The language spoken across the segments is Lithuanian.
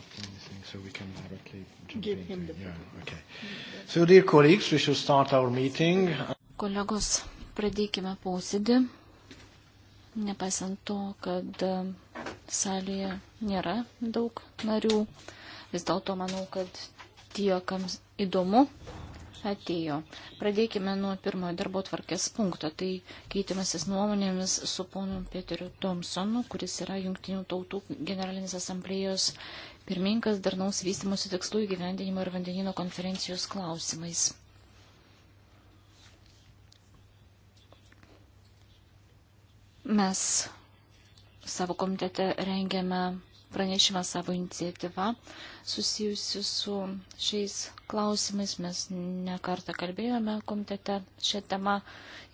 asking anything, so we can directly jump Give into him the Yeah, okay. So, dear colleagues, we should start our meeting. Kolegos, pradėkime posėdį. Nepaisant to, kad e, salėje nėra daug narių, vis dėlto manau, kad tie, kam įdomu, atėjo. Pradėkime nuo pirmojo darbo tvarkės punkto. Tai keitimasis nuomonėmis su ponu Peteriu Thompsonu, kuris yra Junktinių tautų generalinės asamblėjos pirmininkas darnaus vystimosi tikslų įgyvendinimo ir vandenino konferencijos klausimais. Mes savo komitete rengiame pranešimą savo iniciatyvą susijusi su šiais klausimais. Mes nekartą kalbėjome komitete šią temą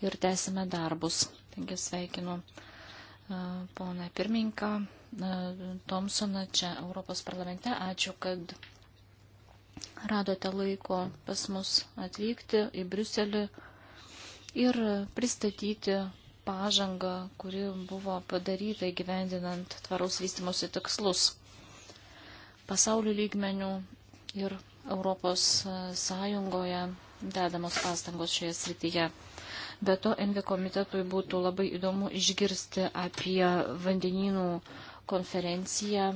ir tęsime darbus. Taigi sveikinu poną pirmininką Tomsoną čia Europos parlamente. Ačiū, kad radote laiko pas mus atvykti į Briuselį ir pristatyti pažangą, kuri buvo padaryta įgyvendinant tvaraus vystimosi tikslus pasaulio lygmenių ir Europos Sąjungoje dedamos pastangos šioje srityje. Be to, Envi komitetui būtų labai įdomu išgirsti apie vandeninų konferenciją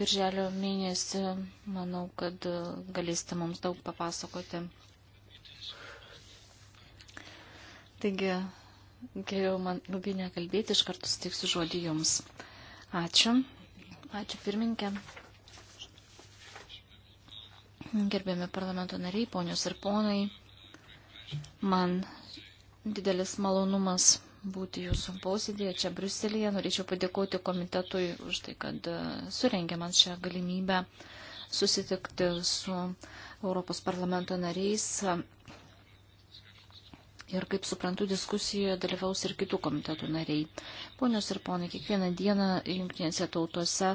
Birželio mėnesį manau, kad galėsite mums daug papasakoti. Taigi, geriau man ilgai nekalbėti, iš karto suteiksiu žodį jums. Ačiū. Ačiū pirminkė. Gerbėmi parlamento nariai, ponios ir ponai, man didelis malonumas būti jūsų posėdėje čia Bruselėje. Norėčiau padėkoti komitetui už tai, kad e, surengė man šią galimybę susitikti su Europos parlamento nariais. Ir kaip suprantu, diskusijoje dalyvaus ir kitų komitetų nariai. Ponios ir ponai, kiekvieną dieną jungtinėse tautose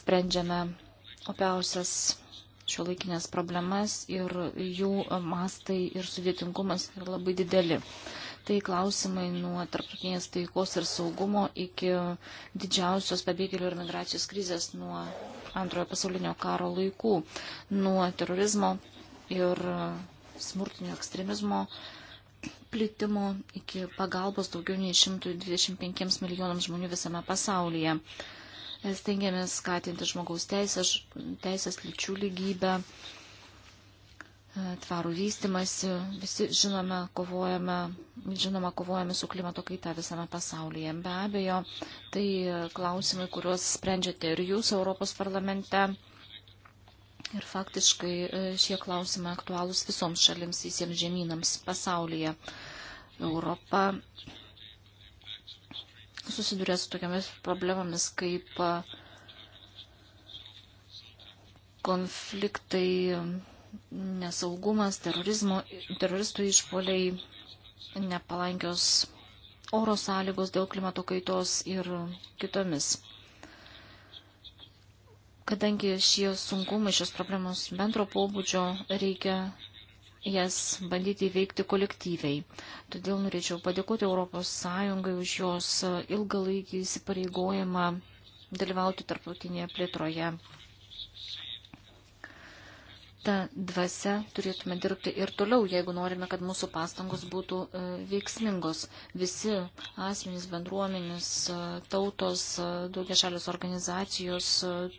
sprendžiame opiausias šio laikinės problemas ir jų mastai ir sudėtingumas yra labai dideli. Tai klausimai nuo tarptautinės taikos ir saugumo iki didžiausios pabėgėlių ir migracijos krizės nuo antrojo pasaulinio karo laikų, nuo terorizmo ir smurtinio ekstremizmo plitimo iki pagalbos daugiau nei 125 milijonams žmonių visame pasaulyje stengiamės skatinti žmogaus teisės, teisės lyčių lygybę, e, tvarų vystimasi. Visi žinome, kovojame, žinoma, kovojame su klimato kaita visame pasaulyje. Be abejo, tai klausimai, kuriuos sprendžiate ir jūs Europos parlamente. Ir faktiškai e, šie klausimai aktualūs visoms šalims, visiems žemynams pasaulyje. Europa susiduria su tokiamis problemomis kaip konfliktai, nesaugumas, teroristų išpoliai, nepalankios oro sąlygos dėl klimato kaitos ir kitomis. Kadangi šie sunkumai, šios problemos bendro pobūdžio, reikia jas bandyti įveikti kolektyviai. Todėl norėčiau padėkoti ES už jos ilgalaikį įsipareigojimą dalyvauti tarptautinėje plėtroje. Ta dvasia turėtume dirbti ir toliau, jeigu norime, kad mūsų pastangos būtų e, veiksmingos. Visi asmenys, bendruomenės, e, tautos, e, daugia šalios organizacijos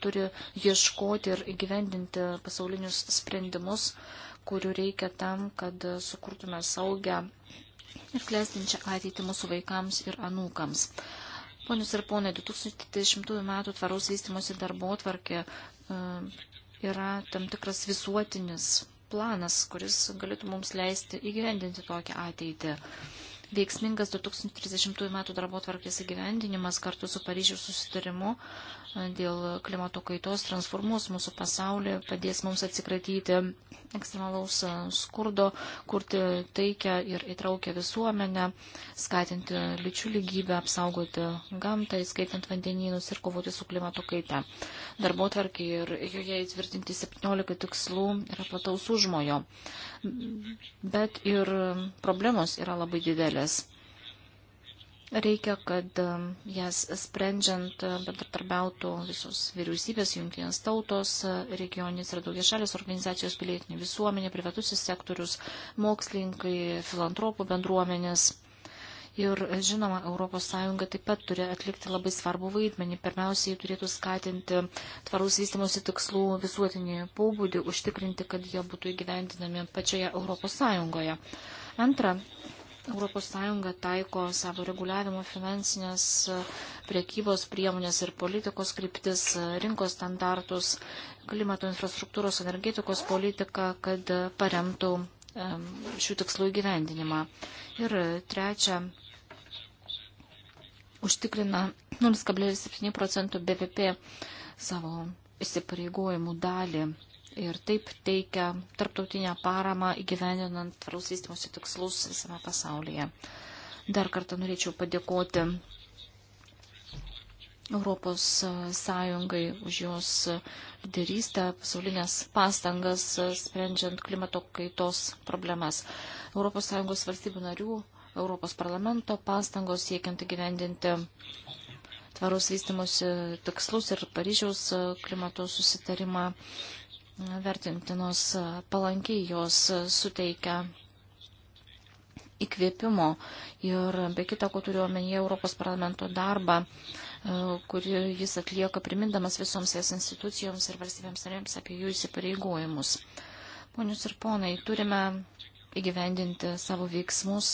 turi ieškoti ir įgyvendinti pasaulinius sprendimus, kurių reikia tam, kad sukurtume saugę ir klestinčią ateitį mūsų vaikams ir anūkams. Ponius ir ponai, 2030 m. tvaraus vystimosi darbo tvarkė e, yra tam tikras visuotinis planas, kuris galėtų mums leisti įgyvendinti tokią ateitį. Veiksmingas 2030 m. darbo tvarkės įgyvendinimas kartu su Paryžiaus susitarimu dėl klimato kaitos transformuos mūsų pasaulį, padės mums atsikratyti ekstremalaus skurdo, kurti taikę ir įtraukę visuomenę, skatinti lyčių lygybę, apsaugoti gamtą, įskaitant vandenynus ir kovoti su klimato kaita. Darbo tvarkiai ir joje įtvirtinti 17 tikslų yra plataus užmojo, bet ir problemos yra labai didelės. Reikia, kad um, jas sprendžiant uh, bendratarbiautų visos vyriausybės, jungtinės tautos, uh, regioninės ir daugia šalės organizacijos, pilietinė visuomenė, privatusis sektorius, mokslininkai, filantropų bendruomenės. Ir žinoma, ES taip pat turi atlikti labai svarbų vaidmenį. Pirmiausiai turėtų skatinti tvarus vystimosi tikslų visuotinį pobūdį, užtikrinti, kad jie būtų įgyvendinami pačioje ES. Antra, ES taiko savo reguliavimo finansinės e, priekybos priemonės ir politikos kryptis, e, rinkos standartus, klimato infrastruktūros energetikos politiką, kad e, paremtų šių tikslų įgyvendinimą. Ir trečia, užtikrina 0,7 procentų BVP savo įsipareigojimų dalį ir taip teikia tarptautinę paramą įgyvendinant tvaraus vystimosi tikslus visame pasaulyje. Dar kartą norėčiau padėkoti Europos Sąjungai už jos lyderystę, pasaulinės pastangas, sprendžiant klimato kaitos problemas. Europos Sąjungos valstybių narių, Europos parlamento pastangos siekiant įgyvendinti tvarus vystimosi tikslus ir Paryžiaus klimato susitarimą vertintinos palankiai, jos suteikia įkvėpimo ir be kita, ko turiu omenyje Europos parlamento darbą, kurį jis atlieka primindamas visoms jas institucijoms ir valstybėms narėms apie jų įsipareigojimus. Ponius ir ponai, turime įgyvendinti savo veiksmus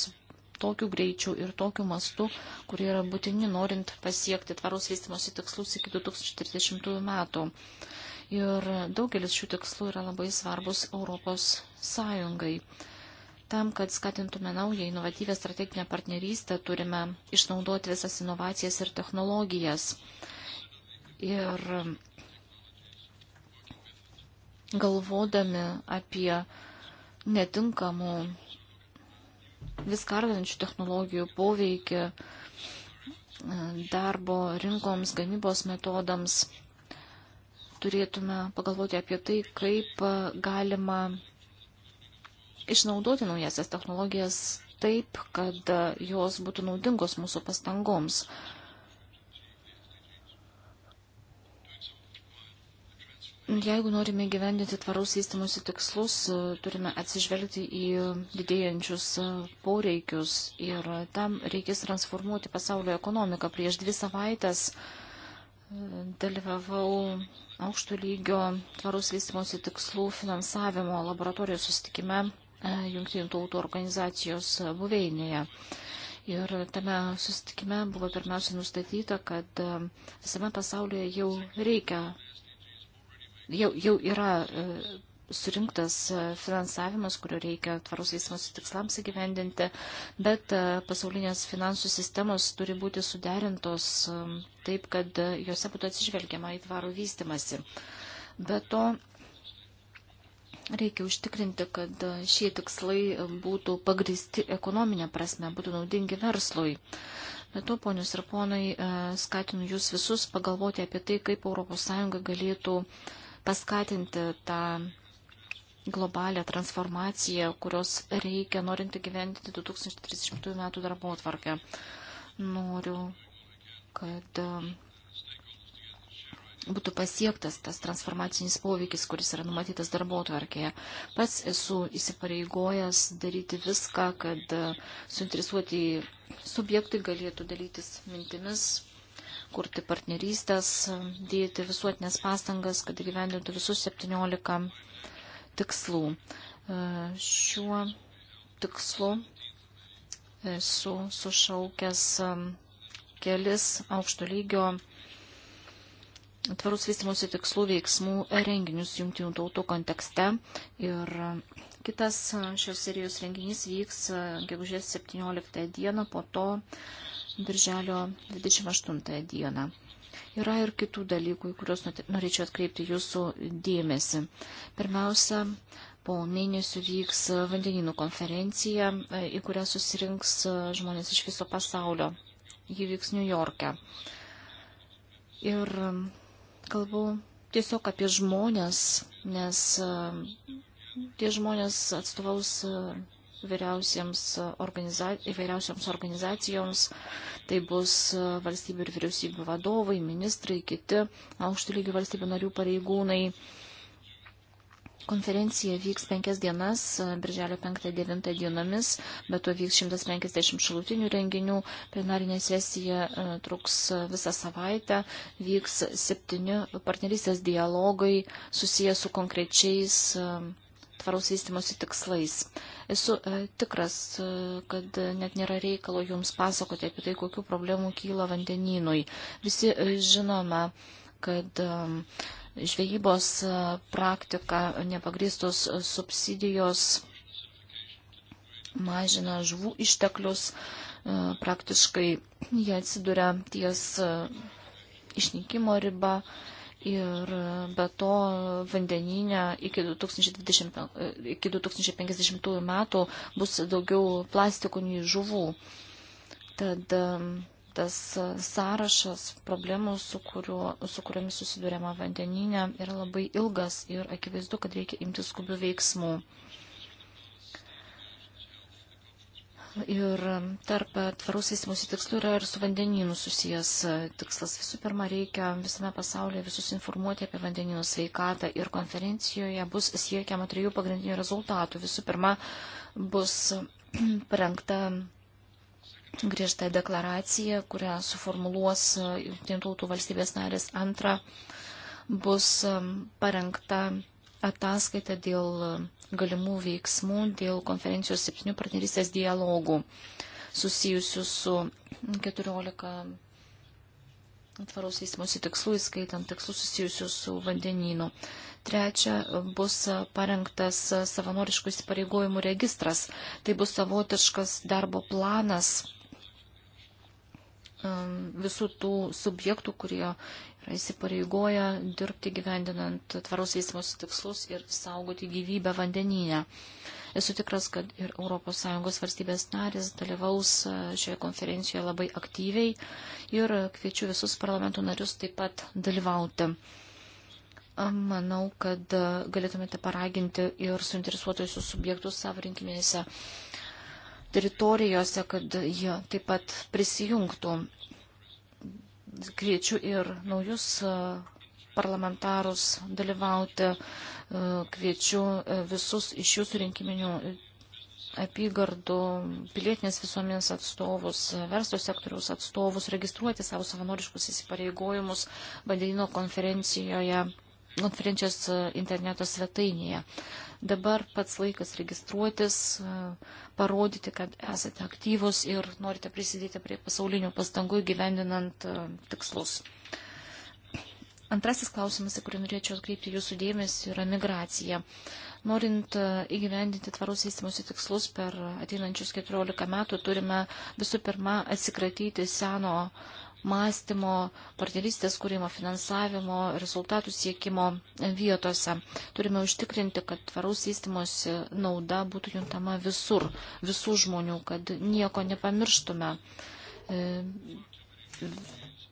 tokiu greičiu ir tokiu mastu, kurie yra būtini norint pasiekti tvaros vystimosi tikslus iki 2030 metų. Ir daugelis šių tikslų yra labai svarbus Europos Sąjungai. Tam, kad skatintume naują inovatyvę strateginę partnerystę, turime išnaudoti visas inovacijas ir technologijas. Ir galvodami apie netinkamų viskardančių technologijų poveikį darbo rinkoms, gamybos metodams, turėtume pagalvoti apie tai, kaip e, galima išnaudoti naujasias technologijas taip, kad e, jos būtų naudingos mūsų pastangoms. Jeigu norime gyvendinti tvaraus įstymusi tikslus, e, turime atsižvelgti į didėjančius poreikius ir tam reikės transformuoti pasaulio ekonomiką. Prieš dvi savaitės uh, dalyvavau aukšto lygio tvarus vystimosi tikslų finansavimo laboratorijos susitikime e, Junktinių tautų organizacijos buveinėje. Ir tame susitikime buvo pirmiausia nustatyta, kad e, visame pasaulyje jau reikia, jau, jau yra e, surinktas e, finansavimas, kurio reikia tvaros veiksmus tikslams įgyvendinti, bet e, pasaulinės finansų sistemos turi būti suderintos e, taip, kad juose būtų atsižvelgiama į tvarų vystimasi. Be to, reikia užtikrinti, kad šie tikslai būtų pagristi ekonominė prasme, būtų naudingi verslui. Be to, ponius ir ponai, skatinu jūs visus pagalvoti apie tai, kaip ES galėtų paskatinti tą globalę transformaciją, kurios reikia norint įgyvendinti 2030 metų darbo atvarkę. Noriu, kad um, būtų pasiektas tas transformacinis poveikis, kuris yra numatytas darbo atvarkėje. Pats esu įsipareigojęs daryti viską, kad uh, suinteresuoti subjektai galėtų dalytis mintimis, kurti partnerystės, dėti visuotinės pastangas, kad gyvendintų visus 17 tikslų. E, šiuo tikslu esu sušaukęs kelis aukšto lygio tvarus vystimosi tikslų veiksmų renginius jungtinių tautų kontekste. Ir kitas šios serijos renginys vyks e, gegužės 17 dieną, po to birželio 28 dieną. Yra ir kitų dalykų, į kuriuos norėčiau atkreipti jūsų dėmesį. Pirmiausia, po mėnesių vyks vandeninų konferencija, e, į kurią susirinks e, žmonės iš viso pasaulio. Ji vyks New York'e. Ir kalbu tiesiog apie žmonės, nes e, tie žmonės atstovaus organiza įvairiausiams organizacijoms. Tai bus e, valstybių ir vyriausybių vadovai, ministrai, kiti aukštų lygių valstybių narių pareigūnai. Konferencija vyks penkias dienas, e, birželio 5-9 dienomis, bet to vyks 150 šalutinių renginių, plenarinė sesija e, truks visą savaitę, vyks septyni partnerystės dialogai susijęs su konkrečiais tvaraus vystimosi tikslais. Esu e, tikras, e, kad net nėra reikalo jums pasakoti apie tai, kokiu problemu kyla vandenynui. Visi e, žinome, kad žvejybos praktika, nepagristos subsidijos mažina žuvų išteklius, praktiškai jie atsiduria ties išnykimo riba Ir be to vandeninė iki, 2020, e, iki 2050 metų bus daugiau plastikų nei žuvų. Tad tas sąrašas problemų, su, kuriuo, su kuriomis susidurėma vandeninė, yra labai ilgas ir akivaizdu, kad reikia imtis skubių veiksmų. Ir tarp tvaraus vystimosi tikslų yra ir su vandenynu susijęs e, tikslas. Visų pirma, reikia visame pasaulyje visus informuoti apie vandenynų sveikatą ir konferencijoje bus siekiama trijų pagrindinių rezultatų. Visų pirma, bus parengta griežta deklaracija, kurią suformuluos e, Junktinių tautų valstybės narės. Antra, bus e, parengta ataskaitą dėl galimų veiksmų, dėl konferencijos septynių partnerystės dialogų susijusių su 14 tvaraus vystimosi tikslų, įskaitant tikslus susijusius su vandenynu. Trečia, bus parengtas savanoriškų įsipareigojimų registras. Tai bus savotiškas darbo planas um, visų tų subjektų, kurie įsipareigoja dirbti gyvendinant tvaros veismos tikslus ir saugoti gyvybę vandenyje. Esu tikras, kad ir ES valstybės narės dalyvaus e, šioje konferencijoje labai aktyviai ir kviečiu visus parlamento narius taip pat dalyvauti. Manau, kad e, galėtumėte paraginti ir suinteresuotusius subjektus savo rinkiminėse teritorijose, kad jie taip pat prisijungtų. Kviečiu ir naujus e, parlamentarus dalyvauti, e, kviečiu e, visus iš jūsų rinkiminių apygardų, pilietinės visuomenės atstovus, verslo sektoriaus atstovus, registruoti savo savanoriškus įsipareigojimus vandenino konferencijoje konferencijos e, interneto svetainėje. Dabar pats laikas registruotis, e, parodyti, kad esate aktyvus ir norite prisidėti prie pasaulinių pastangų gyvendinant e, tikslus. Antrasis klausimas, į kurį norėčiau atkreipti jūsų dėmesį, yra migracija. Norint įgyvendinti tvarus įstymosi tikslus per ateinančius 14 metų, turime visų pirma atsikratyti seno uh, mąstymo, partnerystės kūrimo, finansavimo, rezultatų siekimo vietose. Turime užtikrinti, kad tvaraus įstymosi nauda būtų juntama visur, visų žmonių, kad nieko nepamirštume. E,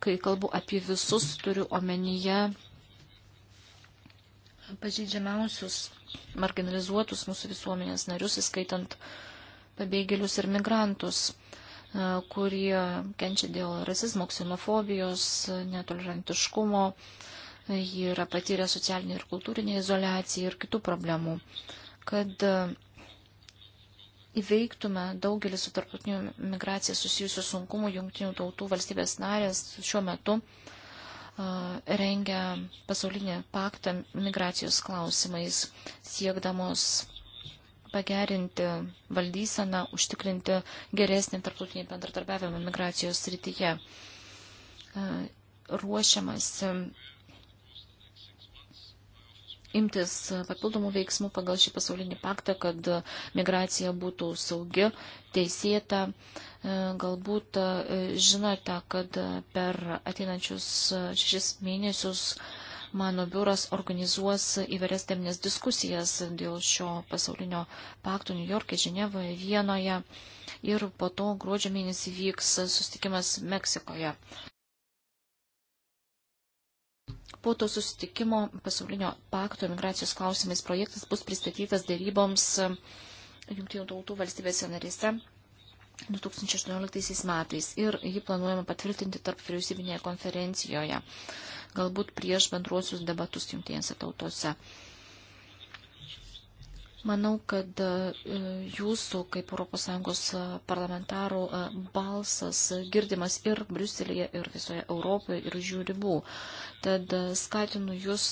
kai kalbu apie visus, turiu omenyje pažydžiamiausius, marginalizuotus mūsų visuomenės narius, įskaitant pabėgėlius ir migrantus kurie kenčia dėl rasizmo, ksenofobijos, netolerantiškumo. Ji yra patyrę socialinį ir kultūrinį izolaciją ir kitų problemų. Kad e, įveiktume daugelį su tarptautiniu migracija susijusių sunkumų, jungtinių tautų valstybės narės šiuo metu e, rengia pasaulinį paktą migracijos klausimais, siekdamos pagerinti valdyseną, užtikrinti geresnį tarptautinį bendradarbiavimą migracijos srityje. E, ruošiamas e, imtis papildomų veiksmų pagal šį pasaulinį paktą, kad migracija būtų saugi, teisėta. E, galbūt žinote, kad per ateinančius šešis mėnesius Mano biuras organizuos įvairias teminės diskusijas dėl šio pasaulinio pakto New York'e, Ženevoje, Vienoje ir po to gruodžio mėnesį vyks susitikimas Meksikoje. Po to susitikimo pasaulinio pakto migracijos klausimais projektas bus pristatytas dėryboms Junktinių tautų valstybėse narėse 2018 metais ir jį planuojama patvirtinti tarp vyriausybinėje konferencijoje galbūt prieš bendruosius debatus jungtinėse tautose. Manau, kad e, jūsų kaip ES parlamentarų e, balsas girdimas ir Briuselėje, ir visoje Europoje, ir už jų ribų. Tad e, skatinu jūs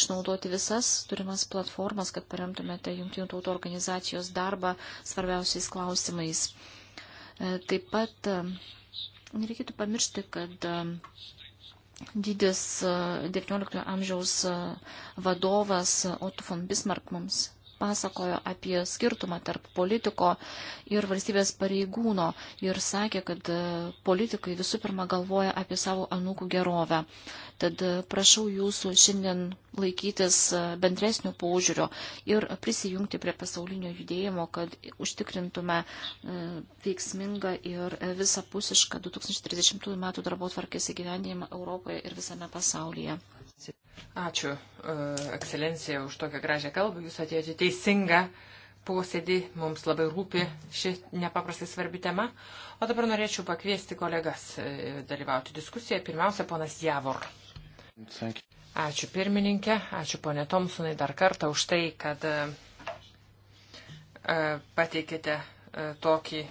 išnaudoti visas turimas platformas, kad paremtumėte Junktinių tautų organizacijos darbą svarbiausiais klausimais. Taip pat nereikėtų pamiršti, kad didis XIX e, amžiaus e, vadovas e, Otto von Bismarck mums pasakojo apie skirtumą tarp politiko ir valstybės pareigūno ir sakė, kad e, politikai visų pirma galvoja apie savo anūkų gerovę. Tad e, prašau jūsų šiandien laikytis e, bendresnio paužiūrio ir prisijungti prie pasaulinio judėjimo, kad užtikrintume veiksmingą ir visapusišką 2030 m. darbo tvarkės įgyvendinimą Europoje ir visame pasaulyje. Ačiū, e, ekscelencija, už tokią gražią kalbą. Jūs atėjote teisingą posėdį, mums labai rūpi ši nepaprastai svarbi tema. O dabar norėčiau pakviesti kolegas e, dalyvauti diskusijoje. Pirmiausia, ponas Javor. Ačiū pirmininkė, ačiū ponė Tomsonai dar kartą už tai, kad e, pateikėte tokį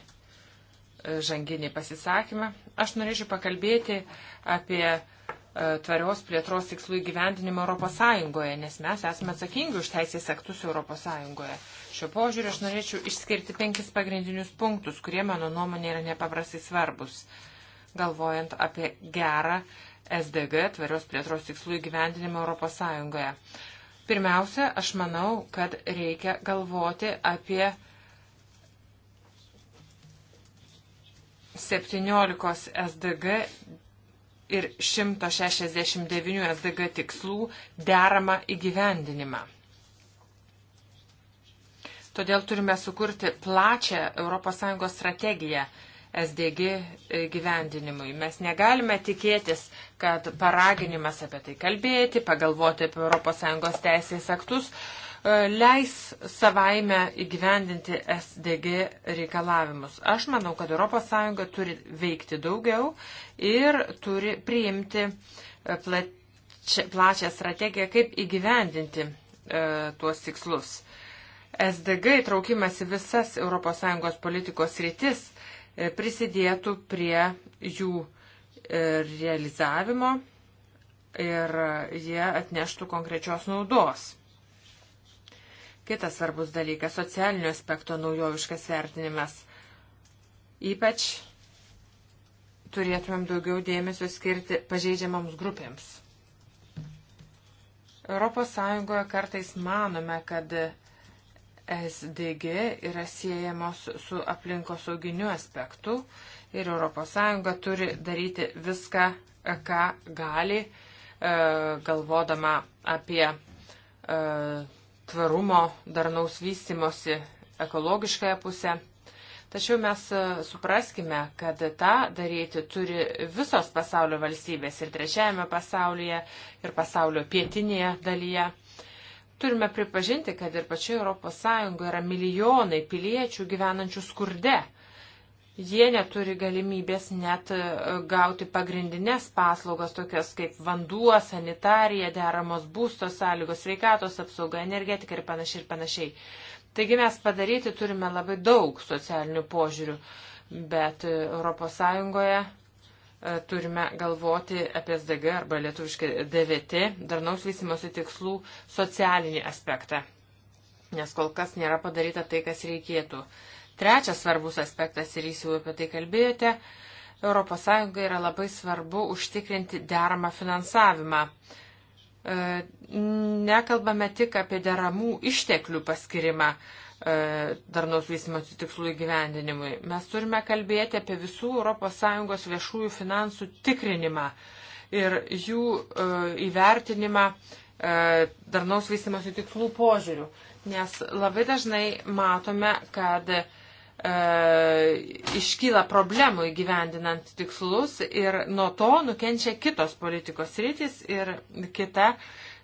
žanginį pasisakymą. Aš norėčiau pakalbėti apie tvarios plėtros tikslų įgyvendinimą ES, nes mes esame atsakingi už teisės aktus ES. Šio požiūriu aš norėčiau išskirti penkis pagrindinius punktus, kurie mano nuomonė yra nepaprastai svarbus, galvojant apie gerą SDG tvarios plėtros tikslų įgyvendinimą ES. Pirmiausia, aš manau, kad reikia galvoti apie 17 SDG ir 169 SDG tikslų deramą įgyvendinimą. Todėl turime sukurti plačią ES strategiją SDG gyvendinimui. Mes negalime tikėtis, kad paraginimas apie tai kalbėti, pagalvoti apie ES teisės aktus, uh, leis savaime įgyvendinti SDG reikalavimus. Aš manau, kad ES turi veikti daugiau ir turi priimti e, plačią strategiją, kaip įgyvendinti e, tuos tikslus. SDG įtraukimas į visas ES politikos rytis e, prisidėtų prie jų realizavimo ir jie atneštų konkrečios naudos. Kitas svarbus dalykas - socialinio aspekto naujoviškas vertinimas. Ypač turėtumėm daugiau dėmesio skirti pažeidžiamoms grupėms. ES kartais manome, kad SDG yra siejamos su aplinkosauginiu aspektu ir ES turi daryti viską, ką gali, e, galvodama apie e, tvarumo, darnaus vystimosi ekologiškąją pusę. Tačiau mes e, supraskime, kad tą daryti turi visos pasaulio valstybės ir trečiajame pasaulyje, ir pasaulio pietinėje dalyje. Turime pripažinti, kad ir pačioje ES yra milijonai piliečių gyvenančių skurde Jie neturi galimybės net e, gauti pagrindinės paslaugas, tokias kaip vanduo, sanitarija, deramos būsto sąlygos, sveikatos apsauga, energetika ir panašiai ir panašiai. Taigi mes padaryti turime labai daug socialinių požiūrių, bet ES e, turime galvoti apie SDG arba lietuviškai DVT, darnaus vystimosi tikslų socialinį aspektą, nes kol kas nėra padaryta tai, kas reikėtų. Trečias svarbus aspektas, ir jūs jau apie tai kalbėjote, ES yra labai svarbu užtikrinti deramą finansavimą. E, nekalbame tik apie deramų išteklių paskirimą e, darnaus vystimosi tikslų įgyvendinimui. Mes turime kalbėti apie visų ES viešųjų finansų tikrinimą ir jų e, įvertinimą darnaus vystimosi tikslų požiūrių. Nes labai dažnai matome, kad E, iškyla problemų įgyvendinant tikslus ir nuo to nukenčia kitos politikos rytis ir kita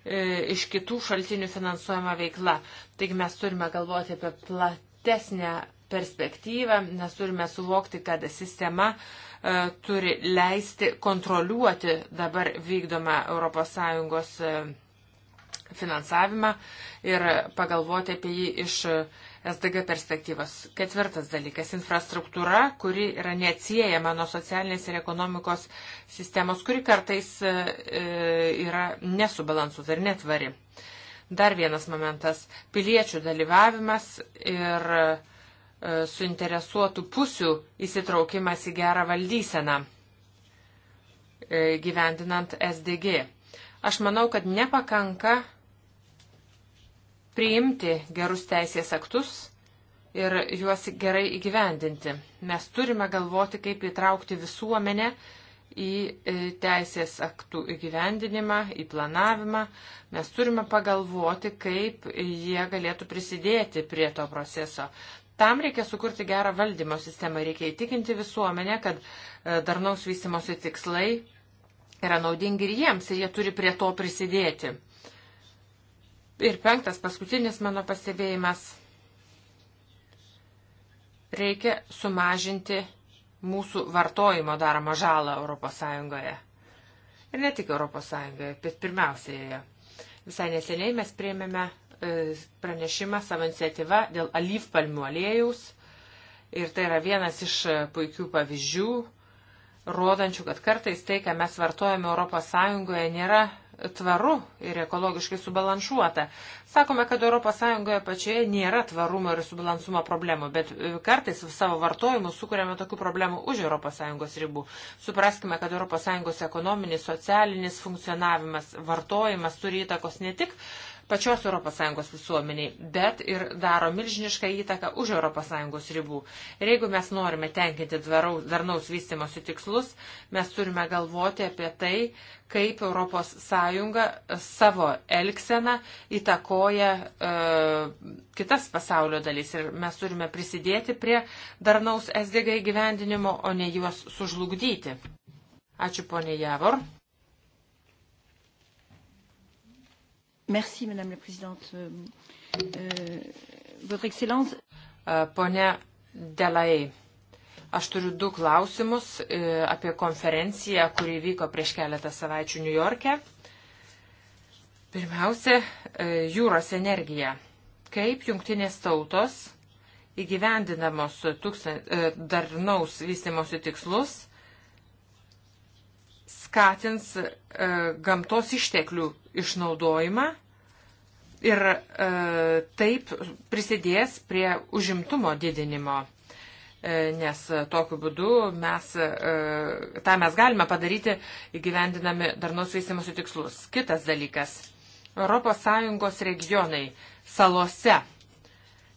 e, iš kitų šaltinių finansuojama veikla. Taigi mes turime galvoti apie platesnę perspektyvą, nes turime suvokti, kad sistema e, turi leisti kontroliuoti dabar vykdomą ES e, finansavimą ir pagalvoti apie jį iš SDG perspektyvas. Ketvirtas dalykas - infrastruktūra, kuri yra neatsiejama nuo socialinės ir ekonomikos sistemos, kuri kartais e, e, yra nesubalansuota ir netvari. Dar vienas momentas - piliečių dalyvavimas ir e, suinteresuotų pusių įsitraukimas į gerą valdyseną gyvendinant SDG. Aš manau, kad nepakanka priimti gerus teisės aktus ir juos gerai įgyvendinti. Mes turime galvoti, kaip įtraukti visuomenę į e, teisės aktų įgyvendinimą, į planavimą. Mes turime pagalvoti, kaip jie galėtų prisidėti prie to proceso. Tam reikia sukurti gerą valdymo sistemą, reikia įtikinti visuomenę, kad e, darnaus vystimosi tikslai yra naudingi ir jiems, ir jie turi prie to prisidėti. Ir penktas, paskutinis mano pastebėjimas. Reikia sumažinti mūsų vartojimo daromą žalą ES. Ir ne tik ES, bet pirmiausiai. Visai neseniai mes priėmėme e, pranešimą savo iniciatyvą dėl alyvpalmių aliejus. Ir tai yra vienas iš puikių pavyzdžių, rodančių, kad kartais tai, ką mes vartojame ES, nėra tvaru ir ekologiškai subalansuota. Sakome, kad ES pačioje nėra tvarumo ir subalansumo problemų, bet e, kartais savo vartojimu sukūrėme tokių problemų už ES ribų. Supraskime, kad ES ekonominis, socialinis funkcionavimas, vartojimas turi įtakos ne tik uh, pačios ES visuomeniai, bet ir daro milžinišką įtaką už ES ribų. Ir jeigu mes norime tenkinti darnaus vystimosi tikslus, mes turime galvoti apie tai, kaip ES savo elkseną įtakoja e, kitas pasaulio dalis. Ir mes turime prisidėti prie darnaus SDG gyvendinimo, o ne juos sužlugdyti. Ačiū ponė Javor. Merci, Madame la Présidente. Euh, euh, Votre Excellence. Euh, Pone Delai, aš turiu du klausimus e, apie konferenciją, kuri vyko prieš keletą savaičių New York'e. Pirmiausia, e, jūros energija. Kaip jungtinės tautos įgyvendinamos tūkstant, e, darnaus vystimosi tikslus skatins e, gamtos išteklių išnaudojimą ir e, taip prisidės prie užimtumo didinimo. E, nes tokiu būdu mes, e, tą mes galime padaryti įgyvendinami darnos veisimusių tikslus. Kitas dalykas. ES regionai salose.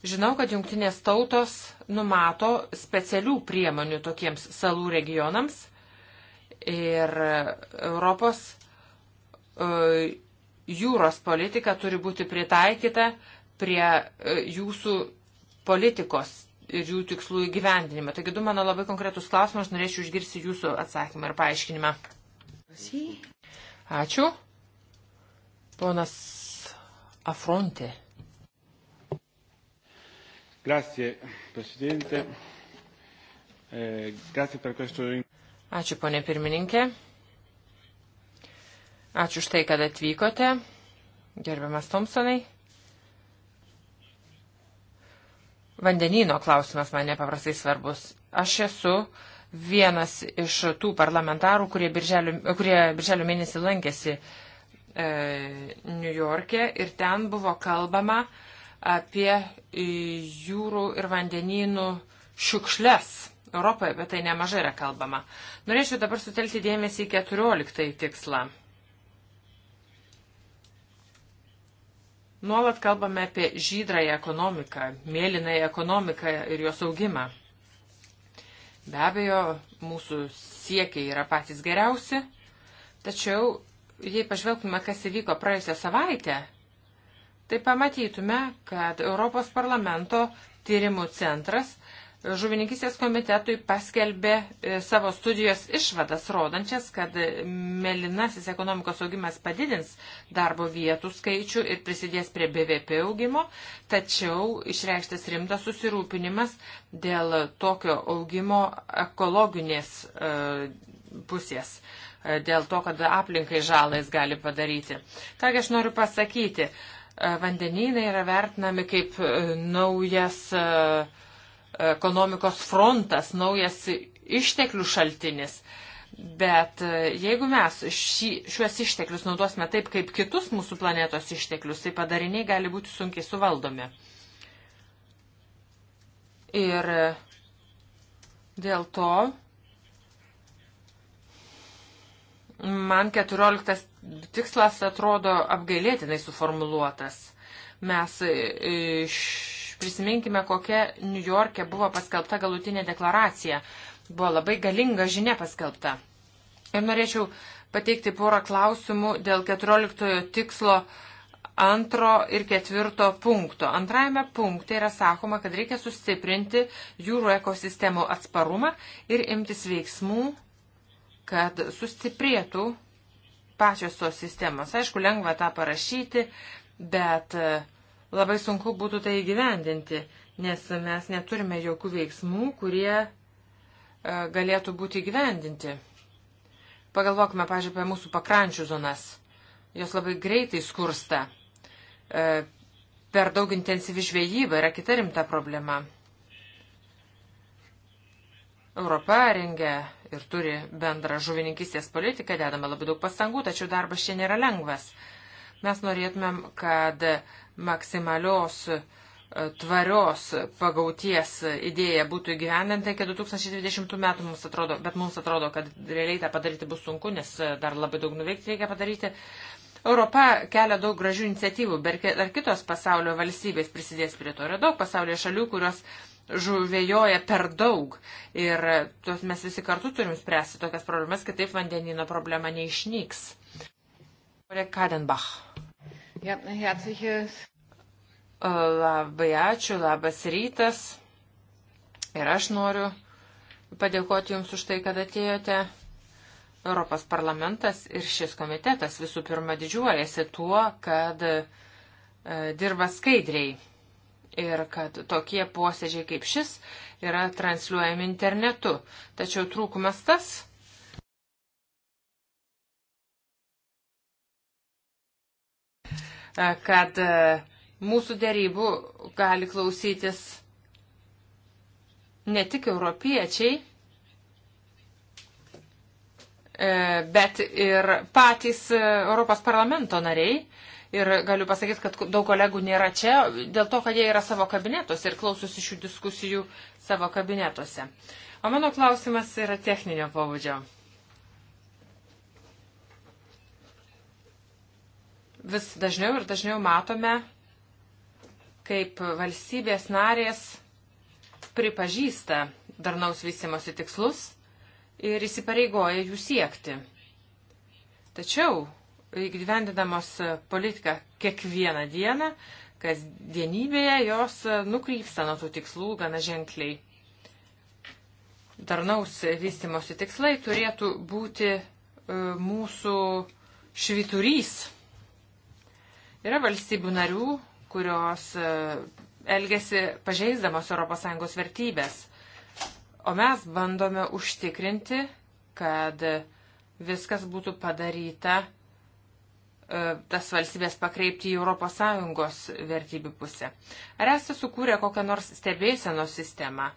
Žinau, kad jungtinės tautos numato specialių priemonių tokiems salų regionams Ir e, Europos e, jūros politika turi būti pritaikyta prie e, jūsų politikos ir jų tikslų įgyvendinimą. Taigi du mano labai konkretus klausimus, aš norėčiau išgirsti jūsų atsakymą ir paaiškinimą. Ačiū. Ponas Afronte. Grazie, Presidente. Eh, grazie per questo. Ačiū, ponė pirmininkė. Ačiū už tai, kad atvykote, gerbiamas Tomsonai. Vandenyno klausimas man nepaprastai svarbus. Aš esu vienas iš tų parlamentarų, kurie birželio, kurie birželio mėnesį lankėsi e, New York'e ir ten buvo kalbama apie jūrų ir vandenynų šiukšles Europoje apie tai nemažai yra kalbama. Norėčiau dabar sutelkti dėmesį į 14 tikslą. Nuolat kalbame apie žydrąją ekonomiką, mėlynąją ekonomiką ir jos augimą. Be abejo, mūsų siekiai yra patys geriausi, tačiau jei pažvelgtume, kas įvyko praėjusią savaitę, tai pamatytume, kad Europos parlamento tyrimų centras Žuvininkistės komitetui paskelbė e, savo studijos išvadas, rodančias, kad melinasis ekonomikos augimas padidins darbo vietų skaičių ir prisidės prie BVP augimo, tačiau išreikštas rimtas susirūpinimas dėl tokio augimo ekologinės e, pusės e, dėl to, kad aplinkai žalais gali padaryti. Kągi aš noriu pasakyti, vandenynai yra vertinami kaip naujas uh, ekonomikos frontas, naujas išteklių šaltinis. Bet e, jeigu mes šį, šiuos išteklius naudosime taip, kaip kitus mūsų planetos išteklius, tai padariniai gali būti sunkiai suvaldomi. Ir e, dėl to man 14 tikslas atrodo apgailėtinai suformuluotas. Mes e, iš prisiminkime, kokia New York'e buvo paskelbta galutinė deklaracija. Buvo labai galinga žinia paskelbta. Ir norėčiau pateikti porą klausimų dėl 14 tikslo antro ir ketvirto punkto. Antrajame punkte yra sakoma, kad reikia sustiprinti jūrų ekosistemų atsparumą ir imtis veiksmų, kad sustiprėtų pačios tos sistemos. Aišku, lengva tą parašyti, bet uh, Labai sunku būtų tai įgyvendinti, nes mes neturime jokių veiksmų, kurie e, galėtų būti įgyvendinti. Pagalvokime, pažiūrėjau, apie mūsų pakrančių zonas. Jos labai greitai skursta. E, per daug intensyvi žvejyba yra kita rimta problema. Europa rengia ir turi bendrą žuvininkistės politiką, dedame labai daug pastangų, tačiau darbas čia nėra lengvas. Mes norėtumėm, kad maksimalios e, tvarios pagauties idėja būtų įgyvendinta iki 2020 metų, mums atrodo, bet mums atrodo, kad realiai tą padaryti bus sunku, nes e, dar labai daug nuveikti reikia padaryti. Europa kelia daug gražių iniciatyvų, bet ar kitos pasaulio valstybės prisidės prie to? Yra daug pasaulio šalių, kurios žuvėjoja per daug ir e, mes visi kartu turim spręsti tokias problemas, kitaip vandenino problema neišnyks. Kadenbach. Ja, herzliches. Labai ačiū, labas rytas. Ir aš noriu padėkoti Jums už tai, kad atėjote. Europos parlamentas ir šis komitetas visų pirma didžiuojasi tuo, kad e, dirba skaidriai ir kad tokie posėdžiai kaip šis yra transliuojami internetu. Tačiau trūkumas tas, kad mūsų dėrybų gali klausytis ne tik europiečiai, e, bet ir patys e, Europos parlamento nariai. Ir galiu pasakyti, kad daug kolegų nėra čia dėl to, kad jie yra savo kabinetuose ir klausosi šių diskusijų savo kabinetuose. O mano klausimas yra techninio pobūdžio. vis dažniau ir dažniau matome, kaip valstybės narės pripažįsta darnaus vystimosi tikslus ir įsipareigoja jų siekti. Tačiau, įgyvendinamos politiką kiekvieną dieną, kasdienybėje jos nukrypsta nuo tų tikslų gana ženkliai. Darnaus vystimosi tikslai turėtų būti e, mūsų šviturys Yra valstybių narių, kurios e, elgesi pažeisdamos ES vertybės. O mes bandome užtikrinti, kad viskas būtų padaryta e, tas valstybės pakreipti į ES vertybių pusę. Ar esate sukūrę kokią nors stebėsenos sistemą,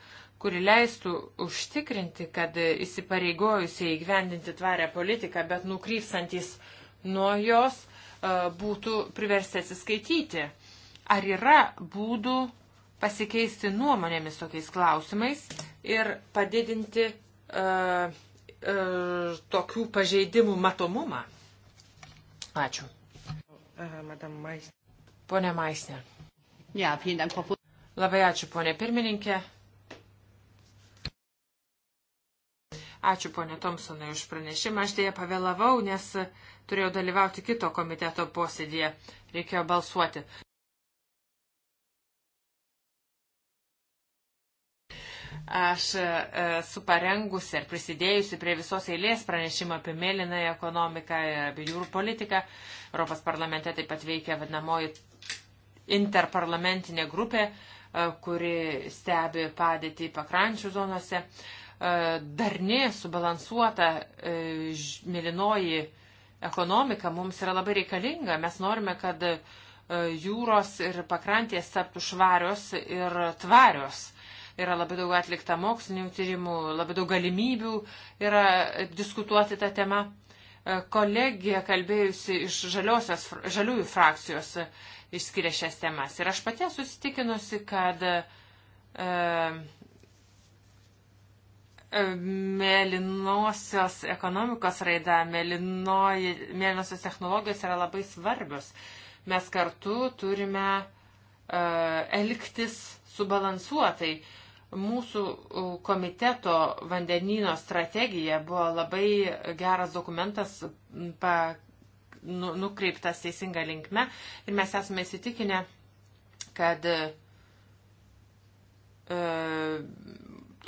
kuri leistų užtikrinti, kad įsipareigojusiai įgyvendinti tvarę politiką, bet nukrypsantis nuo jos, E, būtų priversti atsiskaityti. Ar yra būdų pasikeisti nuomonėmis tokiais klausimais ir padidinti uh, uh, tokių pažeidimų matomumą? Ačiū. Pone Maisne. Labai ačiū, ponė pirmininkė. Ačiū, ponė Tomsonai, už pranešimą. Aš dėja pavėlavau, nes Turėjau dalyvauti kito komiteto posėdėje. Reikėjo balsuoti. Aš e, esu parengusi ir prisidėjusi prie visos eilės pranešimą apie mėlynąją ekonomiką ir apie jūrų politiką. Europos parlamente taip pat veikia vadinamoji interparlamentinė grupė, e, kuri stebi padėtį pakrančių zonose. E, darni, subalansuota mėlynoji ekonomika mums yra labai reikalinga. Mes norime, kad e, jūros ir pakrantės taptų švarios ir tvarios. Yra labai daug atlikta mokslinių tyrimų, labai daug galimybių yra diskutuoti tą temą. E, kolegija kalbėjusi iš žaliosios, žaliųjų frakcijos išskiria šias temas. Ir aš pati susitikinusi, kad e, mėlynosios ekonomikos raida, mėlynosios technologijos yra labai svarbios. Mes kartu turime e, elgtis subalansuotai. Mūsų komiteto vandenino strategija buvo labai geras dokumentas pa, nu, nukreiptas teisinga linkme ir mes esame įsitikinę, kad e,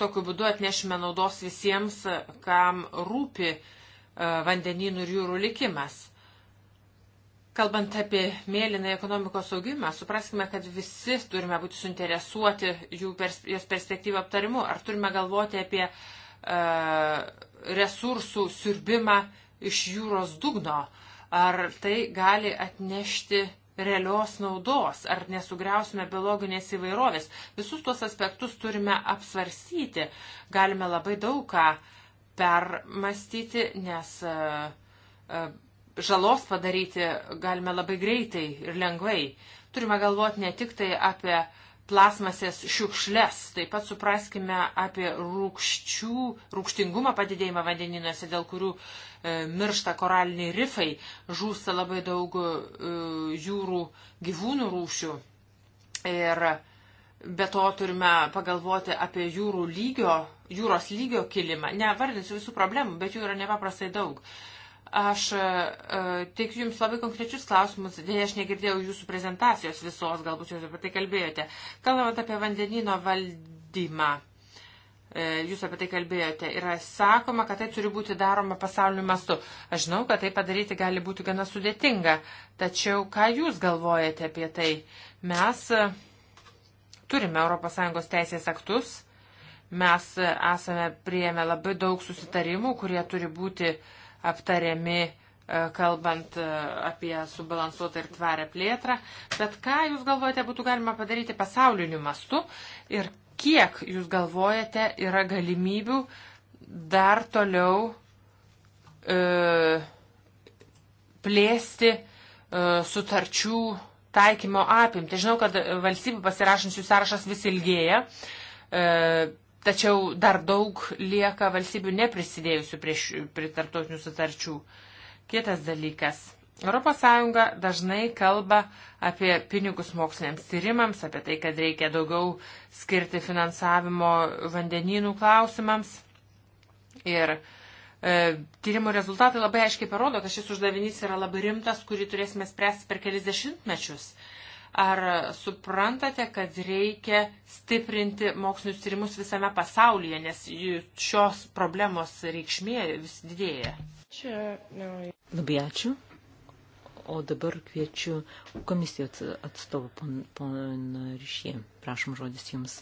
Tokiu būdu atnešime naudos visiems, kam rūpi e, vandenynų ir jūrų likimas. Kalbant apie mėlyną ekonomikos augimą, supraskime, kad visi turime būti suinteresuoti jų pers jos perspektyvą aptarimu. Ar turime galvoti apie e, resursų siurbimą iš jūros dugno? Ar tai gali atnešti e, realios naudos, ar nesugriausime biologinės įvairovės. Visus tuos aspektus turime apsvarsyti, galime labai daug ką permastyti, nes e, e, žalos padaryti galime labai greitai ir lengvai. Turime galvoti ne tik tai apie uh, plasmasės šiukšles. Taip pat supraskime apie rūkščių, rūkštingumą padidėjimą vandeninuose, dėl kurių e, miršta koraliniai rifai, žūsta labai daug e, jūrų gyvūnų rūšių. Ir be to turime pagalvoti apie jūrų lygio, jūros lygio kilimą. Nevardinsiu visų problemų, bet jų yra nepaprastai daug. E, Aš e, e, tik jums labai konkrečius klausimus, dėja aš negirdėjau jūsų prezentacijos visos, galbūt jūs apie tai kalbėjote. Kalbant apie vandenino valdymą, e, jūs apie tai kalbėjote, yra sakoma, kad tai turi būti daroma pasaulio mastu. Aš žinau, kad tai padaryti gali būti gana sudėtinga, tačiau ką jūs galvojate apie tai? Mes turime ES teisės aktus, mes esame prieėmę labai daug susitarimų, kurie turi būti uh, aptariami e, kalbant e, apie subalansuotą ir tvarę plėtrą. Bet ką Jūs galvojate būtų galima padaryti pasauliniu mastu ir kiek Jūs galvojate yra galimybių dar toliau e, plėsti e, sutarčių taikymo apimti. Žinau, kad valstybių pasirašančių sąrašas vis ilgėja. E, Tačiau dar daug lieka valstybių neprisidėjusių prie, prie tarptautinių sutarčių. Kitas dalykas. ES dažnai kalba apie pinigus moksliniams tyrimams, apie tai, kad reikia daugiau skirti finansavimo vandenynų klausimams. Ir e, tyrimų rezultatai labai aiškiai parodo, kad šis uždavinys yra labai rimtas, kurį turėsime spręsti per kelis dešimtmečius. Ar suprantate, kad reikia stiprinti mokslinius tyrimus visame pasaulyje, nes šios problemos reikšmė vis didėja? Čia, no. Labai ačiū. O dabar kviečiu komisijos atstovą, pon, pon Ryšė. Prašom žodis jums.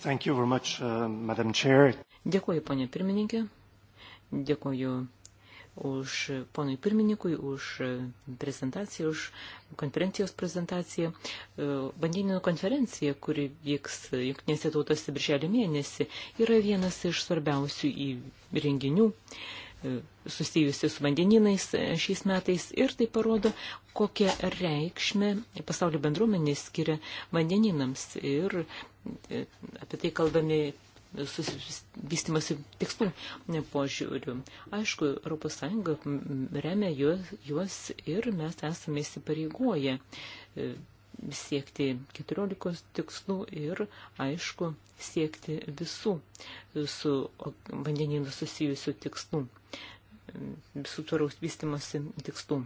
Thank you very much, uh, Madam Chair. Dėkuoju, ponė pirmininkė. Dėkuoju už ponui pirmininkui, už prezentaciją, už konferencijos prezentaciją. Vandenino e, konferencija, kuri vyks Junktinėse tautose birželio mėnesį, yra vienas iš svarbiausių renginių e, susijusi su vandeninais šiais metais ir tai parodo, kokią reikšmę pasaulio bendruomenė skiria vandeninams. Ir e, apie tai kalbame vystimosi tikslų požiūrių. Aišku, ES remia juos ir mes esame įsipareigoję e, siekti 14 tikslų ir, aišku, siekti visų su vandeninu susijusių tikslų visų tvaraus vystimosi tikslų.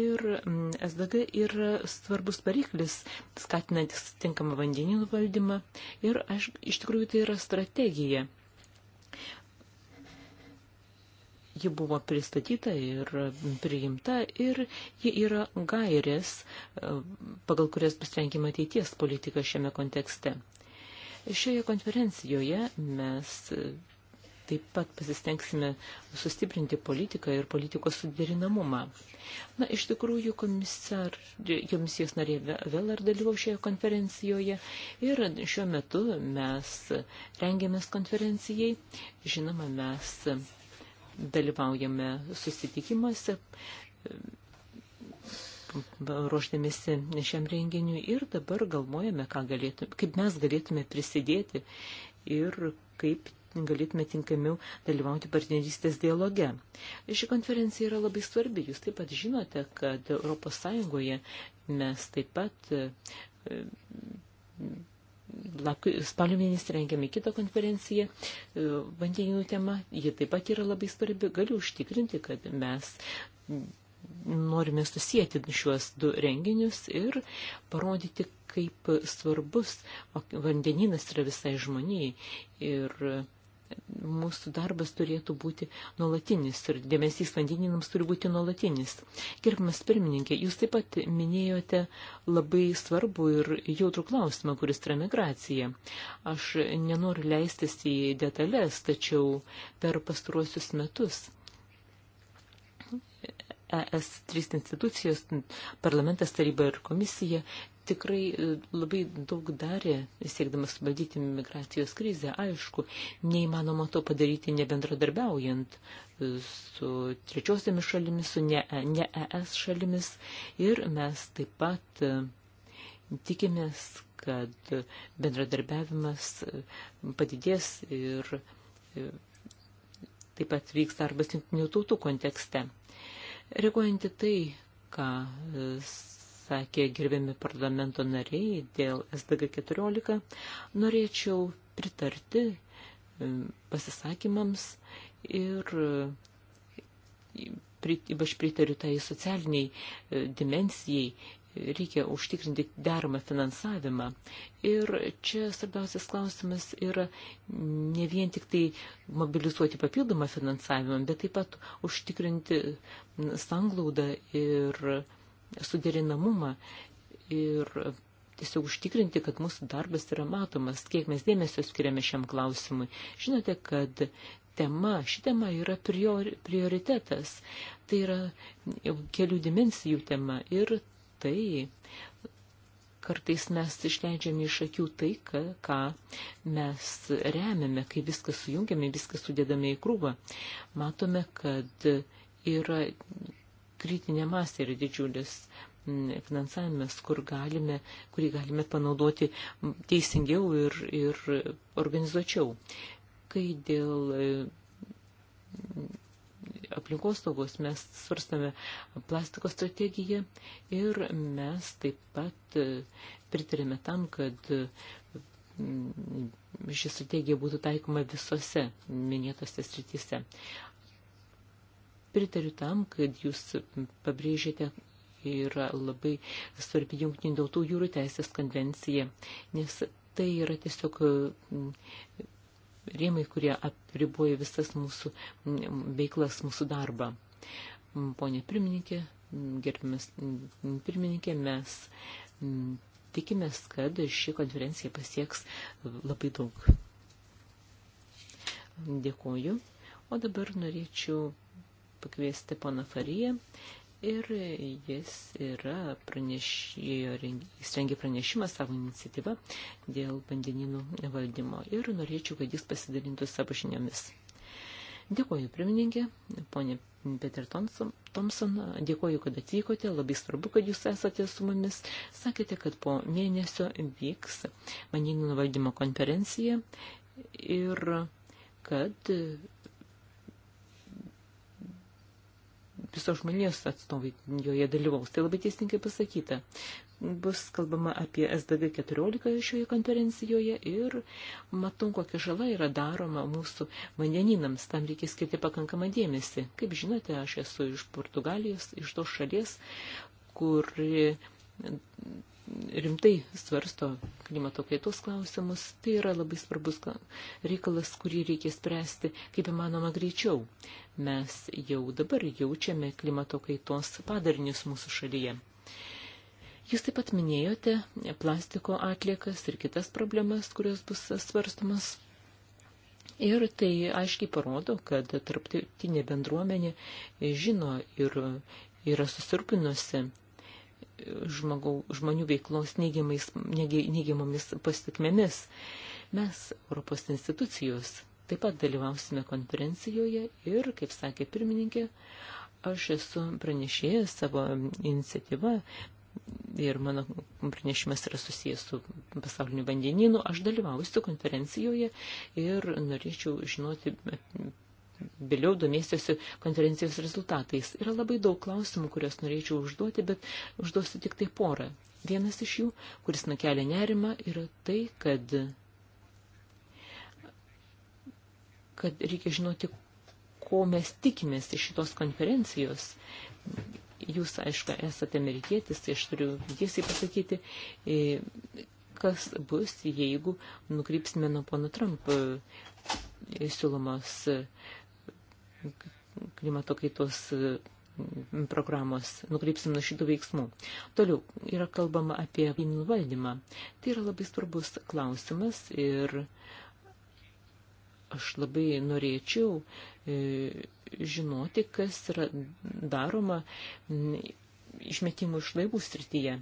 Ir mm, SDG yra svarbus variklis, skatinantis tinkamą vandeninų valdymą ir aš, iš tikrųjų tai yra strategija. Ji buvo pristatyta ir mm, priimta ir ji yra gairės, e, pagal kurias bus renkima ateities politika šiame kontekste. Šioje konferencijoje mes taip pat pasistengsime sustiprinti politiką ir politikos suderinamumą. Na, iš tikrųjų, komisar, komisijos narė vėl ar dalyvau šioje konferencijoje ir šiuo metu mes rengiamės konferencijai. Žinoma, mes dalyvaujame susitikimuose ruošdamėsi šiam renginiui ir dabar galvojame, galėtume, kaip mes galėtume prisidėti ir kaip galėtume tinkamiau dalyvauti partnerystės dialoge. Ši konferencija yra labai svarbi. Jūs taip pat žinote, kad ES mes taip pat e, e, spalio mėnesį rengiame kitą konferenciją e, vandeninų tema. Ji taip pat yra labai svarbi. Galiu užtikrinti, kad mes norime susijęti šiuos du renginius ir parodyti, kaip svarbus vandeninas yra visai žmonijai. Ir mūsų darbas turėtų būti nuolatinis ir dėmesys vandeninams turi būti nuolatinis. Gerbimas pirmininkė, jūs taip pat minėjote labai svarbu ir jautrų klausimą, kuris yra migracija. Aš nenoriu leistis į detalės, tačiau per pastaruosius metus ES trys institucijos, parlamentas, taryba ir komisija tikrai e, labai daug darė, siekdamas suvaldyti migracijos krizę. Aišku, neįmanoma to padaryti nebendradarbiaujant e, su trečiosiamis šalimis, su ne, ne ES šalimis. Ir mes taip pat e, tikimės, kad bendradarbiavimas padidės ir taip pat vyks darbas jungtinių tautų kontekste. Reaguojant į tai, ką sakė gerbiami parlamento nariai dėl SDG 14, norėčiau pritarti e, pasisakymams ir e, ypač pritariu tai socialiniai e, dimensijai reikia užtikrinti deramą finansavimą. Ir čia svarbiausias klausimas yra ne vien tik tai mobilizuoti papildomą finansavimą, bet taip pat užtikrinti sanglaudą ir suderinamumą ir tiesiog užtikrinti, kad mūsų darbas yra matomas, kiek mes dėmesio skiriame šiam klausimui. Žinote, kad tema, ši tema yra priori, prioritetas, tai yra kelių dimensijų tema ir tai kartais mes išleidžiame iš akių tai, ką, ką mes remiame, kai viską sujungiame, viską sudėdame į krūvą. Matome, kad yra kritinė masė yra didžiulis finansavimas, kur galime, kurį galime panaudoti teisingiau ir, ir organizuočiau. Kai dėl e, aplinkos saugos mes svarstame plastiko strategiją ir mes taip pat e, pritarėme tam, kad e, ši strategija būtų taikoma visose minėtose srityse pritariu tam, kad jūs pabrėžėte yra labai svarbi jungtinių tautų jūrų teisės konvencija, nes tai yra tiesiog mm, rėmai, kurie apriboja visas mūsų mm, veiklas, mūsų darbą. Mm, Pone pirmininkė, gerbimas pirmininkė, mes tikimės, kad ši konferencija pasieks labai daug. Dėkuoju. O dabar norėčiau pakviesti poną Fariją ir jis yra pranešėjo, jis rengia pranešimą savo iniciatyvą dėl vandeninų valdymo ir norėčiau, kad jis pasidalintų savo žiniomis. Dėkoju, pirmininkė, ponė Peter Thompson, dėkoju, kad atvykote, labai svarbu, kad jūs esate su mumis. Sakėte, kad po mėnesio vyks vandeninų valdymo konferencija ir kad visos žmonijos atstovai joje dalyvaus. Tai labai teisingai pasakyta. Bus kalbama apie SDG 14 šioje konferencijoje ir matom, kokia žala yra daroma mūsų vandeninams. Tam reikia skirti pakankamą dėmesį. Kaip žinote, aš esu iš Portugalijos, iš tos šalies, kur rimtai svarsto klimato kaitos klausimus, tai yra labai svarbus reikalas, kurį reikia spręsti kaip įmanoma greičiau. Mes jau dabar jaučiame klimato kaitos padarinius mūsų šalyje. Jūs taip pat minėjote plastiko atliekas ir kitas problemas, kurios bus svarstamas. Ir tai aiškiai parodo, kad tarptautinė bendruomenė žino ir yra susirūpinusi žmogau, žmonių veiklos neigiamais, neigiamomis pasiekmėmis. Mes, Europos institucijos, Taip pat dalyvausime konferencijoje ir, kaip sakė pirmininkė, aš esu pranešėjęs savo iniciatyvą ir mano pranešimas yra susijęs su pasauliniu vandenynu. Aš dalyvausiu konferencijoje ir norėčiau žinoti, vėliau domėsiuosi konferencijos rezultatais. Yra labai daug klausimų, kuriuos norėčiau užduoti, bet užduosiu tik tai porą. Vienas iš jų, kuris nukelia nerimą, yra tai, kad kad reikia žinoti, ko mes tikimės iš šitos konferencijos. Jūs, aišku, esate amerikietis, tai aš turiu tiesiai pasakyti, e, kas bus, jeigu nukrypsime nuo pono Trump e, siūlomos e, klimato kaitos programos, nukreipsim nuo šitų veiksmų. Toliau yra kalbama apie kainų valdymą. Tai yra labai svarbus klausimas ir uh, Aš labai norėčiau e, žinoti, kas yra daroma išmetimų iš laivų srityje.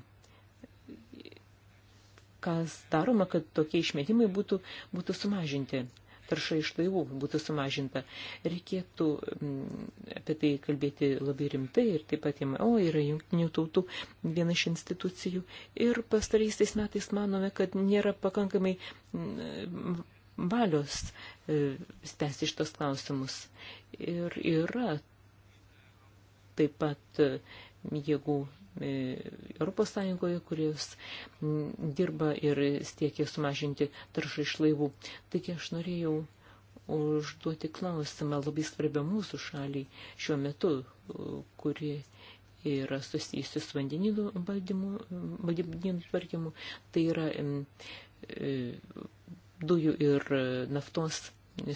Kas daroma, kad tokie išmetimai būtų, būtų sumažinti tarša iš laivų būtų sumažinta. Reikėtų apie tai kalbėti labai rimtai ir taip pat IMO yra jungtinių tautų viena iš institucijų. Ir pastaraisiais metais manome, kad nėra pakankamai valios E, stesi šitos klausimus. Ir yra taip pat e, jėgų e, Europos Sąjungoje, kurios dirba ir stiekia sumažinti taršą iš laivų. Taigi aš norėjau užduoti klausimą labai svarbia mūsų šaliai šiuo metu, kuri yra susijusi su vandenynų valdymu, vandenynų tvarkymu, tai yra dujų ir naftos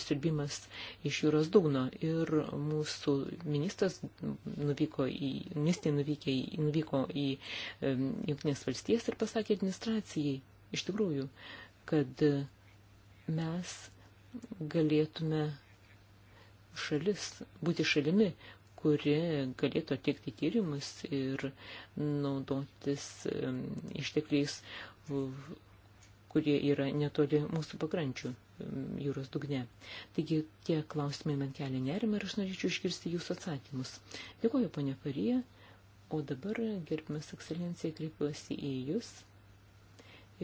siurbimas iš jūros dugno. Ir mūsų ministras nuvyko į, ministrai nuvykė, nuvyko į Junktinės valstijas ir pasakė administracijai, iš tikrųjų, kad mes galėtume šalis, būti šalimi, kuri galėtų atlikti tyrimus ir naudotis ištekliais, kurie yra netoli mūsų pakrančių. Mm, jūros dugne. Taigi tie klausimai man kelia nerimą ir aš norėčiau iškirsti jūsų atsakymus. Dėkuoju, ponia Farija, o dabar, gerbimas ekscelencija, kreipiuosi į jūs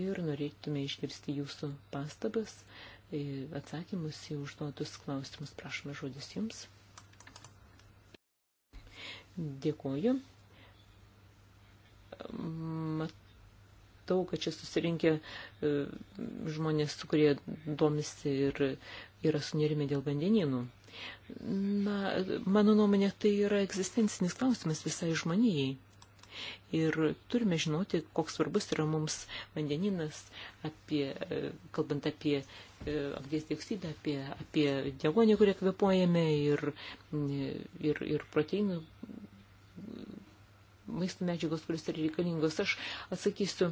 ir norėtume iškirsti jūsų pastabas, e, atsakymus į užduotus klausimus. Prašome žodis jums. Dėkuoju. Mat matau, kad čia susirinkę e, žmonės, kurie domisi ir yra sunerimi dėl vandeninų. Na, mano nuomonė, tai yra egzistencinis klausimas visai žmonijai. Ir turime žinoti, koks svarbus yra mums vandeninas, apie, e, kalbant apie e, anglies dioksidą, apie, apie degonį, kurią kvepuojame ir, ir, ir proteinų maisto medžiagos, kuris yra reikalingos. Aš atsakysiu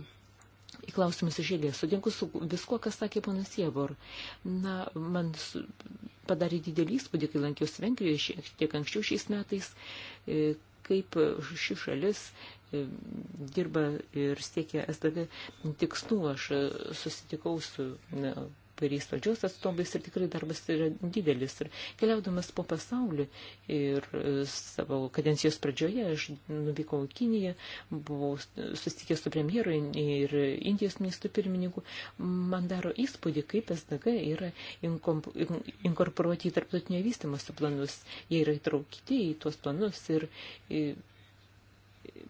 į klausimus iš eilės. Sutinku su viskuo, kas sakė ponas Jevor. Na, man padarė didelį įspūdį, kai lankiausi Vengrijoje šiek tiek anksčiau šiais metais, e, kaip ši šalis e, dirba ir siekia SDG tikslų. Aš e, susitikau su na, įvairiais valdžios atstovais ir tikrai darbas yra didelis. Ir keliaudamas po pasaulį ir e, savo kadencijos pradžioje aš nuvykau į Kiniją, buvau susitikęs su premjeru ir Indijos ministru pirmininku. Man daro įspūdį, kaip SDG yra inkorporuoti į tarptautinio vystimosi planus. Jie yra įtraukti į tuos planus ir, ir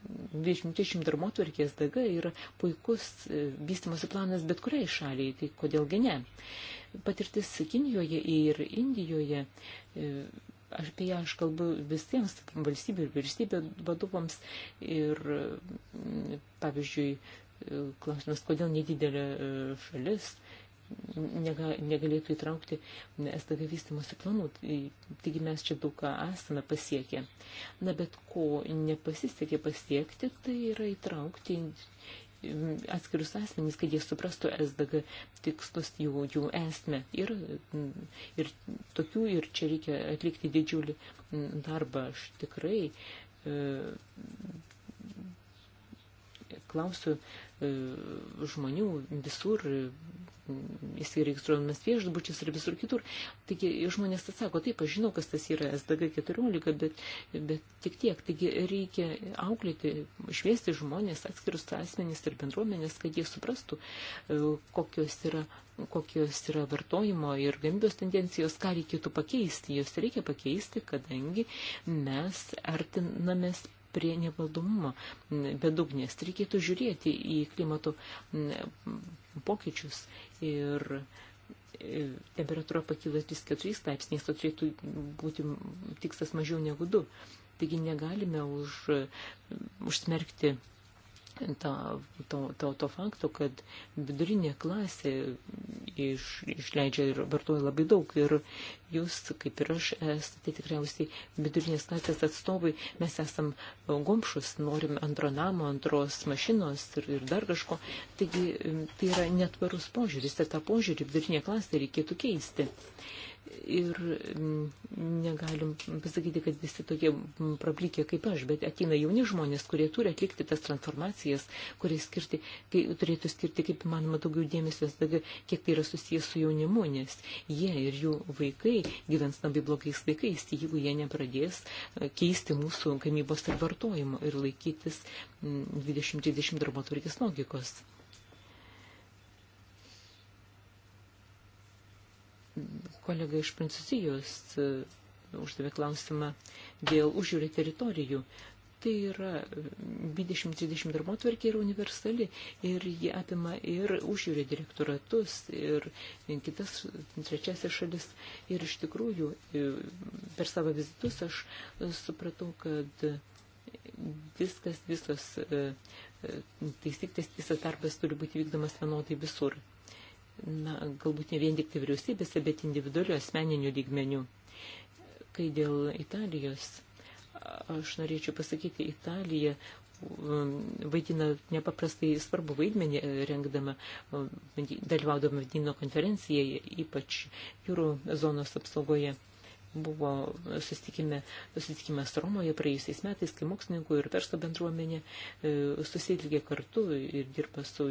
2020 darbotvarkės daga yra puikus e, vystimosi planas bet kuriai šaliai, tai kodėlgi ne. Patirtis Kinijoje ir Indijoje, e, apie ją aš kalbu visiems valstybių ir valstybių vadovams ir, pavyzdžiui, e, klausimas, kodėl nedidelė šalis, negalėtų įtraukti SDG vystimosi planų. Tai, taigi mes čia daug ką esame pasiekę. Na, bet ko nepasisekė pasiekti, tai yra įtraukti atskirius asmenys, kad jie suprastų SDG tikslus jų, jų esmę. Ir, ir tokių ir čia reikia atlikti didžiulį darbą. Aš tikrai e, klausiu e, žmonių visur, jis yra registruojamas viešbučius ir visur kitur. Taigi žmonės atsako, taip, aš žinau, kas tas yra SDG 14, bet, bet tik tiek. Taigi reikia auklėti, šviesti žmonės, atskirus asmenys ir bendruomenės, kad jie suprastų, e, kokios yra kokios yra vartojimo ir gamybos tendencijos, ką reikėtų pakeisti. Jos reikia pakeisti, kadangi mes artinamės prie nevaldomumo bedugnės. Reikėtų žiūrėti į klimato pokyčius ir e, temperatūra pakyla 3-4 laipsniais, o turėtų būti tikslas mažiau negu 2. Taigi negalime už, užsmerkti tą, to, to, to fakto, kad vidurinė klasė iš, išleidžia ir vartoja labai daug. Ir jūs, kaip ir aš, esate tikriausiai vidurinės klasės atstovai, mes esam gomšus, norim antro namo, antros mašinos ir, ir dar kažko. Taigi tai yra netvarus požiūris ir tą požiūrį vidurinė klasė reikėtų keisti. Uh, ir mm, negalim pasakyti, kad visi tokie mm, praplikė kaip aš, bet ateina jauni žmonės, kurie turi atlikti tas transformacijas, kurie skirti, kai, turėtų skirti kaip manoma daugiau dėmesio, kiek tai yra susijęs su jaunimu, nes jie ir jų vaikai gyvens labai blogais laikais, jeigu jie nepradės e, keisti mūsų gamybos ir vartojimo ir laikytis 20-20 darbo turkis logikos. Kolega iš Prancūzijos e, uždavė klausimą dėl užjūrio teritorijų. Tai yra 20-30 e, darbotvarkė yra universali ir ji apima ir užjūrio direktoratus, ir kitas trečiasis šalis. Ir iš tikrųjų e, per savo vizitus aš supratau, kad viskas, visos taisyklės, visas darbas turi būti vykdomas vienodai visur na, galbūt ne vien tik tai vyriausybėse, bet individualių asmeninių lygmenių. Kai dėl Italijos, aš norėčiau pasakyti, Italija um, vaidina nepaprastai svarbu vaidmenį e, rengdama, um, dalyvaudama Vadino konferencijai, ypač jūrų zonos apsaugoje. Buvo susitikime, susitikimas Romoje praėjusiais metais, kai mokslininkų ir verslo bendruomenė e, susitilgė kartu ir dirba su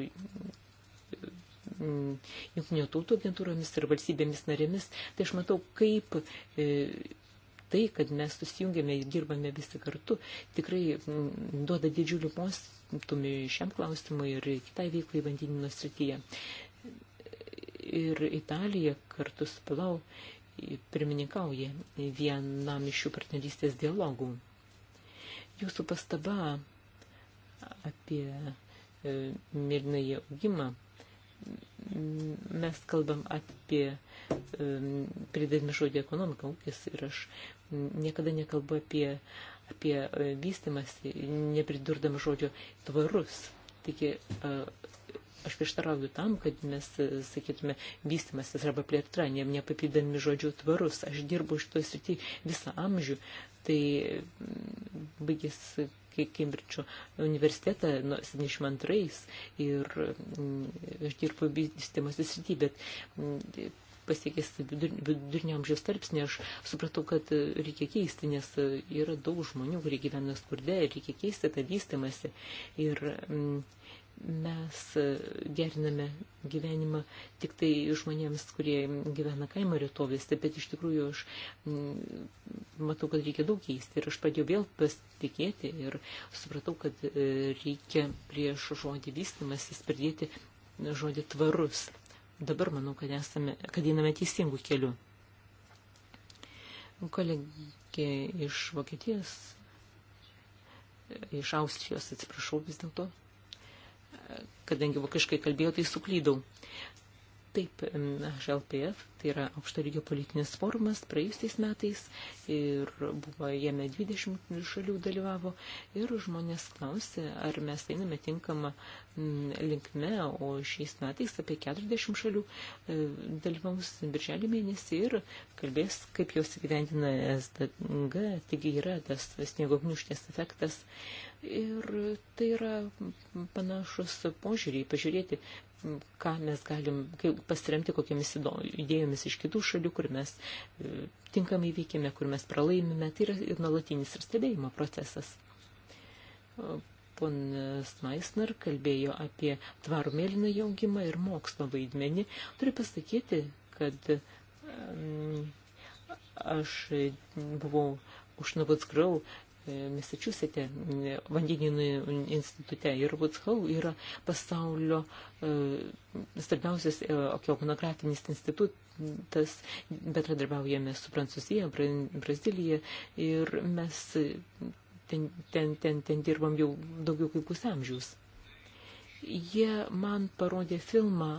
Mm, jungtinių tautų agentūromis ir valstybėmis narėmis, tai aš matau, kaip e, tai, kad mes susijungiame ir dirbame visi kartu, tikrai mm, duoda didžiulį postumį šiam klausimui ir kitai veiklai vandenino srityje. Ir Italija kartu su Pilau pirmininkauja vienam iš šių partnerystės dialogų. Jūsų pastaba apie e, mirnąjį augimą mes kalbam apie pridedami žodį ekonomiką, ūkis ir aš niekada nekalbu apie, apie e, vystimąsi, nepridurdam žodžio tvarus. Taigi e, aš prieštarauju tam, kad mes e, sakytume vystimasis arba plėtra, ne, nepapydami žodžių tvarus. Aš dirbu šitoje srityje visą amžių, tai baigėsi Kembridžo universitetą nuo 72 ir mm, aš dirbu vystimosi srity, bet mm, pasiekęs vidurinio amžiaus tarpsnį, aš supratau, kad e, reikia keisti, nes e, yra daug žmonių, kurie gyvena skurde ir reikia keisti tą vystimąsi. Ir mm, mes e, geriname gyvenimą tik tai žmonėms, kurie gyvena kaimo rytovėse, bet iš tikrųjų aš mm, matau, kad reikia daug keisti ir aš pradėjau vėl pasitikėti ir supratau, kad e, reikia prieš žodį vystimasis pridėti žodį tvarus. Dabar manau, kad, esame, kad einame teisingų kelių. Kolegė iš Vokietijos, iš Austrijos, atsiprašau vis dėlto, kadangi vokiškai kalbėjau, tai suklydau. Taip, HLPF, tai yra aukšto lygio politinis forumas, praėjusiais metais ir buvo jame 20 šalių dalyvavo ir žmonės klausė, ar mes einame tinkamą linkme, o šiais metais apie 40 šalių e, dalyvaus birželį mėnesį ir kalbės, kaip jos įgyvendina SDG, taigi yra tas sniego gniuštės efektas. Ir tai yra panašus požiūrį, pažiūrėti, ką mes galim pasiremti kokiamis idėjomis iš kitų šalių, kur mes e, tinkamai veikiame, kur mes pralaimime. Tai yra ir nuolatinis ir stebėjimo procesas. Ponas Maisner kalbėjo apie tvarų mėlyną jaugimą ir mokslo vaidmenį. Turiu pasakyti, kad aš buvau už Novotskriau Massachusetts'e vandeninų institute ir Woods Hole yra pasaulio e, svarbiausias e, okeokonografinis institutas, bendradarbiaujame su Prancūzija, Brazilija ir mes ten, ten, ten, ten dirbam jau daugiau kaip pusamžiaus. Jie man parodė filmą,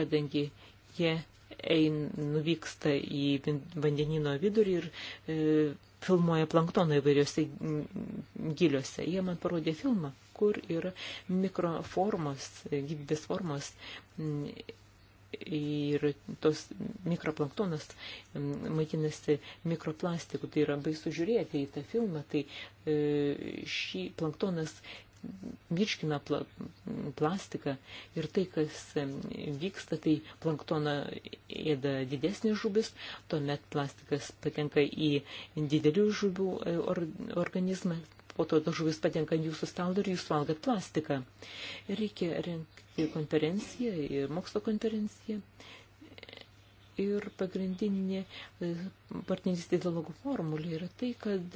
kadangi jie ein, nuvyksta į vandenino vidurį ir e, filmuoja planktoną įvairiuose mm, giliuose. Jie man parodė filmą, kur yra mikroformos, gyvybės formos mm, ir tos mikroplanktonas mm, maitinasi mikroplastiku. Tai yra baisu žiūrėti į tą filmą, tai e, šį planktonas virškime pla, plastiką ir tai, kas vyksta, tai planktoną ėda didesnis žubis, tuomet plastikas patenka į didelių žubių e, or, organizmą, po to ta žuvis patenka ant jūsų stalo ir jūs valgat plastiką. Reikia renkti konferenciją ir mokslo konferenciją ir pagrindinė e, partnerystės dialogų formulė yra tai, kad,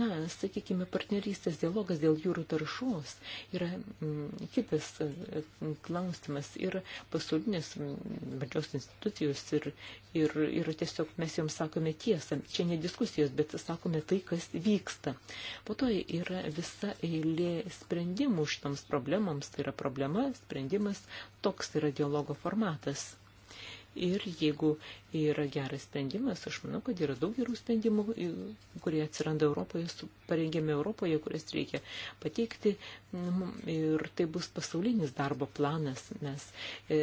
na, sakykime, partnerystės dialogas dėl jūrų taršos yra m, mm, kitas e, klausimas ir pasaulinės mm, valdžios institucijos ir, ir, ir tiesiog mes joms sakome tiesą. Čia ne diskusijos, bet sakome tai, kas vyksta. Po to yra visa eilė sprendimų šitams problemams. Tai yra problema, sprendimas, toks yra dialogo formatas Ir jeigu yra geras sprendimas, aš manau, kad yra daug gerų sprendimų, kurie atsiranda Europoje, parengėme Europoje, kurias reikia pateikti. Mm, ir tai bus pasaulinis darbo planas, nes e,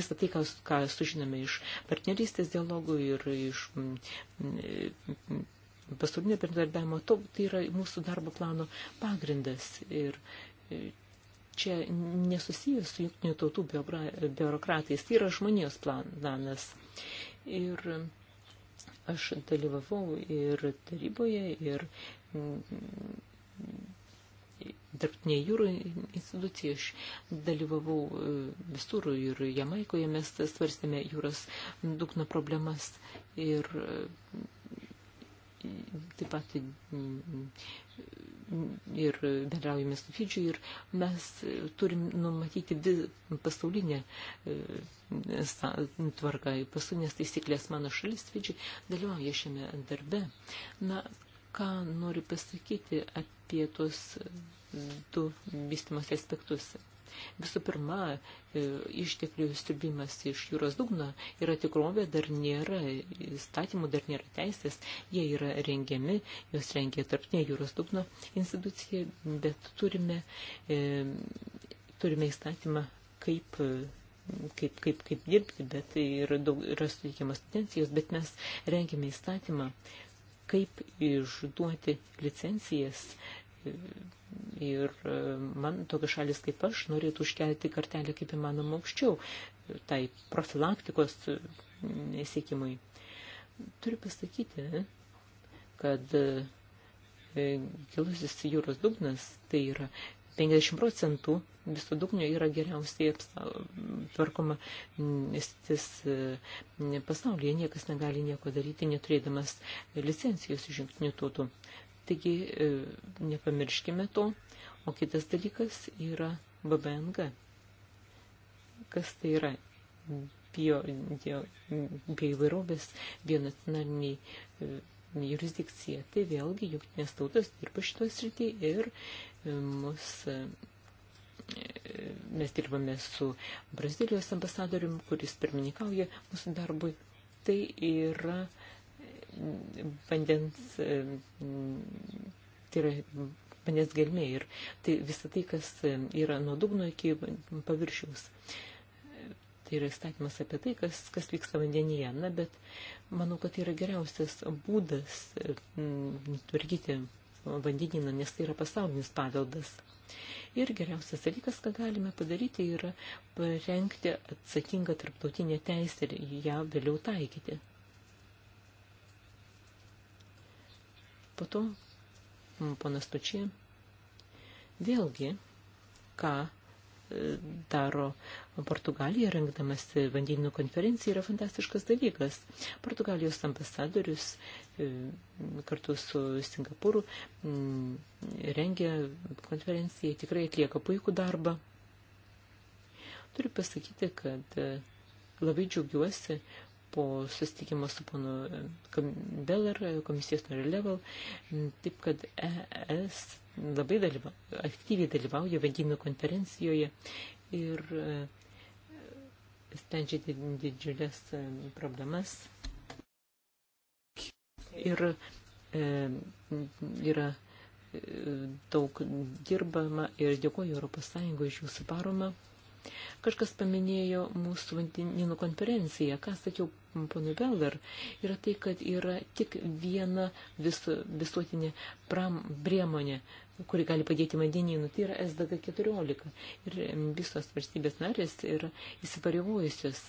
visą tai, ką, ką sužinome iš partnerystės dialogų ir iš mm, mm, pasaulinio bendradarbiavimo, tai yra mūsų darbo plano pagrindas. Ir e, čia nesusijęs su jungtinių tautų biurokratais, tai yra žmonijos planas. Ir aš dalyvavau ir taryboje, ir darbtinė mm, jūrų institucija, aš dalyvavau e, visur ir Jamaikoje mes svarstėme jūros dugno problemas ir e, taip pat mm, ir bendraujame su Fidžiu ir mes turim numatyti pasaulinę e, tvarką, pasaulinės taisyklės mano šalis Fidži dalyvauja šiame darbe. Na, ką noriu pasakyti apie tuos du vystimosi aspektus. Visų pirma, e, išteklių siurbimas iš jūros dugno yra tikrovė, dar nėra įstatymų, dar nėra teisės, jie yra rengiami, jos rengia tarptinė jūros dugno institucija, bet turime, e, turime įstatymą kaip e, kaip, kaip, kaip dirbti, bet yra, daug, yra suteikiamas licencijos, bet mes rengiame įstatymą, kaip išduoti licencijas Ir e, man tokios šalis kaip aš norėtų užkelti kartelį kaip įmanoma aukščiau, tai profilaktikos e, siekimui. Turiu pasakyti, kad e, gilusis jūros dugnas tai yra 50 procentų viso dugnio yra geriausiai tvarkoma stis pasaulyje. Niekas negali nieko daryti, neturėdamas licencijos iš jungtinių tautų. Taigi e, nepamirškime to. O kitas dalykas yra BBNG. Kas tai yra? Bio, bio, bioįvairovės bionacionaliniai e, jurisdikcija. Tai vėlgi jungtinės tautos dirba šitoje srityje ir e, mus, mes dirbame su Brazilijos ambasadoriumi, kuris pirmininkauja mūsų darbui. Tai yra uh, vandens, e, tai yra vandens gelmė ir tai visa tai, kas e, yra nuo dugno iki paviršiaus. Tai yra įstatymas apie tai, kas, kas vyksta vandenyje. Na, bet manau, kad tai yra geriausias būdas e, tvarkyti vandenyną, nes tai yra pasaulinis paveldas. Ir geriausias dalykas, ką galime padaryti, yra parengti atsakingą tarptautinę teisę ir ją vėliau taikyti. Po to, mm, ponas Pačia, vėlgi, ką e, daro Portugalija, rengdamas vandeninų konferenciją, yra fantastiškas dalykas. Portugalijos ambasadorius e, kartu su Singapūru mm, rengia konferenciją, tikrai atlieka puikų darbą. Turiu pasakyti, kad e, labai džiaugiuosi po susitikimo su ponu e, Beller, komisijos noriu level, taip kad ES labai dalyva, aktyviai dalyvauja vadinimo konferencijoje ir e, sprendžia didžiulės e, problemas. Ir e, yra daug dirbama ir dėkuoju Europos Sąjungoje iš jūsų paromą. Kažkas paminėjo mūsų vandeninų konferenciją, ką sakiau ponui Belgar, yra tai, kad yra tik viena visu, visuotinė pram, priemonė, kuri gali padėti vandenynų, tai yra SDG 14. Ir visos valstybės narės yra įsipareigojusios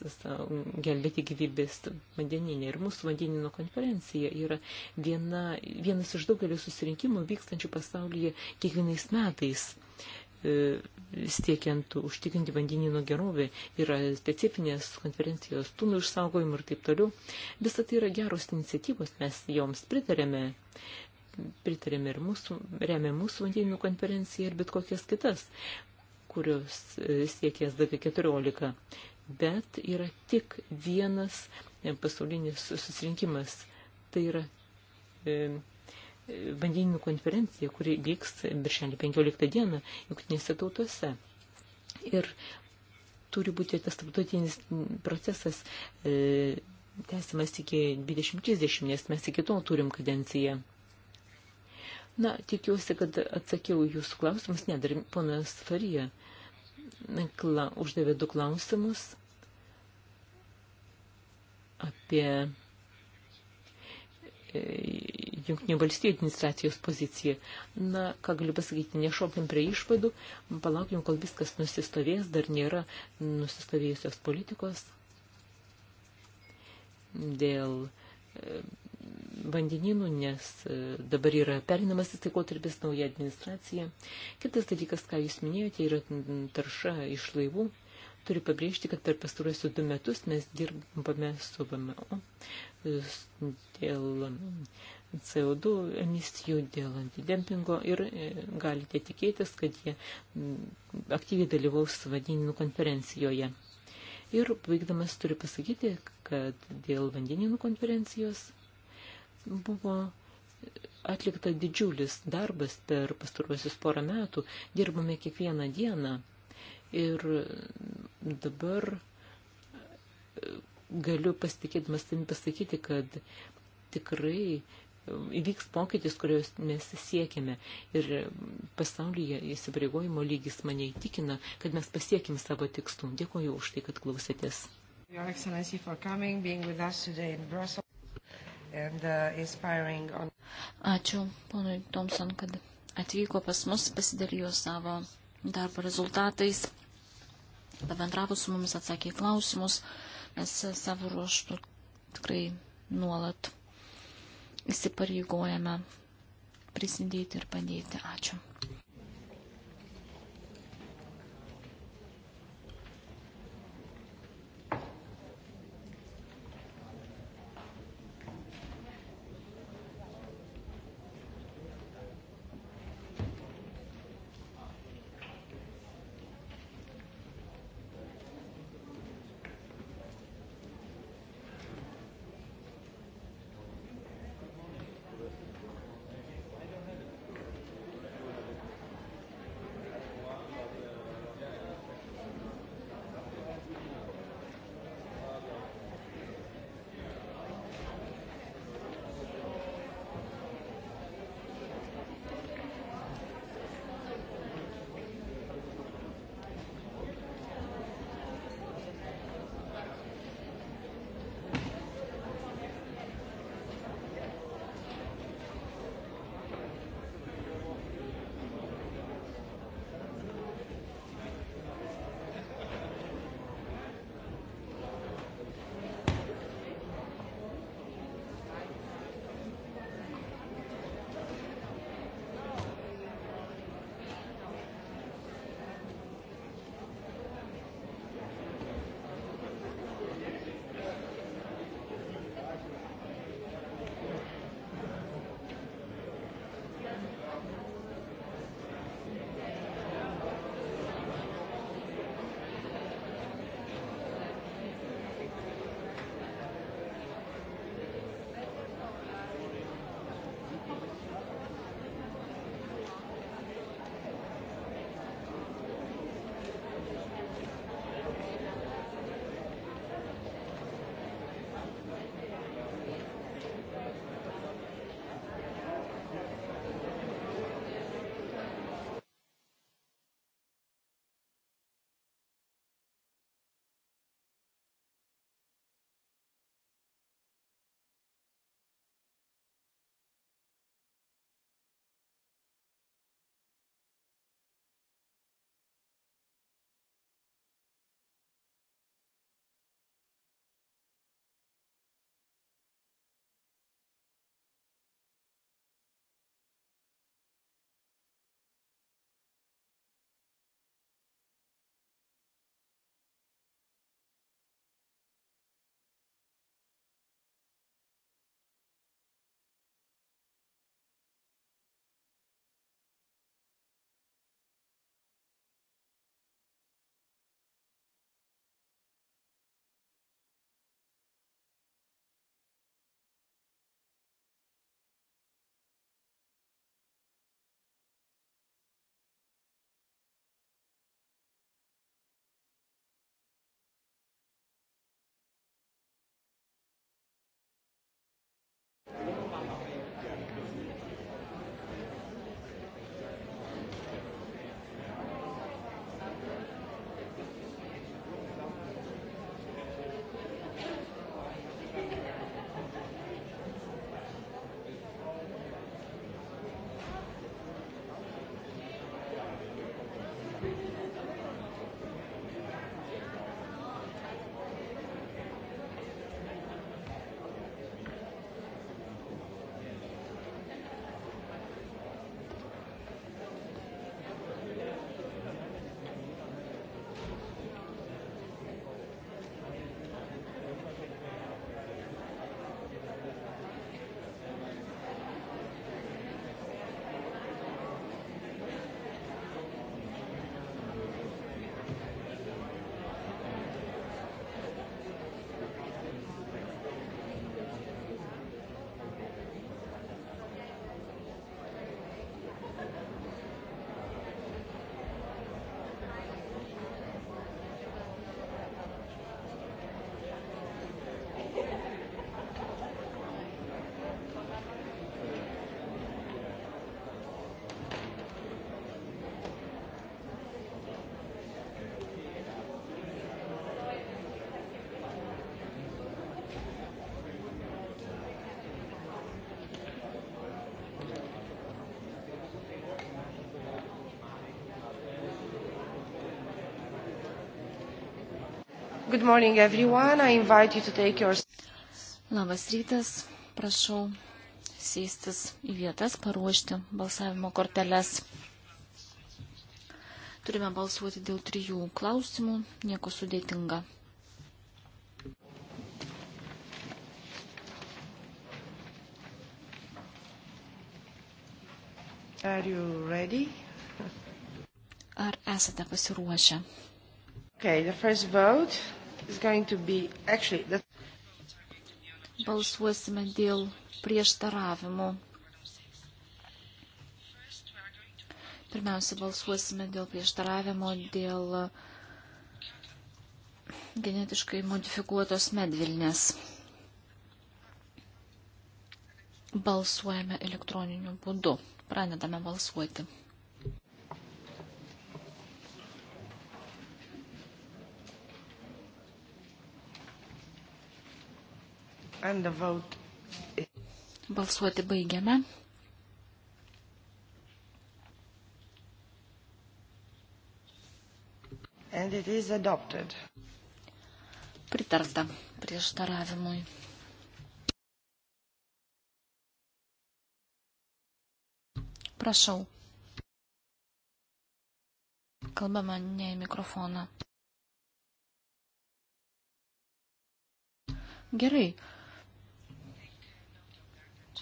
gelbėti gyvybės vandeninę. Ir mūsų vandenino konferencija yra viena, vienas iš daugelio susirinkimų vykstančių pasaulyje kiekvienais metais. E, stiekiant užtikrinti vandenino gerovę, yra specifinės konferencijos tūnų išsaugojimų ir taip toliau. Visą tai yra geros iniciatyvos, mes joms pritarėme. Pritarėme ir mūsų, remė mūsų vandeninų konferenciją ir bet kokias kitas, kurios siekia SDG 14. Bet yra tik vienas e, pasaulinis susirinkimas. Tai yra e, vandeninių konferencija, kuri vyks birželį 15 dieną jungtinėse tautose. Ir turi būti tas tarptautinis procesas e, tęsiamas iki 2030, nes mes iki tol turim kadenciją. Na, tikiuosi, kad atsakiau jūsų klausimus, ne, dar ponas Farija kla, uždavė du klausimus apie e, Junktinių valstybių administracijos poziciją. Na, ką galiu pasakyti, nešokim prie išvadų, palaukim, kol viskas nusistovės, dar nėra nusistovėjusios politikos dėl e, vandeninų, nes e, dabar yra perinamasis taikotarpis nauja administracija. Kitas dalykas, ką jūs minėjote, yra tarša iš laivų. Turiu pabrėžti, kad per pastaruosius du metus mes dirbame su VMO dėl CO2 emisijų, dėl antidempingo ir e, galite tikėtis, kad jie aktyviai dalyvaus vandeninų konferencijoje. Ir baigdamas turiu pasakyti, kad dėl vandeninų konferencijos buvo atlikta didžiulis darbas per pastaruosius porą metų, dirbame kiekvieną dieną ir dabar e, galiu pasitikėdamas tam pasakyti, kad tikrai įvyks pokytis, kurios mes siekime. Ir pasaulyje įsipareigojimo lygis mane įtikina, kad mes pasiekim savo tikslų. Dėkuoju už tai, kad klausėtės. Your Excellency for coming, being with us today in Brussels. And, uh, on... Ačiū ponui Thompson, kad atvyko pas mus, pasidalijo savo darbo rezultatais, pabendravo su mumis, atsakė į klausimus. Mes savo ruoštų tikrai nuolat įsipareigojame prisidėti ir padėti. Ačiū. Good morning, everyone. I invite you to take your... Labas rytas. Prašau sėstis į vietas, paruošti balsavimo korteles. Turime balsuoti dėl trijų klausimų, nieko sudėtinga. Are you ready? Ar esate pasiruošę? Okay, the first vote is going to be actually the... Balsuosime dėl prieštaravimų. Pirmiausia, balsuosime dėl prieštaravimo dėl genetiškai modifikuotos medvilnės. Balsuojame elektroniniu būdu. Pradedame balsuoti. Balsuoti baigiame. Pritarta prieštaravimui. Prašau. Kalbama ne į mikrofoną. Gerai.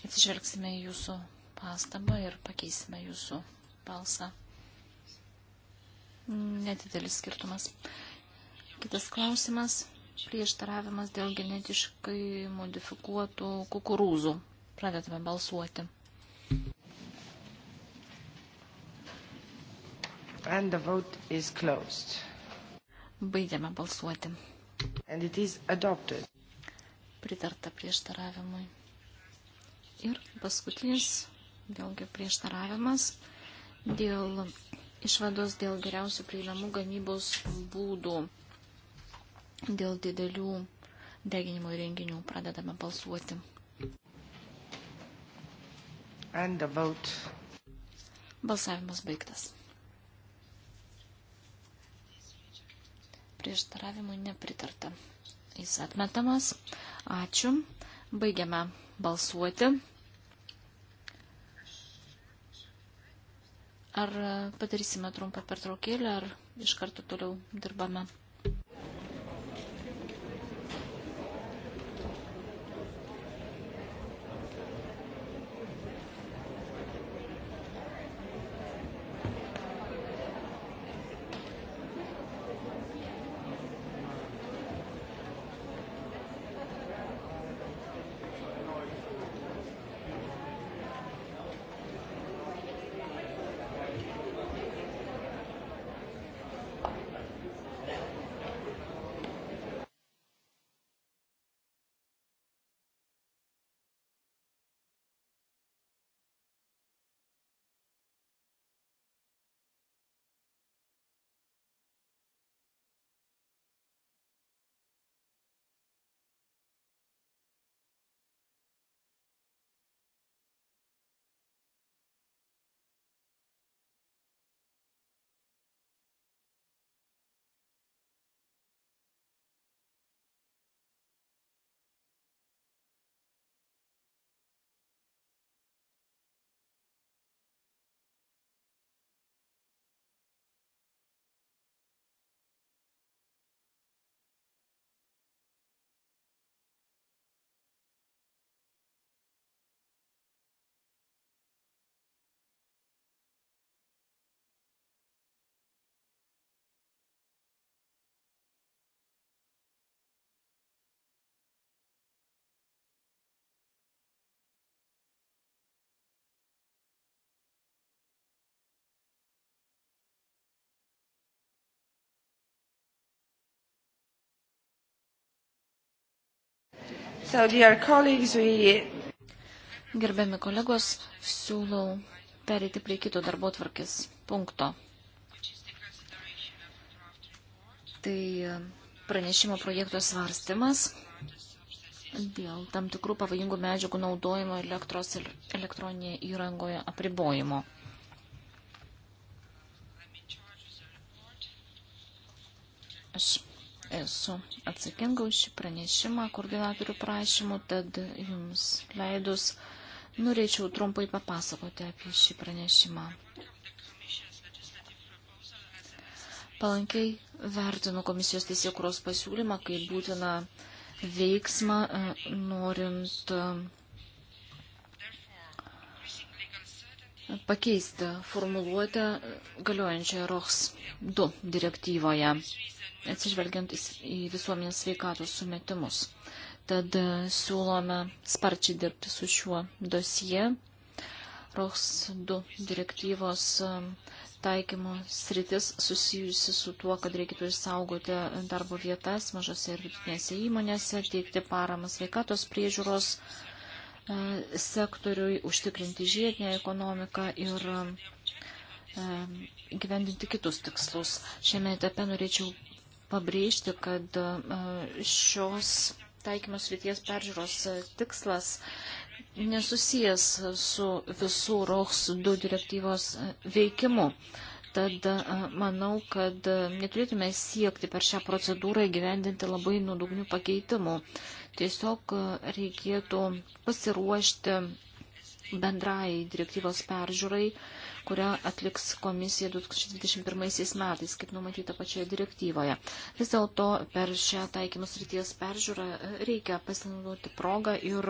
Atsižvelgsime į jūsų pastabą ir pakeisime jūsų balsą. Nedidelis skirtumas. Kitas klausimas - prieštaravimas dėl genetiškai modifikuotų kukurūzų. Pradedame balsuoti. And the vote is closed. Baigiame balsuoti. And it is adopted. Pritarta prieštaravimui. Ir paskutinis, vėlgi prieštaravimas, dėl išvados dėl geriausių prieinamų gamybos būdų, dėl didelių deginimo įrenginių pradedame balsuoti. And the vote. Balsavimas baigtas. Prieštaravimui nepritarta. Jis atmetamas. Ačiū. Baigiame balsuoti. Ar padarysime trumpą pertraukėlę, ar iš karto toliau dirbame? So, dear colleagues, we... Gerbiami kolegos, siūlau pereiti prie kito darbo tvarkės punkto. Tai pranešimo projekto svarstymas dėl tam tikrų pavojingų medžiagų naudojimo elektros ir elektroninėje įrangoje apribojimo. Aš esu atsakinga už šį pranešimą koordinatorių prašymų, tad jums leidus norėčiau trumpai papasakoti apie šį pranešimą. Palankiai vertinu komisijos teisėkuros pasiūlymą, kaip būtina veiksmą, e, norint pakeisti formuluotę galiojančią ROHS 2 direktyvoje, atsižvelgiant į visuomenės sveikatos sumetimus. Tad e, siūlome sparčiai dirbti su šiuo dosie. ROHS 2 direktyvos e, taikymo sritis susijusi su tuo, kad reikėtų išsaugoti darbo vietas mažose ir vidutinėse įmonėse, teikti paramą sveikatos priežiūros E, sektoriui, užtikrinti žiedinę ekonomiką ir e, gyvendinti kitus tikslus. Šiame etape norėčiau pabrėžti, kad e, šios taikymas ryties peržiūros e, tikslas nesusijęs su visų ROHS 2 direktyvos e, veikimu. Tad e, manau, kad neturėtume siekti per šią procedūrą įgyvendinti labai nuodugnių pakeitimų. Tiesiog reikėtų pasiruošti bendrai direktyvos peržiūrai, kurią atliks komisija 2021 metais, kaip numatyta pačioje direktyvoje. Vis dėlto per šią taikymus ryties peržiūrą e, reikia pasinaudoti progą ir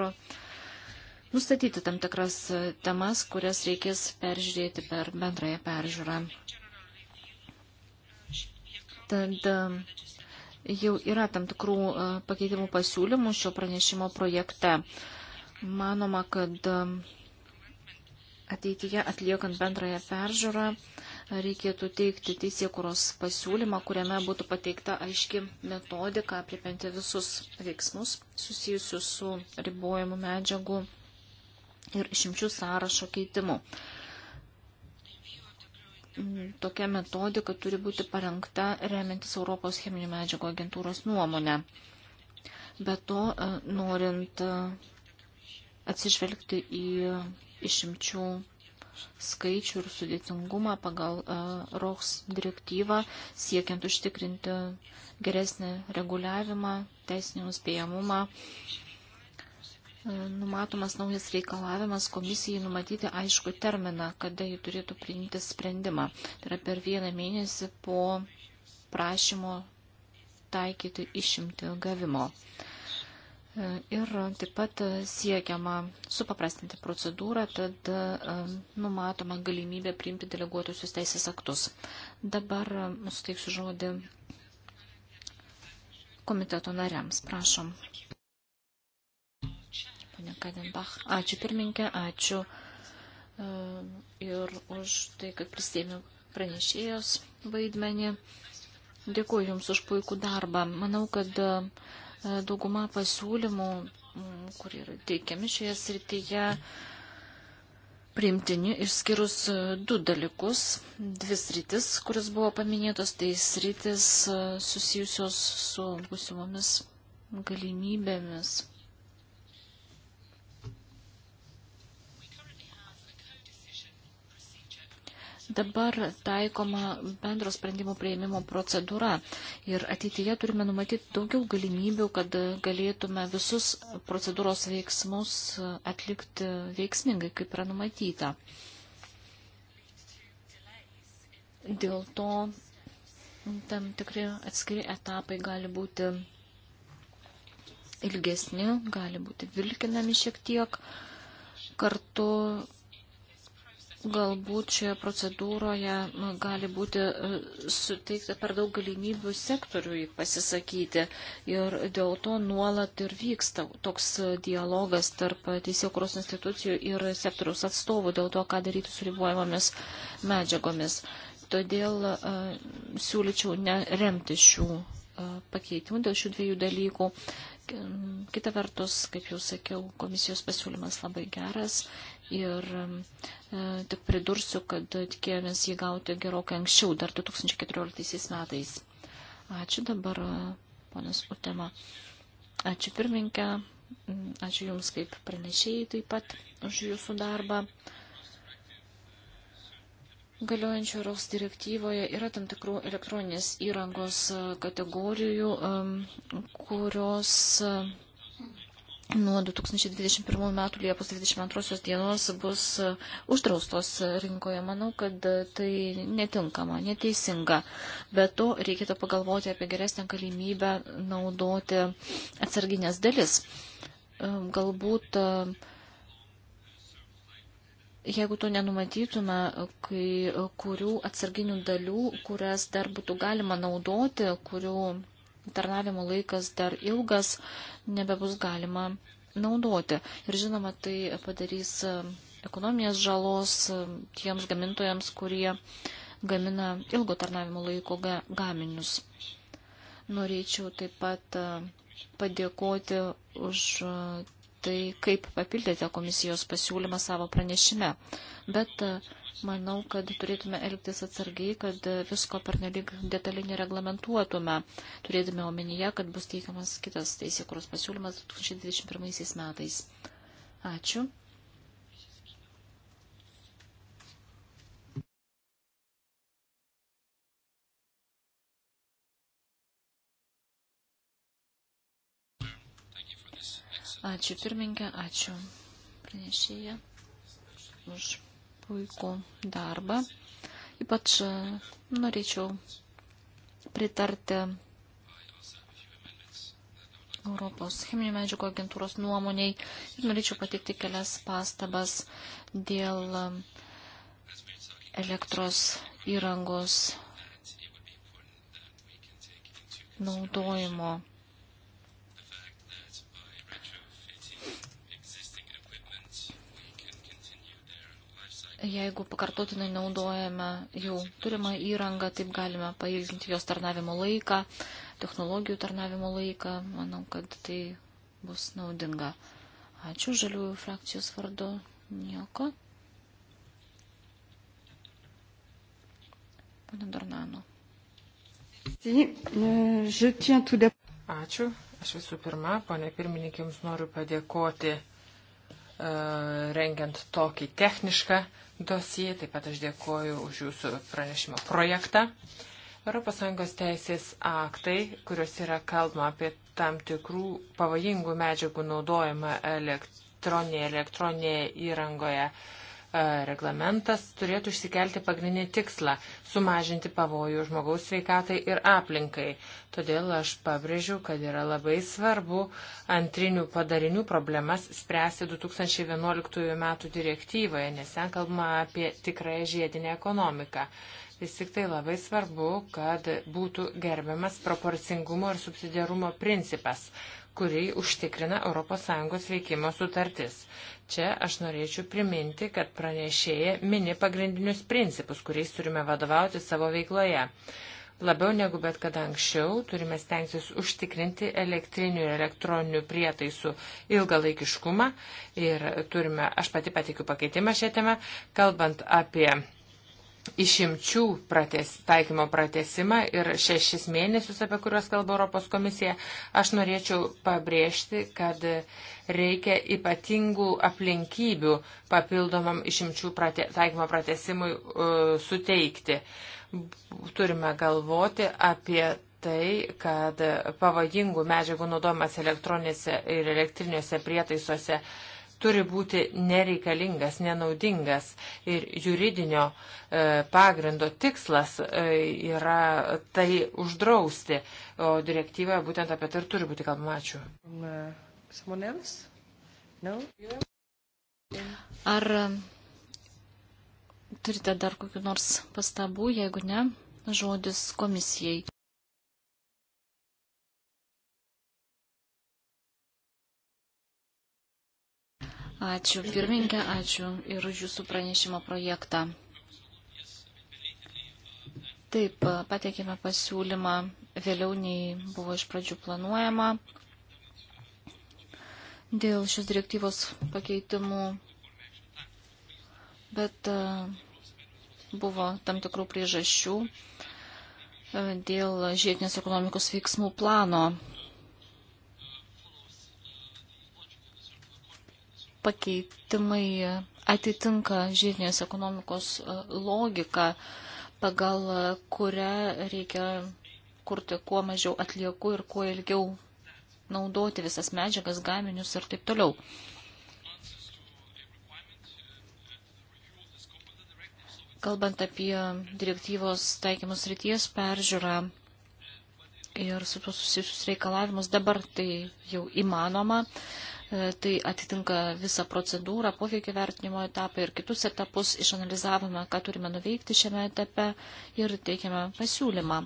nustatyti tam tikras e, temas, kurias reikės peržiūrėti per bendrąją peržiūrą. Tad e, jau yra tam tikrų pakeitimų pasiūlymų šio pranešimo projekte. Manoma, kad ateityje atliekant bendrąją peržiūrą reikėtų teikti teisėkuros pasiūlymą, kuriame būtų pateikta aiški metodika apriepinti visus veiksmus susijusius su ribojimu medžiagų ir išimčių sąrašo keitimu. Tokia metodika turi būti parengta remiantis Europos cheminių medžiagų agentūros nuomonę. Be to, norint e, atsižvelgti į išimčių skaičių ir sudėtingumą pagal uh, e, ROHS direktyvą, siekiant užtikrinti geresnį reguliavimą, teisinį nuspėjamumą. E, numatomas naujas reikalavimas komisijai numatyti aišku terminą, kada ji turėtų priimti sprendimą. Tai yra per vieną mėnesį po prašymo taikyti išimti gavimo. Uh, Ir taip pat siekiama supaprastinti procedūrą, tad e, numatoma galimybė priimti deleguotusius teisės aktus. Dabar suteiksiu žodį komiteto nariams. Prašom. Pane Kadenbach, ačiū pirminkė, ačiū e, ir už tai, kad prisėmė pranešėjos vaidmenį. Dėkuoju Jums už puikų darbą. Manau, kad uh, E, dauguma pasiūlymų, kurie yra teikiami šioje srityje, priimtini išskyrus e, du dalykus, dvi sritis, kuris buvo paminėtos, tai sritis e, susijusios su būsimomis galimybėmis Dabar taikoma bendro sprendimo prieimimo procedūra ir ateityje turime numatyti daugiau galimybių, kad galėtume visus procedūros veiksmus atlikti veiksmingai, kaip yra numatyta. Dėl to tam tikri atskiri etapai gali būti ilgesni, gali būti vilkinami šiek tiek. Kartu Galbūt šioje procedūroje gali būti e, suteikta per daug galimybių sektoriui pasisakyti ir dėl to nuolat ir vyksta toks dialogas tarp teisėkuros institucijų ir sektoriaus atstovų dėl to, ką daryti su ribojamomis medžiagomis. Todėl e, siūlyčiau neremti šių e, pakeitimų dėl šių dviejų dalykų. Kita vertus, kaip jau sakiau, komisijos pasiūlymas labai geras Ir e, tik pridursiu, kad tikėjomės jį gauti gerokai anksčiau, dar 2014 metais. Ačiū dabar, e, ponas Utema. Ačiū pirmininkę, ačiū Jums kaip pranešėjai taip pat už Jūsų darbą galiojančio ROS direktyvoje yra tam tikrų elektroninės įrangos e, kategorijų, kurios nuo 2021 metų Liepos 22 dienos bus e, uždraustos rinkoje. Manau, kad e, tai netinkama, neteisinga. Bet to reikėtų pagalvoti apie geresnę galimybę naudoti atsarginės dalis. E, galbūt, jeigu to nenumatytume, kai kurių atsarginių dalių, kurias dar būtų galima naudoti, kurių tarnavimo laikas dar ilgas, nebebus galima naudoti. Ir žinoma, tai padarys e, ekonominės žalos e, tiems gamintojams, kurie gamina ilgo tarnavimo laiko ga gaminius. Norėčiau taip pat e, padėkoti už tai, kaip papildėte komisijos pasiūlymą savo pranešime. Bet Manau, kad turėtume elgtis atsargiai, kad visko pernelyg detaliai nereglamentuotume, turėdami omenyje, kad bus teikiamas kitas teisėkuros pasiūlymas 2021 metais. Ačiū. Ačiū pirmininkė, ačiū pranešėja už puikų darbą. Ypač e, norėčiau pritarti Europos cheminių medžiagų agentūros nuomoniai ir norėčiau pateikti kelias pastabas dėl e, elektros įrangos naudojimo. Jeigu pakartotinai naudojame jau turimą įrangą, taip galime pailginti jos tarnavimo laiką, technologijų tarnavimo laiką. Manau, kad tai bus naudinga. Ačiū žaliųjų frakcijos vardu. Nieko. Pane Dornano. E, Ačiū. Aš visų pirma, ponė pirmininkė, jums noriu padėkoti E, rengiant tokį technišką dosiją. Taip pat aš dėkoju už jūsų pranešimo projektą. ES teisės aktai, kuriuos yra kalbama apie tam tikrų pavojingų medžiagų naudojimą elektroninėje, elektroninėje įrangoje, uh, reglamentas turėtų išsikelti pagrindinį tikslą - sumažinti pavojų žmogaus sveikatai ir aplinkai. Todėl aš pabrėžiu, kad yra labai svarbu antrinių padarinių problemas spręsti 2011 m. direktyvoje, nes ten kalbama apie tikrąją žiedinę ekonomiką. Vis tik tai labai svarbu, kad būtų gerbiamas proporcingumo ir subsidiarumo principas kurį užtikrina ES veikimo sutartis. Čia aš norėčiau priminti, kad pranešėja mini pagrindinius principus, kuriais turime vadovauti savo veikloje. Labiau negu bet kada anksčiau turime stengtis užtikrinti elektrinių ir elektroninių prietaisų ilgalaikiškumą ir turime, aš pati patikiu pakeitimą šią temą, kalbant apie išimčių prates, taikymo pratesimą ir šešis mėnesius, apie kuriuos kalba Europos komisija, aš norėčiau pabrėžti, kad reikia ypatingų aplinkybių papildomam išimčių prate, taikymo pratesimui uh, suteikti. Turime galvoti apie tai, kad pavojingų medžiagų naudojimas elektroninėse ir elektriniuose prietaisuose uh, turi būti nereikalingas, nenaudingas ir juridinio e, pagrindo tikslas e, yra tai uždrausti, o direktyvoje būtent apie tai ir turi būti kalbama. Ačiū. Um, uh, no? Ar um, turite dar kokiu nors pastabų, jeigu ne, žodis komisijai. Ačiū pirmininkė, ačiū ir už jūsų pranešimo projektą. Taip, pateikėme pasiūlymą vėliau nei buvo iš pradžių planuojama. Dėl šios direktyvos pakeitimų, bet e, buvo tam tikrų priežasčių e, dėl žiedinės ekonomikos veiksmų plano pakeitimai atitinka žiedinės ekonomikos e, logiką, pagal e, kurią reikia kurti kuo mažiau atliekų ir kuo ilgiau naudoti visas medžiagas, gaminius ir taip toliau. Kalbant apie direktyvos taikymus ryties peržiūrą, ir su tuo susijusius reikalavimus. Dabar tai jau įmanoma. E, tai atitinka visą procedūrą, poveikio vertinimo etapą ir kitus etapus. Išanalizavome, ką turime nuveikti šiame etape ir teikiame pasiūlymą.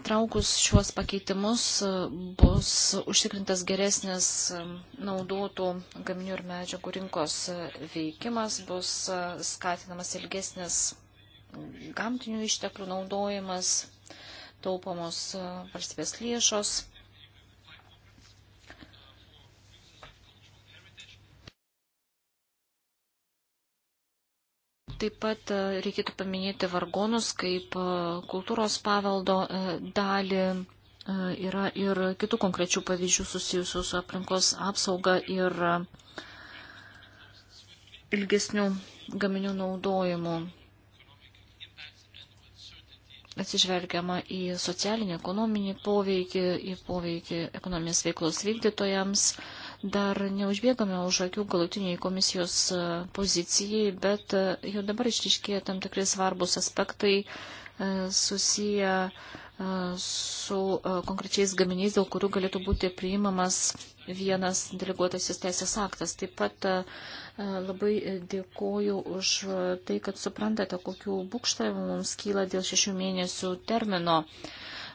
Įtraukus šiuos pakeitimus e, bus užtikrintas geresnis e, naudotų gaminių ir medžiagų rinkos veikimas, bus skatinamas ilgesnis gamtinių išteklių naudojimas, taupomos e, valstybės lėšos. Taip pat e, reikėtų paminėti vargonus kaip e, kultūros paveldo dalį. Yra ir kitų konkrečių pavyzdžių susijusių su aplinkos apsauga ir ilgesnių gaminių naudojimu atsižvelgiama į socialinį, ekonominį poveikį, į poveikį ekonominės veiklos vykdytojams. Dar neužbėgame už akių galutiniai komisijos e, pozicijai, bet e, jau dabar išriškėja tam tikrai svarbus aspektai e, susiję su konkrečiais gaminiais, dėl kurių galėtų būti priimamas vienas deleguotasis teisės aktas. Taip pat labai dėkoju už tai, kad suprantate, kokiu būkštavimu mums kyla dėl šešių mėnesių termino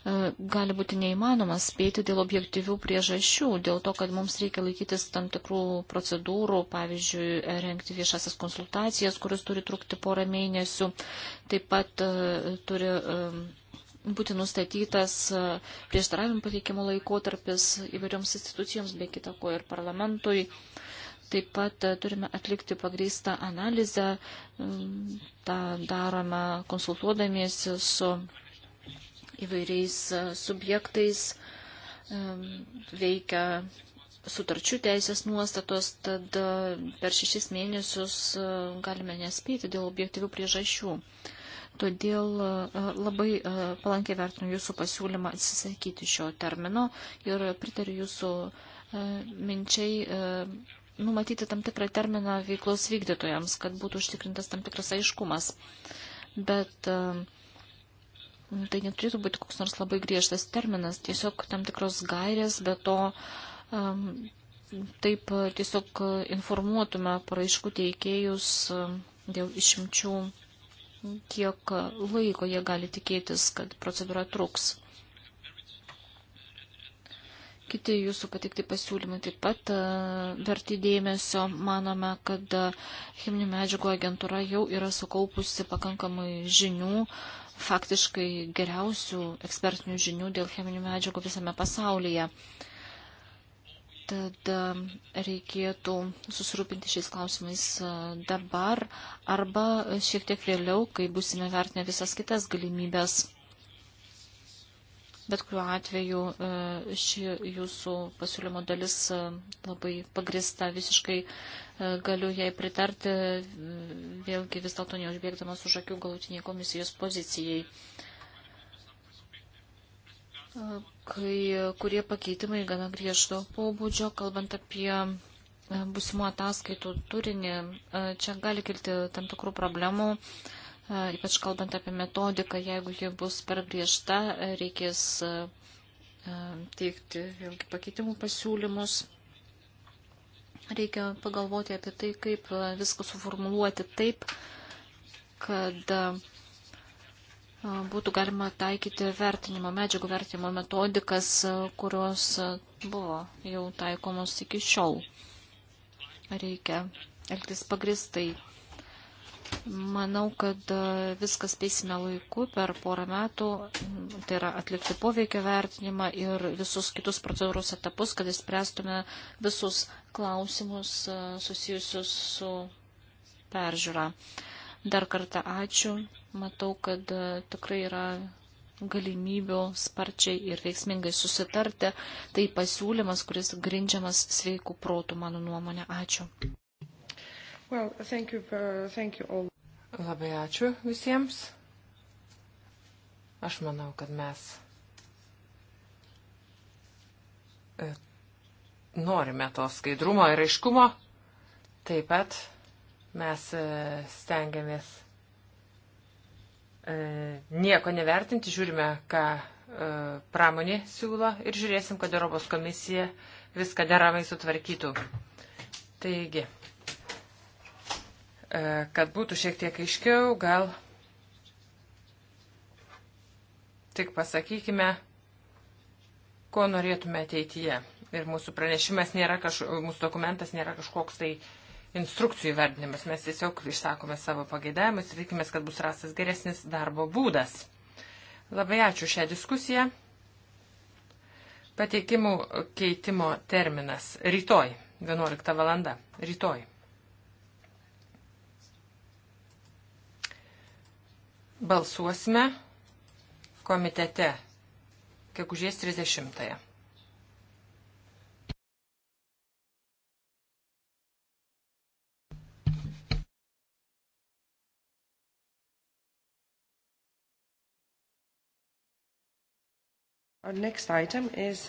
gali būti neįmanoma spėti dėl objektyvių priežasčių, dėl to, kad mums reikia laikytis tam tikrų procedūrų, pavyzdžiui, renkti viešasias konsultacijas, kuris turi trukti porą mėnesių, taip pat turi būti nustatytas e, prieštaravimų pateikimo laikotarpis įvairioms institucijoms, be kitako ir parlamentui. Taip pat e, turime atlikti pagrįstą analizę, tą darome konsultuodamiesi su įvairiais e, subjektais, veikia sutarčių teisės nuostatos, tad per šešis mėnesius galime nespėti dėl objektyvių priežasčių. Todėl e, labai e, palankiai vertinu jūsų pasiūlymą atsisakyti šio termino ir pritariu jūsų e, minčiai numatyti tam tikrą terminą veiklos vykdytojams, kad būtų užtikrintas tam tikras aiškumas. Bet tai neturėtų būti koks nors labai griežtas terminas, tiesiog tam tikros gairės, bet to taip tiesiog informuotume paraiškų teikėjus dėl išimčių kiek laiko jie gali tikėtis, kad procedūra truks. Kiti jūsų patikti pasiūlymai taip pat e, verti dėmesio. Manome, kad e, cheminių medžiagų agentūra jau yra sukaupusi pakankamai žinių, faktiškai geriausių ekspertinių žinių dėl cheminių medžiagų visame pasaulyje. Tad e, reikėtų susirūpinti šiais klausimais e, dabar arba šiek tiek vėliau, kai būsime vertinę visas kitas galimybės. Bet kuriuo atveju e, ši jūsų pasiūlymo dalis labai pagrista, visiškai galiu jai pritarti, vėlgi vis dėlto neužbėgdamas už akių galutiniai komisijos pozicijai kai kurie pakeitimai gana griežto pobūdžio, kalbant apie e, busimų ataskaitų turinį, e, čia gali kilti tam tikrų problemų, e, ypač kalbant apie metodiką, jeigu ji bus per griežta, reikės teikti vėlgi pakeitimų pasiūlymus. Reikia pagalvoti apie tai, kaip viską suformuluoti taip, kad uh, būtų galima taikyti vertinimo, medžiagų vertinimo metodikas, kurios buvo jau taikomos iki šiol. Reikia elgtis pagristai. Manau, kad viskas teisime laiku per porą metų, tai yra atlikti poveikio vertinimą ir visus kitus procedūros etapus, kad įspręstume visus klausimus susijusius su peržiūra. Dar kartą ačiū Matau, kad e, tikrai yra galimybių sparčiai ir veiksmingai susitarti. Tai pasiūlymas, kuris grindžiamas sveikų protų, mano nuomonė. Ačiū. Well, thank you, for, uh, thank you all. Labai ačiū visiems. Aš manau, kad mes e, norime to skaidrumo ir aiškumo. Taip pat mes e, stengiamės E, nieko nevertinti, žiūrime, ką e, pramonė siūlo ir žiūrėsim, kad Europos komisija viską deramai sutvarkytų. Taigi, e, kad būtų šiek tiek aiškiau, gal tik pasakykime, ko norėtume ateityje. Ir mūsų pranešimas nėra, kaž... mūsų dokumentas nėra kažkoks tai uh, instrukcijų įvardinimas. Mes tiesiog išsakome savo pageidavimus ir tikimės, kad bus rastas geresnis darbo būdas. Labai ačiū šią diskusiją. Pateikimų keitimo terminas rytoj, 11 valanda. Rytoj. Balsuosime komitete, kiekužės 30. -ąją. Is,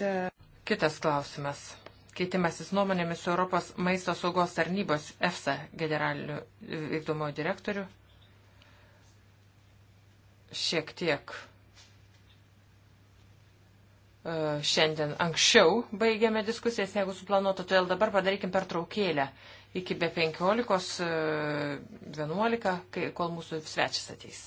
uh... Kitas klausimas. Keitimasis nuomonėmis su Europos maisto saugos tarnybos EFSA generaliniu e, vykdomojo direktoriu. Šiek tiek e, šiandien anksčiau baigėme diskusijas negu suplanuota, todėl dabar padarykim pertraukėlę iki be 15.11, e, kol mūsų svečias ateis.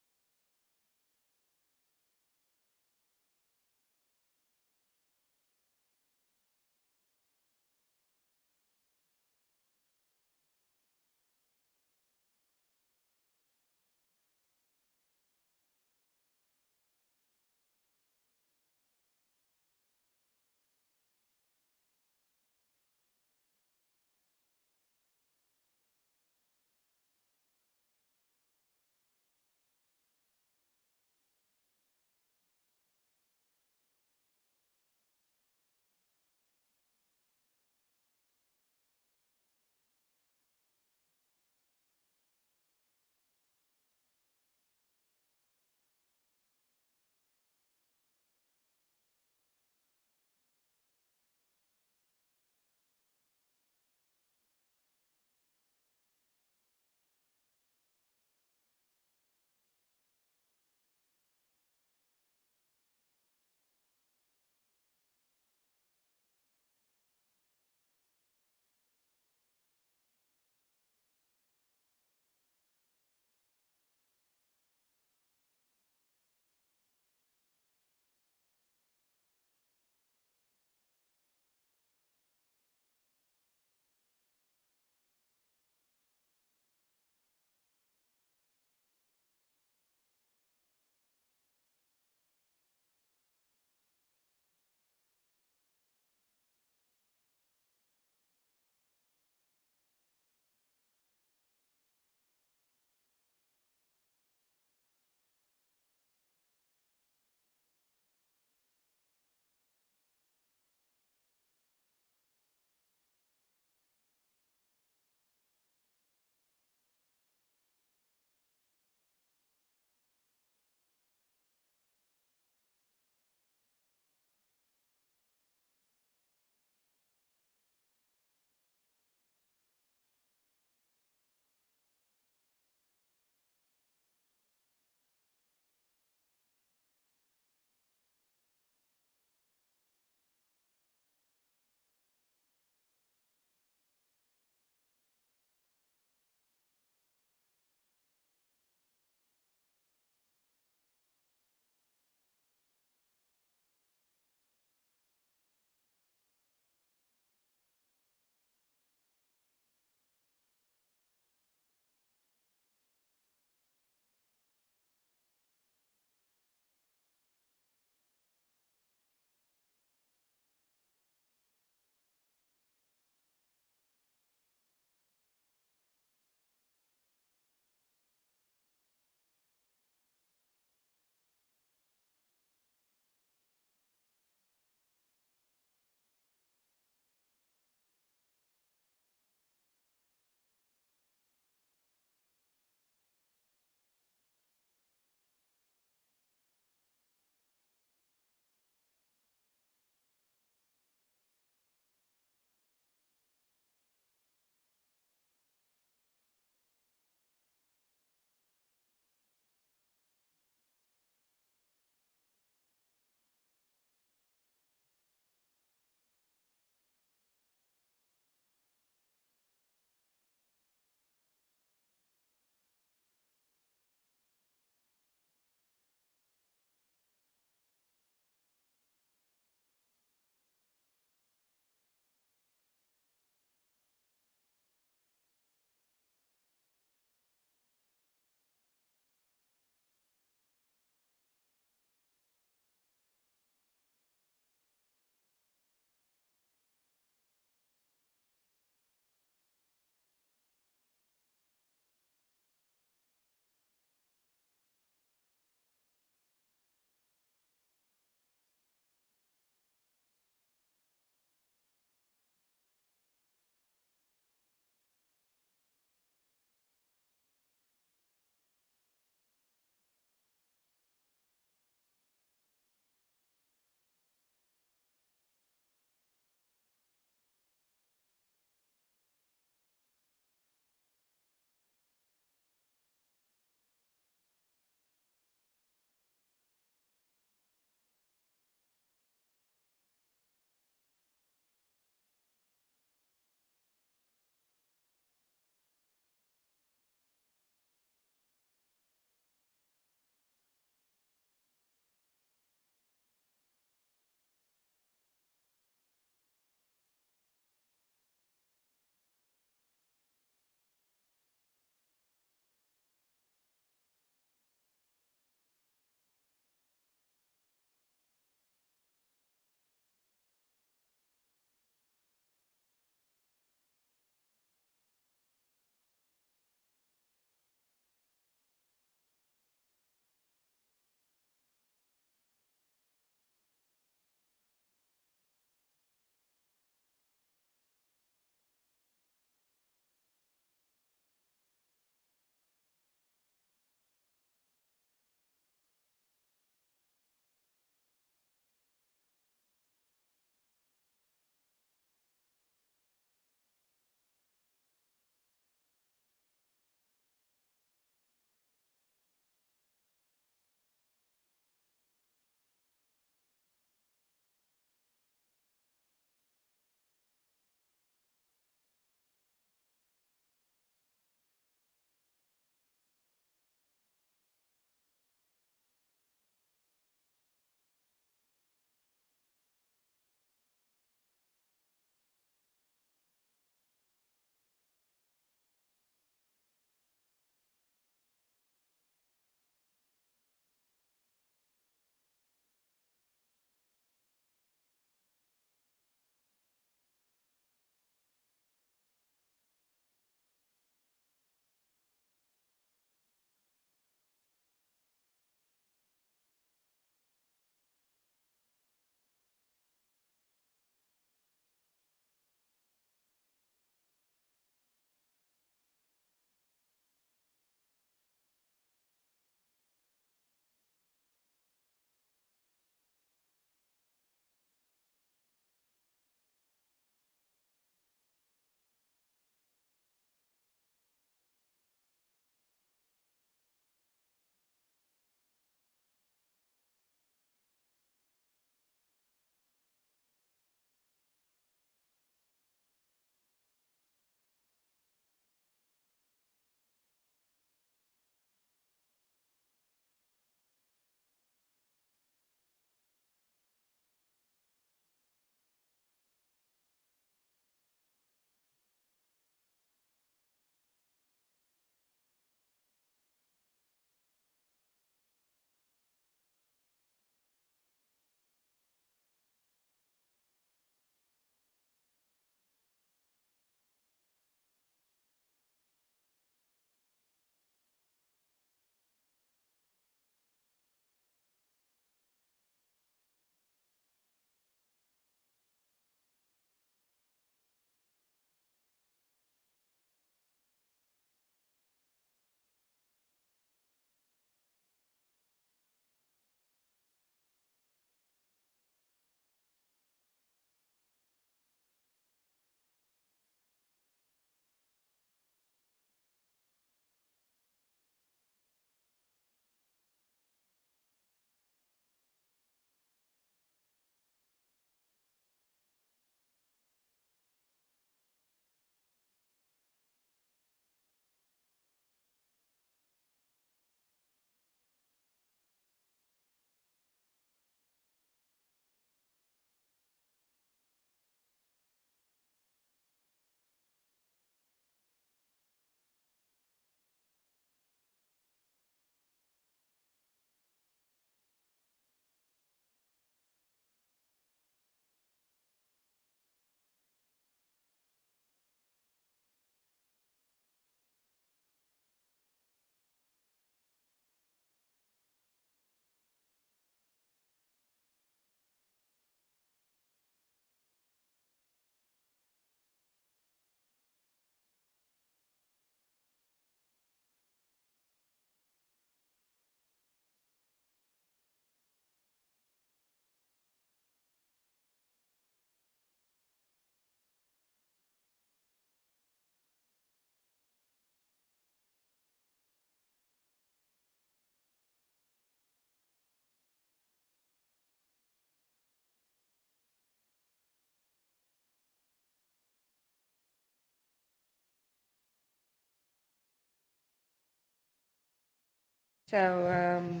So um,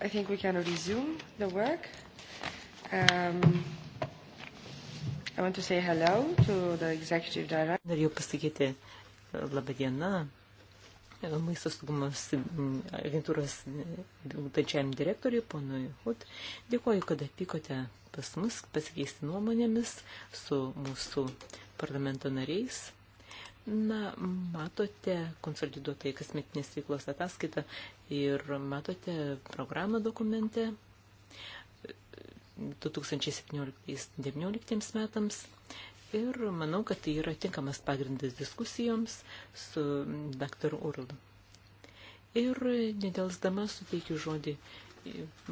I think we can resume the work. Um, I want to say hello to the executive director. Norėjau pasakyti labą dieną maisto saugumos agentūros tačiam direktoriui, ponui Hut. Dėkuoju, kad atvykote pas mus pasikeisti nuomonėmis su mūsų parlamento nariais. Na, matote konsoliduotai kasmetinės veiklos ataskaitą ir matote programą dokumente 2017-2019 metams. Ir manau, kad tai yra tinkamas pagrindas diskusijoms su dr. Url. Ir nedelsdama suteikiu žodį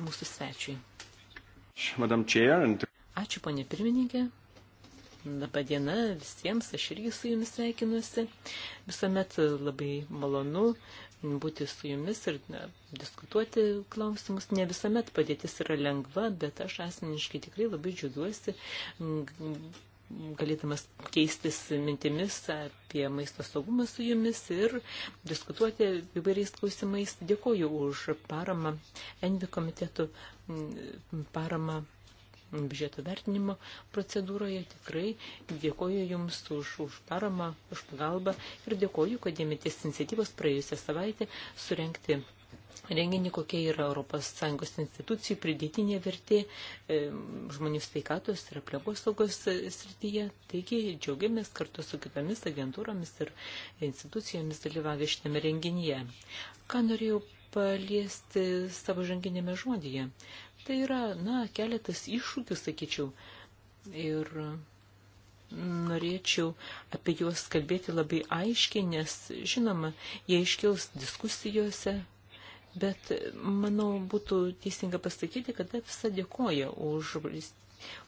mūsų svečiui. Ačiū, ponė pirmininkė. Labą dieną visiems, aš irgi su jumis sveikinuosi. Visuomet labai malonu būti su jumis ir na, diskutuoti klausimus. Ne visuomet padėtis yra lengva, bet aš asmeniškai tikrai labai džiugiuosi mm, galėdamas keistis mintimis apie maisto saugumą su jumis ir diskutuoti įvairiais klausimais. Dėkoju už paramą Envi komitetų mm, paramą biudžeto vertinimo procedūroje. Tikrai dėkoju Jums už, už paramą, už pagalbą ir dėkoju, kad dėmėtės iniciatyvos praėjusią savaitę surenkti renginį, kokia yra ES institucijų pridėtinė vertė e, žmonių sveikatos ir aplinkos saugos srityje. Taigi džiaugiamės kartu su kitomis agentūromis ir institucijomis dalyvavę šitame renginyje. Ką norėjau paliesti savo žanginėme žodyje. Tai yra, na, keletas iššūkių, sakyčiau. Ir norėčiau apie juos kalbėti labai aiškiai, nes, žinoma, jie iškils diskusijose, bet, manau, būtų teisinga pasakyti, kad EFSA dėkoja už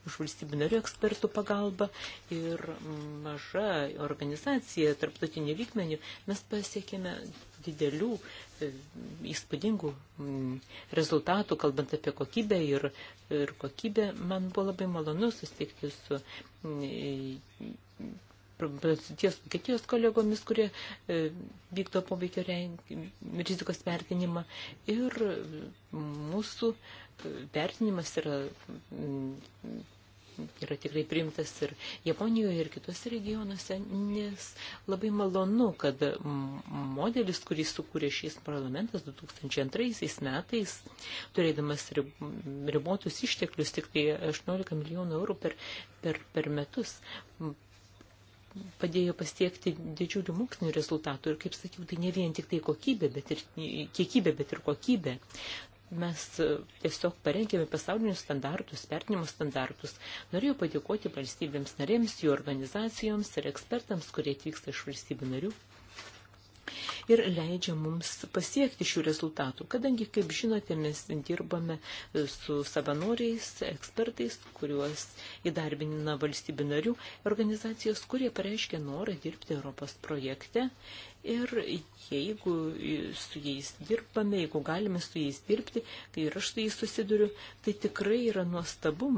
už valstybių narių ekspertų pagalbą ir maža organizacija tarptautinių lygmenių mes pasiekėme didelių e, įspūdingų mm, rezultatų, kalbant apie kokybę ir, ir kokybę. Man buvo labai malonu susitikti su mm, ties Vokietijos kolegomis, kurie e, vykdo poveikio rizikos vertinimą. Ir e, mūsų e, vertinimas yra, yra tikrai priimtas ir Japonijoje, ir kitose regionuose, nes labai malonu, kad modelis, kurį sukūrė šis parlamentas 2002 metais, turėdamas ribotus išteklius, tik tai 18 milijonų eurų per, per, per metus, padėjo pasiekti didžiulių mokslinių rezultatų. Ir kaip sakiau, tai ne vien tik tai kokybė, bet ir kiekybė, bet ir kokybė. Mes tiesiog parengėme pasaulinius standartus, vertinimo standartus. Norėjau padėkoti valstybėms narėms, jų organizacijoms ir ekspertams, kurie atvyksta iš valstybių narių ir leidžia mums pasiekti šių rezultatų, kadangi, kaip žinote, mes dirbame e, su savanoriais, ekspertais, kuriuos įdarbinina valstybių narių organizacijos, kurie pareiškia norą dirbti Europos projekte ir jeigu su jais dirbame, jeigu galime su jais dirbti, kai ir aš su jais susiduriu, tai tikrai yra nuostabu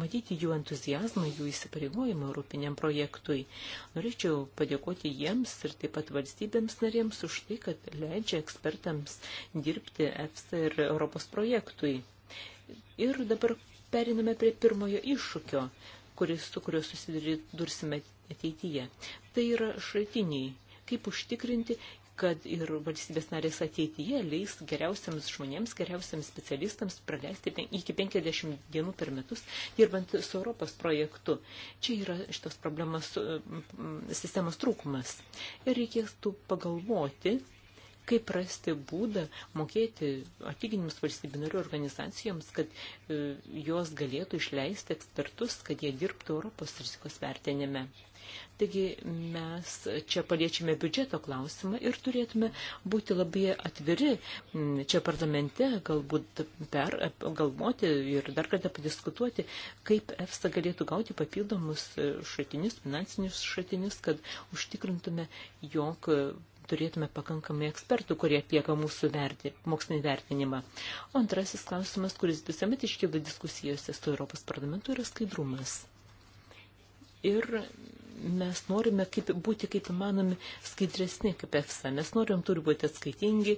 matyti jų entuzijazmą, jų įsipareigojimą Europiniam projektui. Norėčiau padėkoti jiems ir taip pat valstybėms narėms už tai, kad leidžia ekspertams dirbti EFSA ir Europos projektui. Ir dabar periname prie pirmojo iššūkio, kuris, su kuriuo susidursime ateityje. Tai yra šaltiniai kaip užtikrinti, kad ir valstybės narės ateityje leis geriausiams žmonėms, geriausiams specialistams praleisti iki 50 dienų per metus dirbant su Europos projektu. Čia yra šitos problemas e, sistemos trūkumas. Ir reikėtų pagalvoti, kaip rasti būdą mokėti atlyginimus valstybinarių organizacijoms, kad e, jos galėtų išleisti ekspertus, kad jie dirbtų Europos rizikos vertinime. Taigi mes čia paliečiame biudžeto klausimą ir turėtume būti labai atviri čia parlamente, galbūt per, galvoti ir dar kartą padiskutuoti, kaip EFSA galėtų gauti papildomus šaltinius, finansinius šaltinius, kad užtikrintume, jog turėtume pakankamai ekspertų, kurie atlieka mūsų verti, mokslinį vertinimą. O antrasis klausimas, kuris visuomet iškyla diskusijose su Europos parlamentu, yra skaidrumas. Ir mes norime kaip, būti kaip įmanomi skaidresni kaip EFSA. Mes norim turi būti atskaitingi,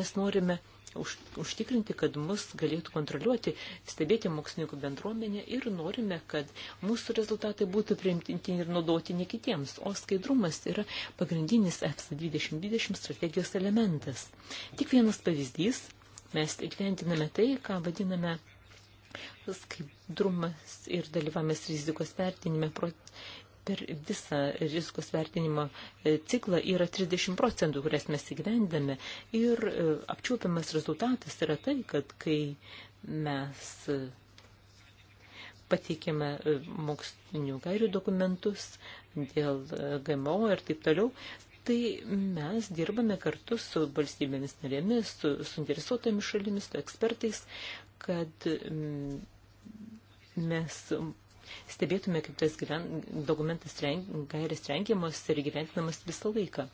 mes norime už, užtikrinti, kad mus galėtų kontroliuoti, stebėti mokslininkų bendruomenę ir norime, kad mūsų rezultatai būtų priimtini ir naudotini kitiems. O skaidrumas yra pagrindinis EFSA 2020 strategijos elementas. Tik vienas pavyzdys. Mes įgyvendiname tai, ką vadiname skaidrumas ir dalyvavimas rizikos vertinime per visą rizikos vertinimo e, ciklą yra 30 procentų, kurias mes įgyvendame. Ir e, apčiuopiamas rezultatas yra tai, kad kai mes e, pateikėme mokslinių gairių dokumentus dėl GMO ir taip toliau, tai mes dirbame kartu su valstybėmis narėmis, su suinteresuotomis šalimis, su ekspertais, kad mes stebėtume, kaip tas dokumentas gairės rengiamas ir gyventinamas visą laiką.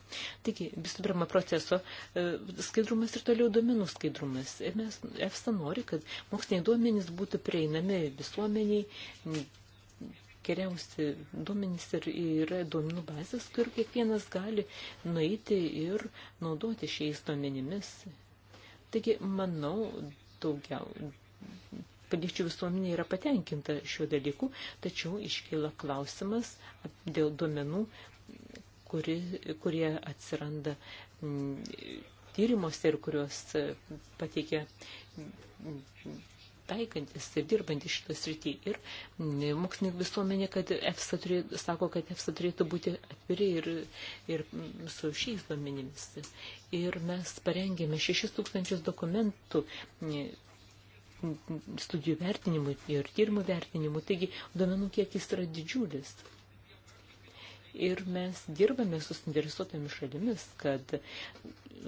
Taigi, visų pirma, proceso e, skaidrumas ir toliau duomenų skaidrumas. Ir mes, EFSA nori, kad moksliniai duomenys būtų prieinami visuomeniai, geriausi duomenys ir yra duomenų bazės, kur kiekvienas gali nueiti ir naudoti šiais duomenimis. Taigi, manau, daugiau piliečių visuomenė yra patenkinta šiuo dalyku, tačiau iškyla klausimas dėl duomenų, kuri, kurie atsiranda mm, tyrimuose ir kuriuos e, pateikia mm, taikantis ir dirbantis šitą sritį. Ir mm, mokslininkai visuomenė, kad EFSA turėtų, sako, kad EFSA turėtų būti atviri ir, ir su šiais duomenimis. Ir mes parengėme 6000 dokumentų studijų vertinimui ir tyrimų vertinimui, taigi duomenų kiekis yra didžiulis. Ir mes dirbame su suinteresuotomis šalimis, kad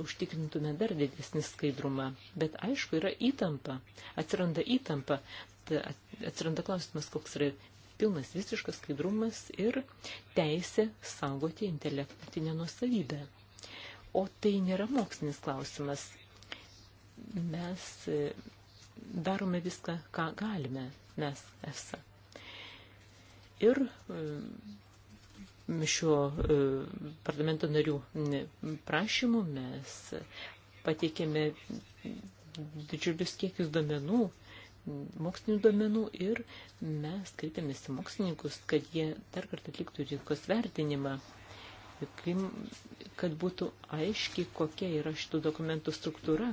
užtikrintume dar didesnį skaidrumą. Bet aišku, yra įtampa, atsiranda įtampa, atsiranda klausimas, koks yra pilnas visiškas skaidrumas ir teisė saugoti intelektinę nuosavybę. O tai nėra mokslinis klausimas. Mes darome viską, ką galime mes esą. Ir e, šio e, parlamento narių prašymų mes pateikėme didžiulius kiekius domenų, mokslinių domenų ir mes kreipiamės į mokslininkus, kad jie dar kartą atliktų rinkos vertinimą kad būtų aiški, kokia yra šitų dokumentų struktūra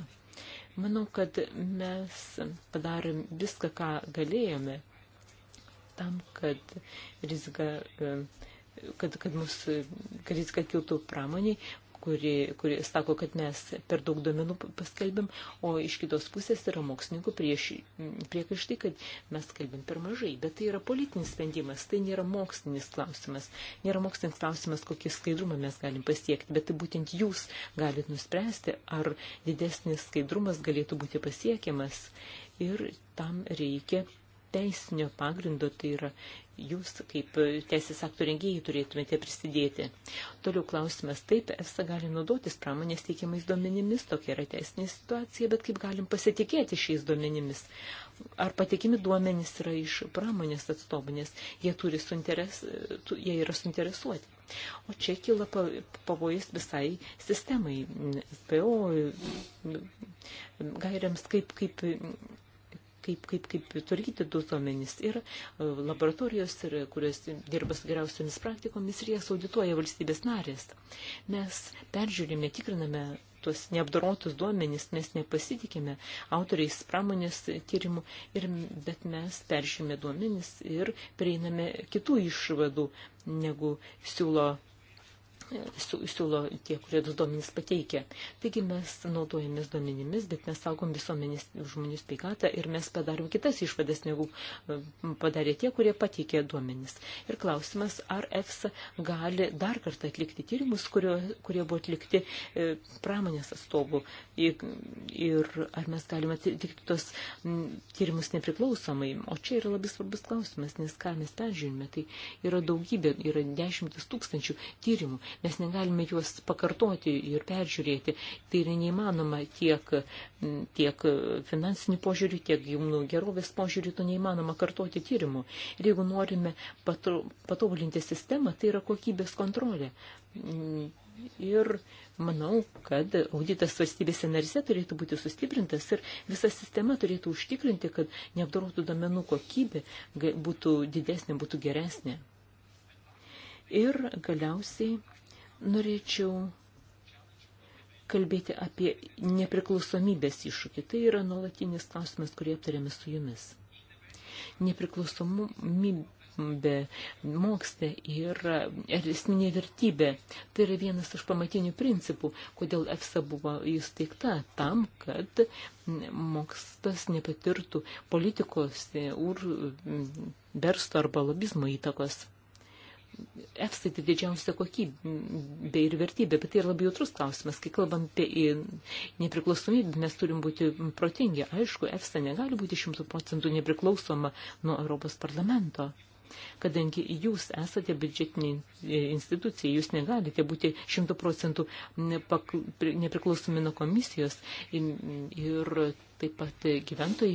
Manau, kad mes padarėm viską, ką galėjome, tam, kad rizika, e, kad, kad, mus, kad rizika kiltų pramoniai, kuri, kuri sako, kad mes per daug duomenų paskelbėm, o iš kitos pusės yra mokslininkų prieš, priekaištai, kad mes kalbėm per mažai. Bet tai yra politinis sprendimas, tai nėra mokslinis klausimas. Nėra mokslinis klausimas, kokį skaidrumą mes galim pasiekti, bet tai būtent jūs galit nuspręsti, ar didesnis skaidrumas galėtų būti pasiekiamas. Ir tam reikia teisinio pagrindo, tai yra jūs, kaip teisės aktų rengėjai, turėtumėte prisidėti. Toliau klausimas, taip, EFSA gali naudotis pramonės teikiamais duomenimis, tokia yra teisinė situacija, bet kaip galim pasitikėti šiais duomenimis? Ar patikimi duomenys yra iš pramonės atstovų, nes jie, turi suinteres, jie yra suinteresuoti. O čia kyla pavojus visai sistemai, SPO gairiams, kaip, kaip kaip, kaip, kaip tvarkyti duomenis. Ir e, laboratorijos, ir, kurios dirba su geriausiamis praktikomis, ir jas audituoja valstybės narės. Mes peržiūrime, tikriname tuos neapdorotus duomenis, mes nepasitikime autoriais pramonės tyrimų, ir, bet mes peržiūrime duomenis ir prieiname kitų išvadų, negu siūlo siūlo tie, kurie tos duomenys pateikia. Taigi mes naudojamės duomenimis, bet mes saugom visuomenės žmonių sveikatą ir mes padarom kitas išvadas, negu e, padarė tie, kurie pateikė duomenis. Ir klausimas, ar EFSA gali dar kartą atlikti tyrimus, kurio, kurie buvo atlikti e, pramonės atstovų ir, ir ar mes galime atlikti tos tyrimus nepriklausomai. O čia yra labai svarbus klausimas, nes ką mes peržiūrime, tai yra daugybė, yra dešimtis tūkstančių tyrimų. Mes negalime juos pakartoti ir peržiūrėti. Tai yra neįmanoma tiek, tiek finansinių požiūrių, tiek jaunų gerovės požiūrių, to neįmanoma kartoti tyrimų. Ir jeigu norime patobulinti sistemą, tai yra kokybės kontrolė. Ir manau, kad auditas valstybėse narise turėtų būti sustiprintas ir visa sistema turėtų užtikrinti, kad neapdorotų domenų kokybė būtų didesnė, būtų geresnė. Ir galiausiai Norėčiau kalbėti apie nepriklausomybės iššūkį. Tai yra nuolatinis klausimas, kurį aptarėme su jumis. Nepriklausomybė mokslė yra esminė vertybė. Tai yra vienas iš pamatinių principų, kodėl EFSA buvo įsteigta tam, kad mokslas nepatirtų politikos, ur, versto arba lobizmo įtakos. EFSA tai didžiausia kokybė ir vertybė, bet tai yra labai jautrus klausimas. Kai kalbam apie nepriklausomybę, mes turim būti protingi. Aišku, EFSA negali būti šimtų procentų nepriklausoma nuo Europos parlamento. Kadangi jūs esate biudžetinė institucija, jūs negalite būti šimtų procentų nepriklausomi nuo komisijos ir taip pat gyventojai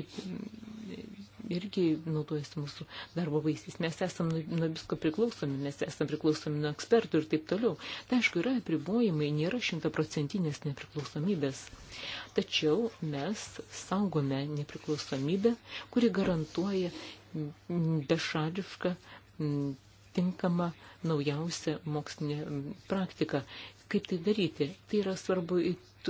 irgi naudojasi mūsų darbo vaisiais. Mes esam nuo visko priklausomi, mes esam priklausomi nuo ekspertų ir taip toliau. Tai aišku, yra apribojimai, nėra šimtaprocentinės nepriklausomybės. Tačiau mes saugome nepriklausomybę, kuri garantuoja bešališką, tinkamą, naujausią mokslinę praktiką. Kaip tai daryti? Tai yra svarbu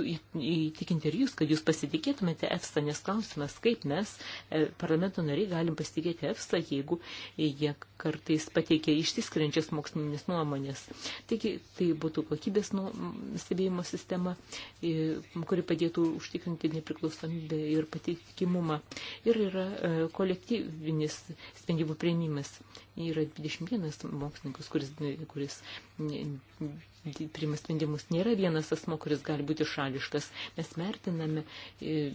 įtikinti ir jūs, kad jūs pasitikėtumėte EFSA, nes klausimas, kaip mes, e, parlamento nariai, galim pasitikėti EFSA, jeigu jie kartais pateikia išsiskrenčias mokslinės nuomonės. Taigi, tai būtų kokybės nu, stebėjimo sistema, e, kuri padėtų užtikrinti nepriklausomybę ir patikimumą. Ir yra e, kolektyvinis sprendimų prieimimas. Yra 21 mokslininkas, kuris, kuris priima sprendimus. Nėra vienas asmo, kuris gali būti šališkas. Mes vertiname e,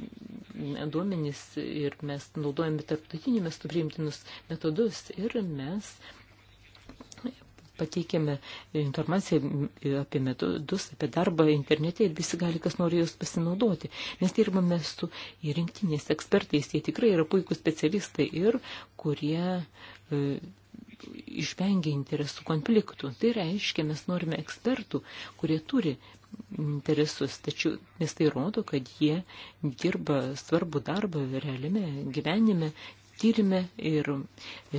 duomenys ir mes naudojame tarptautinių mestų priimtinus metodus ir mes pateikėme informaciją apie metodus, apie darbą internete ir visi gali, kas nori jos pasinaudoti. Mes dirbame su rinktinės ekspertais, jie tikrai yra puikūs specialistai ir kurie e, išvengia interesų konfliktų. Tai reiškia, mes norime ekspertų, kurie turi interesus, tačiau nes tai rodo, kad jie dirba svarbų darbą realiame gyvenime, tyrime ir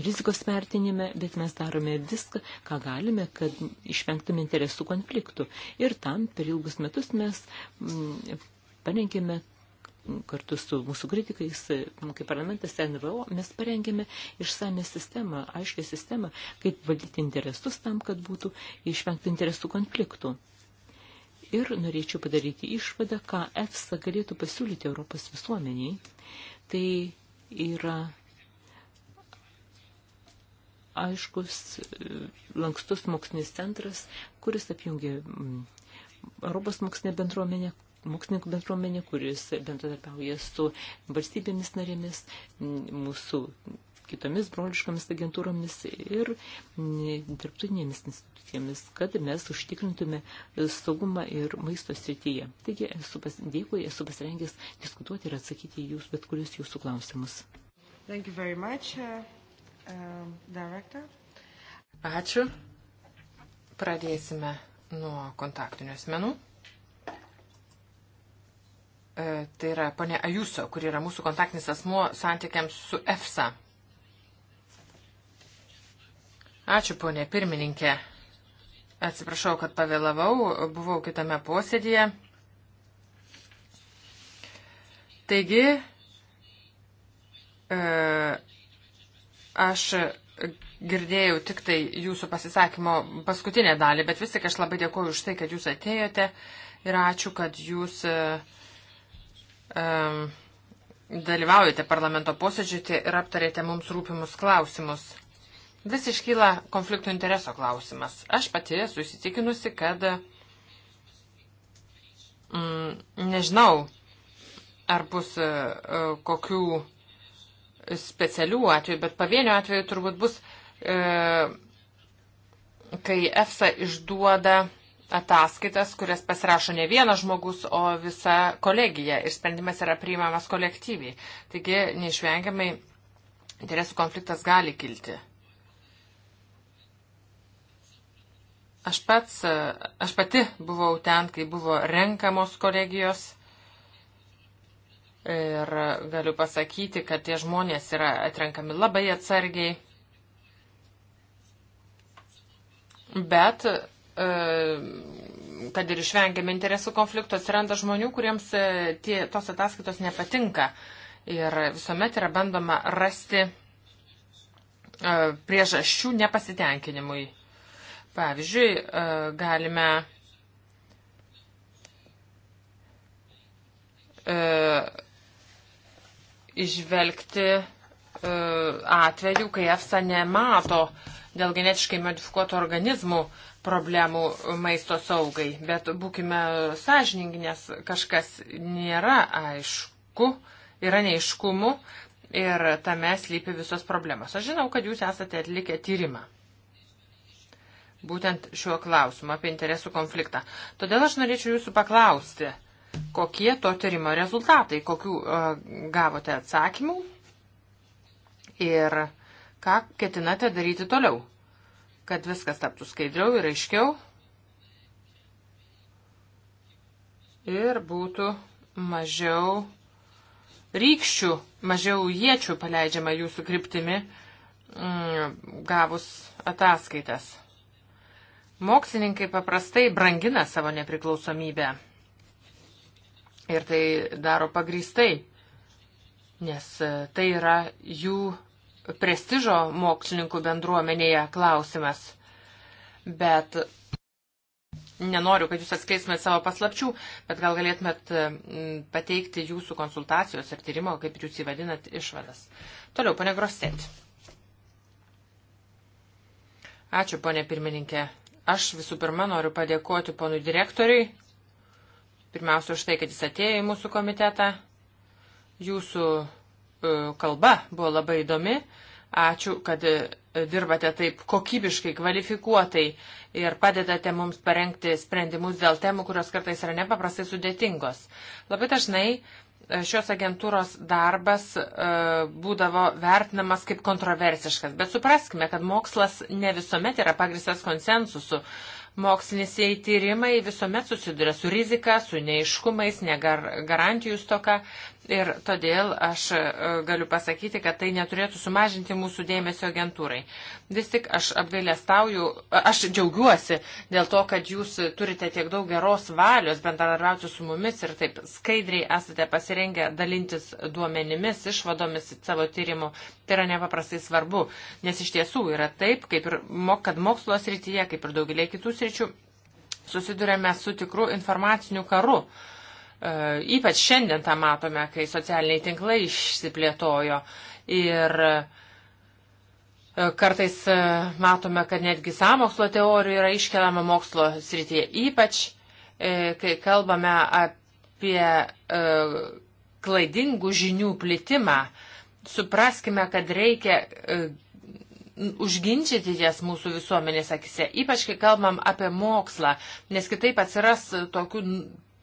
rizikos vertinime, bet mes darome viską, ką galime, kad išvengtume interesų konfliktų. Ir tam per ilgus metus mes mm, parengėme kartu su mūsų kritikais, e, nu, kaip parlamentas NVO, mes parengėme išsame sistemą, aiškę sistemą, kaip valdyti interesus tam, kad būtų išvengti interesų konfliktų. Ir norėčiau padaryti išvadą, ką EFSA galėtų pasiūlyti Europos visuomeniai. Tai yra aiškus, e, lankstus mokslinis centras, kuris apjungia Europos mokslinę bendruomenę, mokslininkų bendruomenė, kuris bendradarbiauja su valstybėmis narėmis, mūsų kitomis broliškomis agentūromis ir dirbtinėmis institucijomis, kad mes užtikrintume saugumą ir maisto srityje. Taigi, esu pas, dėkui, esu pasirengęs diskutuoti ir atsakyti į jūs bet kurius jūsų klausimus. Much, uh, um, Ačiū. Pradėsime nuo kontaktinių asmenų. E, tai yra ponė Ajuso, kur yra mūsų kontaktinis asmuo santykiams su EFSA. Ačiū, ponė pirmininkė. Atsiprašau, kad pavėlavau, buvau kitame posėdėje. Taigi, e, aš girdėjau tik tai jūsų pasisakymo paskutinę dalį, bet vis tik aš labai dėkuoju už tai, kad jūs atėjote ir ačiū, kad jūs uh, um, dalyvaujate parlamento posėdžiuose ir aptarėte mums rūpimus klausimus. Vis iškyla konfliktų intereso klausimas. Aš pati esu įsitikinusi, kad mm, nežinau, ar bus uh, kokių specialių atvejų, bet pavienio atveju turbūt bus, uh, kai EFSA išduoda uh, ataskaitas, kurias pasirašo ne vienas žmogus, o visa kolegija ir sprendimas yra priimamas kolektyviai. Taigi neišvengiamai interesų konfliktas gali kilti. Aš pats, aš pati buvau ten, kai buvo renkamos kolegijos ir galiu pasakyti, kad tie žmonės yra atrenkami labai atsargiai. Bet E, kad ir išvengiame interesų konflikto, atsiranda žmonių, kuriems e, tie, tos ataskaitos nepatinka. Ir visuomet yra bandoma rasti e, priežasčių nepasitenkinimui. Pavyzdžiui, galime išvelgti atveju, kai EFSA nemato dėl genetiškai modifikuotų organizmų uh, problemų maisto saugai, bet būkime sąžiningi, nes kažkas nėra aišku, yra neiškumų ir tame slypi visos problemos. Aš žinau, kad jūs esate atlikę tyrimą. Būtent šiuo klausimu apie interesų konfliktą. Todėl aš norėčiau jūsų paklausti, kokie to tyrimo rezultatai, kokiu uh, gavote atsakymų ir ką ketinate daryti toliau kad viskas taptų skaidriau ir aiškiau ir būtų mažiau rykščių, mažiau iečių paleidžiama jūsų kryptimi mm, gavus ataskaitas. Mokslininkai paprastai brangina savo nepriklausomybę ir tai daro pagrįstai, nes tai yra jų prestižo mokslininkų bendruomenėje klausimas. Bet nenoriu, kad jūs atskleistumėt savo paslapčių, bet gal galėtumėt mm, pateikti jūsų konsultacijos ir tyrimo, kaip jūs įvadinat, išvadas. Toliau, pane Grosset. Ačiū, ponė pirmininkė. Aš visų pirma noriu padėkoti ponui direktoriui. Pirmiausia, už tai, kad jis atėjo į mūsų komitetą. Jūsų E, kalba buvo labai įdomi. Ačiū, kad e, dirbate taip kokybiškai, kvalifikuotai ir padedate mums parengti sprendimus dėl temų, kurios kartais yra nepaprastai sudėtingos. Labai dažnai e, šios agentūros darbas būdavo vertinamas kaip kontroversiškas, bet supraskime, kad mokslas ne visuomet yra pagristas konsensusu. Moksliniai tyrimai visuomet susiduria su rizika, su neiškumais, negarantijų stoka. Ir todėl aš e, galiu pasakyti, kad tai neturėtų sumažinti mūsų dėmesio agentūrai. Vis tik aš apgailestauju, aš džiaugiuosi dėl to, kad jūs turite tiek daug geros valios bendradarbiauti su mumis ir taip skaidriai esate pasirengę dalintis duomenimis, išvadomis savo tyrimų. Tai yra nepaprastai svarbu, nes iš tiesų yra taip, kaip ir, kad mokslo srityje, kaip ir daugelį kitų sričių, susidurėme su tikru informaciniu karu. Uh, E, ypač šiandien tą matome, kai socialiniai tinklai išsiplėtojo ir e, kartais e, matome, kad netgi samokslo teorijų yra iškeliama mokslo srityje. Ypač, kai kalbame apie klaidingų žinių plitimą, supraskime, kad reikia užginčyti jas mūsų visuomenės akise, ypač kai kalbam apie mokslą, nes kitaip atsiras tokių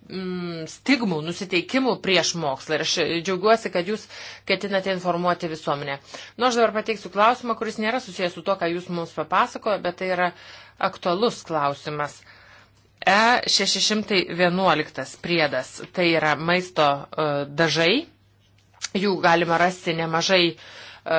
mm, stigmų, nusiteikimų prieš mokslą. Ir aš džiaugiuosi, kad jūs ketinate informuoti visuomenę. Nu, aš dabar pateiksiu klausimą, kuris nėra susijęs su to, ką jūs mums papasakojo, bet tai yra aktualus klausimas. E611 priedas tai yra maisto uh, dažai. Jų galima rasti nemažai uh,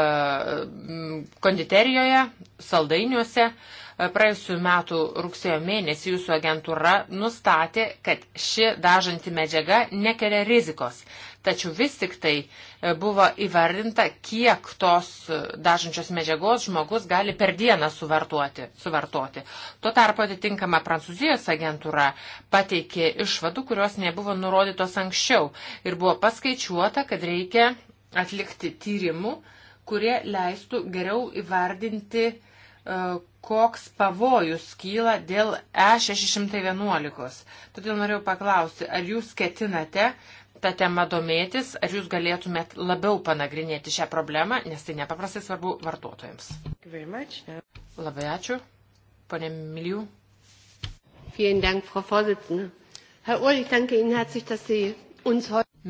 konditerijoje, saldainiuose. Uh, E, praėjusiu metu rugsėjo mėnesį jūsų agentūra nustatė, kad ši dažanti medžiaga nekelia rizikos. Tačiau vis tik tai e, buvo įvardinta, kiek tos e, dažančios medžiagos žmogus gali per dieną suvartoti. suvartoti. Tuo tarpu atitinkama Prancūzijos agentūra pateikė išvadų, kurios nebuvo nurodytos anksčiau. Ir buvo paskaičiuota, kad reikia atlikti tyrimų, kurie leistų geriau įvardinti, E, koks pavojus kyla dėl E611. Todėl norėjau paklausti, ar jūs ketinate tą temą domėtis, ar jūs galėtumėt labiau panagrinėti šią problemą, nes tai nepaprastai svarbu vartotojams. Labai ačiū, ponė Milijų.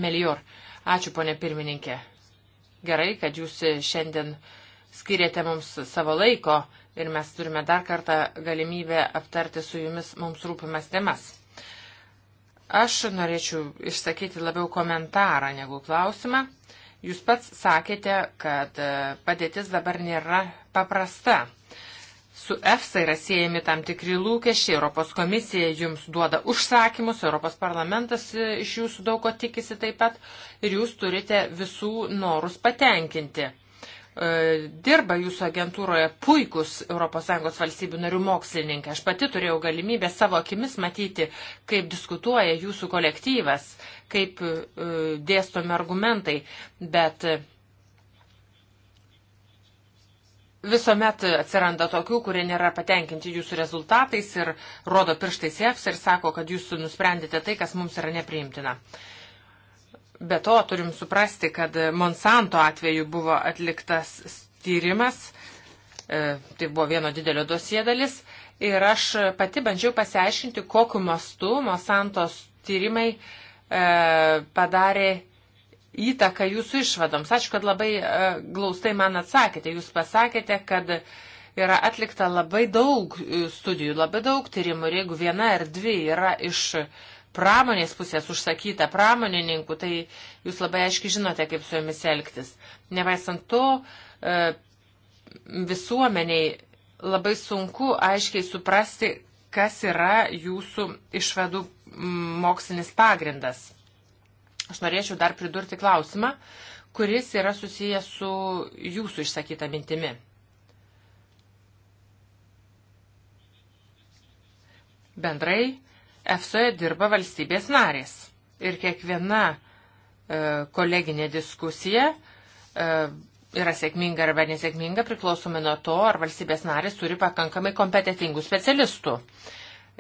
Melior, ačiū ponė pirmininkė. Gerai, kad jūs šiandien skiriate mums savo laiko ir mes turime dar kartą galimybę aptarti su jumis mums rūpimas temas. Aš norėčiau išsakyti labiau komentarą negu klausimą. Jūs pats sakėte, kad e, padėtis dabar nėra paprasta. Su EFSA yra siejami tam tikri lūkesčiai, Europos komisija jums duoda užsakymus, Europos parlamentas e, iš jūsų daug ko tikisi taip pat ir jūs turite visų norus patenkinti. E, dirba jūsų agentūroje puikus ES valstybių narių mokslininkai. Aš pati turėjau galimybę savo akimis matyti, kaip diskutuoja jūsų kolektyvas, kaip e, dėstomi argumentai, bet e, visuomet atsiranda tokių, kurie nėra patenkinti jūsų rezultatais ir rodo pirštais jiems ir sako, kad jūs nusprendėte tai, kas mums yra nepriimtina. Uh, Be to turim suprasti, kad Monsanto atveju buvo atliktas tyrimas, e, tai buvo vieno didelio dosie dalis, ir aš pati bandžiau pasiaiškinti, kokiu mastu Monsantos tyrimai e, padarė įtaką jūsų išvadoms. Ačiū, kad labai e, glaustai man atsakėte. Jūs pasakėte, kad yra atlikta labai daug studijų, labai daug tyrimų ir jeigu viena ar dvi yra iš pramonės pusės užsakyta pramonininkų, tai jūs labai aiškiai žinote, kaip su jomis elgtis. Nevaisant to, e, visuomeniai labai sunku aiškiai suprasti, kas yra jūsų išvadų mokslinis pagrindas. Aš norėčiau dar pridurti klausimą, kuris yra susijęs su jūsų išsakyta mintimi. Bendrai, EFSOje dirba valstybės narės. Ir kiekviena e, koleginė diskusija e, yra sėkminga arba nesėkminga priklausomai nuo to, ar valstybės narės turi pakankamai kompetitingų specialistų.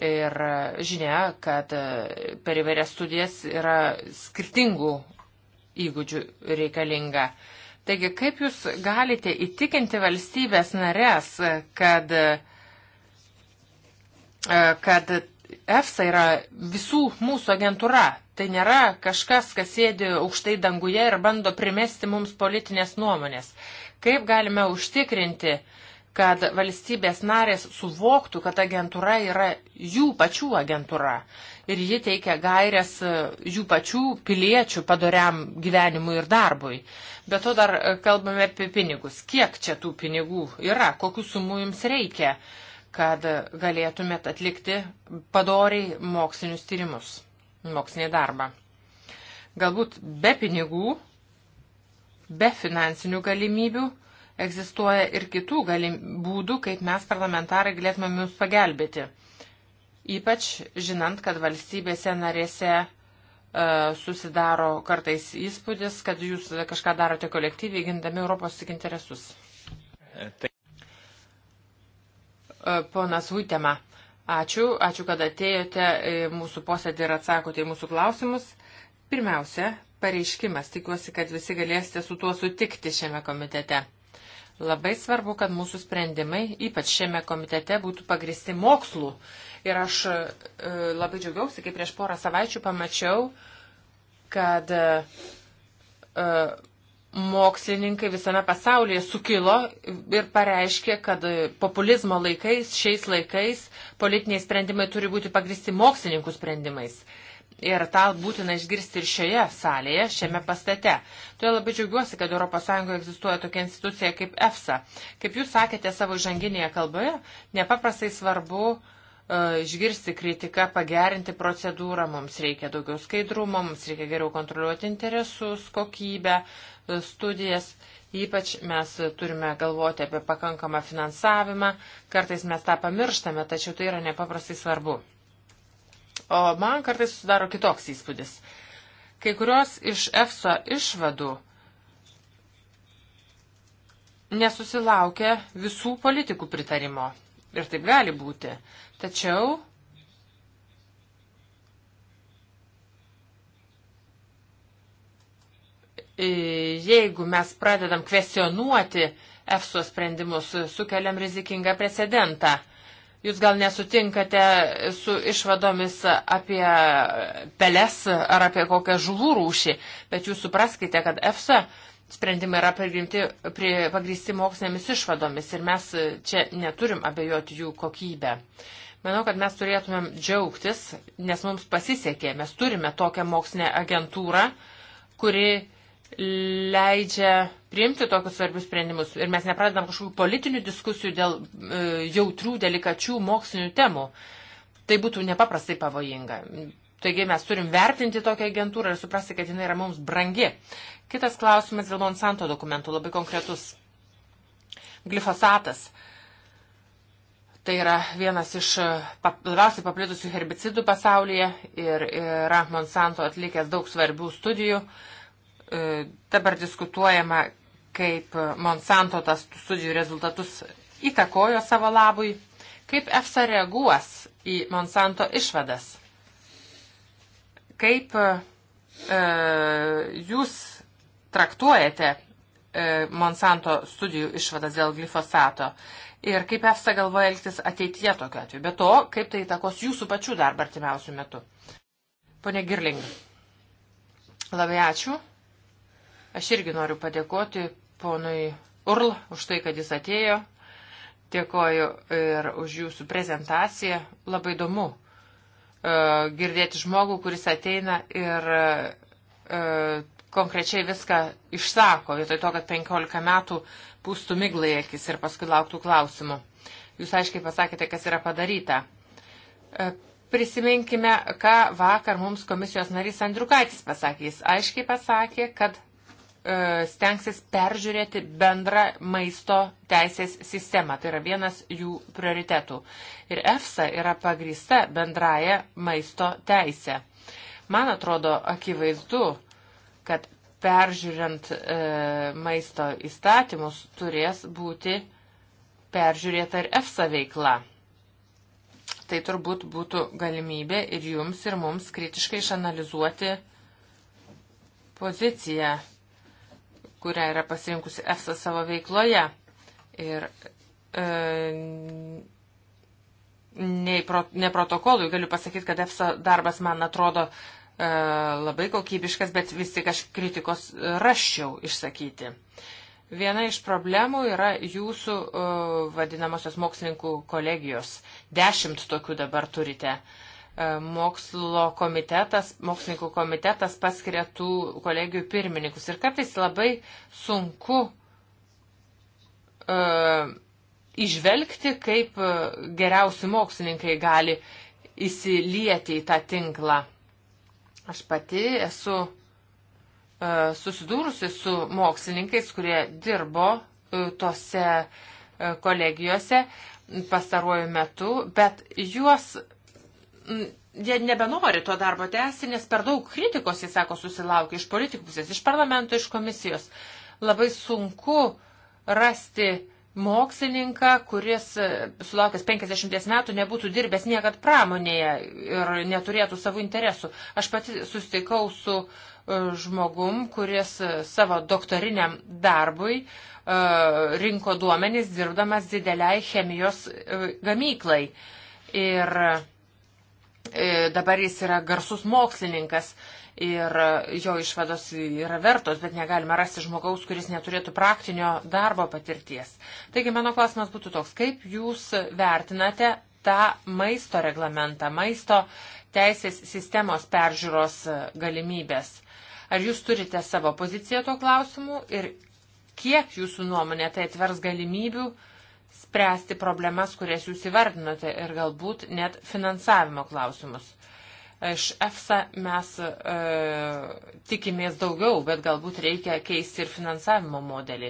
Ir e, žinia, kad e, per įvairias studijas yra skirtingų įgūdžių reikalinga. Taigi, kaip jūs galite įtikinti valstybės narės, kad, e, kad EFSA yra visų mūsų agentūra. Tai nėra kažkas, kas sėdi aukštai danguje ir bando primesti mums politinės nuomonės. Kaip galime užtikrinti, kad valstybės narės suvoktų, kad agentūra yra jų pačių agentūra ir ji teikia gairias jų pačių piliečių padoriam gyvenimui ir darbui. Be to dar kalbame apie pinigus. Kiek čia tų pinigų yra, kokių sumų jums reikia? Uh, kad galėtumėt atlikti padoriai mokslinius tyrimus, mokslinį darbą. Galbūt be pinigų, be finansinių galimybių egzistuoja ir kitų galim, būdų, kaip mes parlamentarai galėtumėm jums pagelbėti. Ypač žinant, kad valstybėse narėse e, susidaro kartais įspūdis, kad jūs kažką darote kolektyviai gindami Europos interesus. E, ponas Huitema, ačiū, ačiū, kad atėjote mūsų posėdį ir atsakote į mūsų klausimus. Pirmiausia, pareiškimas. Tikiuosi, kad visi galėsite su tuo sutikti šiame komitete. Labai svarbu, kad mūsų sprendimai, ypač šiame komitete, būtų pagristi mokslu. Ir aš e, labai džiaugiausi, kai prieš porą savaičių pamačiau, kad e, mokslininkai visame pasaulyje sukilo ir pareiškė, kad populizmo laikais, šiais laikais, politiniai sprendimai turi būti pagristi mokslininkų sprendimais. Ir tą būtina išgirsti ir šioje salėje, šiame pastate. Todėl labai džiaugiuosi, kad ES egzistuoja tokia institucija kaip EFSA. Kaip jūs sakėte savo žanginėje kalboje, nepaprastai svarbu uh, E, išgirsti kritiką, pagerinti procedūrą, mums reikia daugiau skaidrumo, mums reikia geriau kontroliuoti interesus, kokybę, e, studijas. Ypač mes turime galvoti apie pakankamą finansavimą, kartais mes tą pamirštame, tačiau tai yra nepaprastai svarbu. O man kartais sudaro kitoks įspūdis. Kai kurios iš EFSA išvadų nesusilaukia visų politikų pritarimo. Ir taip gali būti. Tačiau jeigu mes pradedam kvestionuoti EFSO sprendimus, sukeliam rizikingą precedentą. Jūs gal nesutinkate su išvadomis apie peles ar apie kokią žuvų rūšį, bet jūs supraskite, kad EFSA sprendimai yra priimti pagristi mokslinėmis išvadomis ir mes čia neturim abejoti jų kokybę. Manau, kad mes turėtumėm džiaugtis, nes mums pasisekė, mes turime tokią mokslinę agentūrą, kuri leidžia priimti tokius svarbius sprendimus ir mes nepradedam kažkokių politinių diskusijų dėl e, jautrių, delikačių mokslinių temų. Tai būtų nepaprastai pavojinga. Taigi mes turim vertinti tokią agentūrą ir suprasti, kad jinai yra mums brangi. Kitas klausimas dėl Monsanto dokumentų, labai konkretus. Glifosatas. Tai yra vienas iš e, labiausiai paplitusių herbicidų pasaulyje ir yra Monsanto atlikęs daug svarbių studijų. E, dabar diskutuojama, kaip Monsanto tas studijų rezultatus įtakojo savo labui, kaip EFSA reaguos į Monsanto išvadas, kaip e, e jūs traktuojate e, Monsanto studijų išvadas dėl glifosato ir kaip EFSA galvoja elgtis ateityje tokiu atveju. Be to, kaip tai įtakos jūsų pačių darbą artimiausių metų. Pone Girling, labai ačiū. Aš irgi noriu padėkoti ponui Url už tai, kad jis atėjo. Dėkoju ir už jūsų prezentaciją. Labai įdomu e, girdėti žmogų, kuris ateina ir e, konkrečiai viską išsako, vietoj to, kad 15 metų pūstų miglai akis ir paskui lauktų klausimų. Jūs aiškiai pasakėte, kas yra padaryta. E, prisiminkime, ką vakar mums komisijos narys Andriukaitis pasakė. Jis aiškiai pasakė, kad e, stengsis peržiūrėti bendrą maisto teisės sistemą. Tai yra vienas jų prioritetų. Ir EFSA yra pagrįsta bendraja maisto teisė. Man atrodo akivaizdu, peržiūrint e, maisto įstatymus, turės būti peržiūrėta ir EFSA veikla. Tai turbūt būtų galimybė ir jums, ir mums kritiškai išanalizuoti poziciją, kurią yra pasirinkusi EFSA savo veikloje. Ir e, nei pro, ne protokolui galiu pasakyti, kad EFSA darbas man atrodo E, labai kokybiškas, bet vis tik aš kritikos raščiau išsakyti. Viena iš problemų yra jūsų e, vadinamosios mokslininkų kolegijos. Dešimt tokių dabar turite. E, mokslo komitetas, mokslininkų komitetas paskiria tų kolegijų pirmininkus. Ir kartais labai sunku uh, išvelgti, kaip geriausi mokslininkai gali įsilieti į tą tinklą. Aš pati esu e, susidūrusi su mokslininkais, kurie dirbo e, tose e, kolegijose pastaruoju metu, bet juos m, jie nebenori to darbo tęsti, nes per daug kritikos, jis sako, susilaukia iš politikų pusės, iš parlamento, iš komisijos. Labai sunku rasti mokslininką, kuris e, sulaukęs 50 metų nebūtų dirbęs niekad pramonėje ir neturėtų savo interesų. Aš pati sustikau su e, žmogum, kuris e, savo doktoriniam darbui rinko duomenys dirbdamas dideliai chemijos gamyklai. Ir dabar jis yra garsus mokslininkas ir jo išvados yra vertos, bet negalime rasti žmogaus, kuris neturėtų praktinio darbo patirties. Taigi mano klausimas būtų toks, kaip jūs vertinate tą maisto reglamentą, maisto teisės sistemos peržiūros galimybės? Ar jūs turite savo poziciją tuo klausimu ir kiek jūsų nuomonė tai atvers galimybių spręsti problemas, kurias jūs įvardinote ir galbūt net finansavimo klausimus? Iš EFSA mes e, tikimės daugiau, bet galbūt reikia keisti ir finansavimo modelį.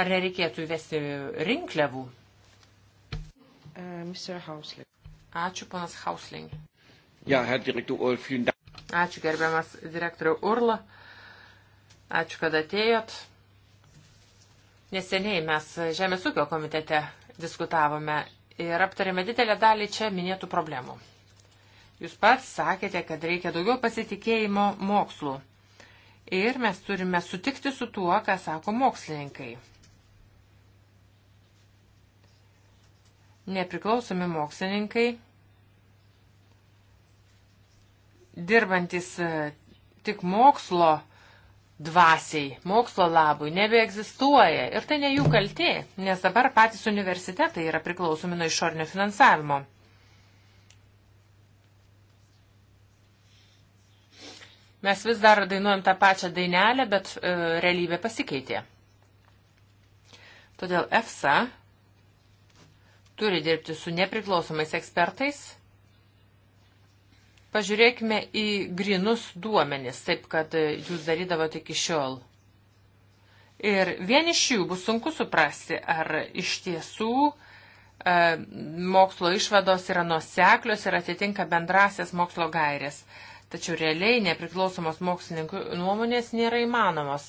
Ar nereikėtų įvesti rinkliavų? Uh, Ačiū, panas Hausling. Ja, Ačiū, gerbiamas direktoriau Urla. Ačiū, kad atėjot. Neseniai mes Žemės ūkio komitete diskutavome ir aptarėme didelę dalį čia minėtų problemų. Jūs pats sakėte, kad reikia daugiau pasitikėjimo mokslu. Ir mes turime sutikti su tuo, ką sako mokslininkai. Nepriklausomi mokslininkai, dirbantis e, tik mokslo dvasiai, mokslo labui nebeegzistuoja. Ir tai ne jų kaltė, nes dabar patys universitetai yra priklausomi nuo išornio finansavimo. Mes vis dar dainuojam tą pačią dainelę, bet e, realybė pasikeitė. Todėl EFSA turi dirbti su nepriklausomais ekspertais. Pažiūrėkime į grinus duomenis, taip kad e, jūs darydavote iki šiol. Ir vien iš jų bus sunku suprasti, ar iš tiesų uh, E, mokslo išvados yra nuseklios ir atitinka bendrasias mokslo gairės. Tačiau realiai nepriklausomos mokslininkų nuomonės nėra įmanomos.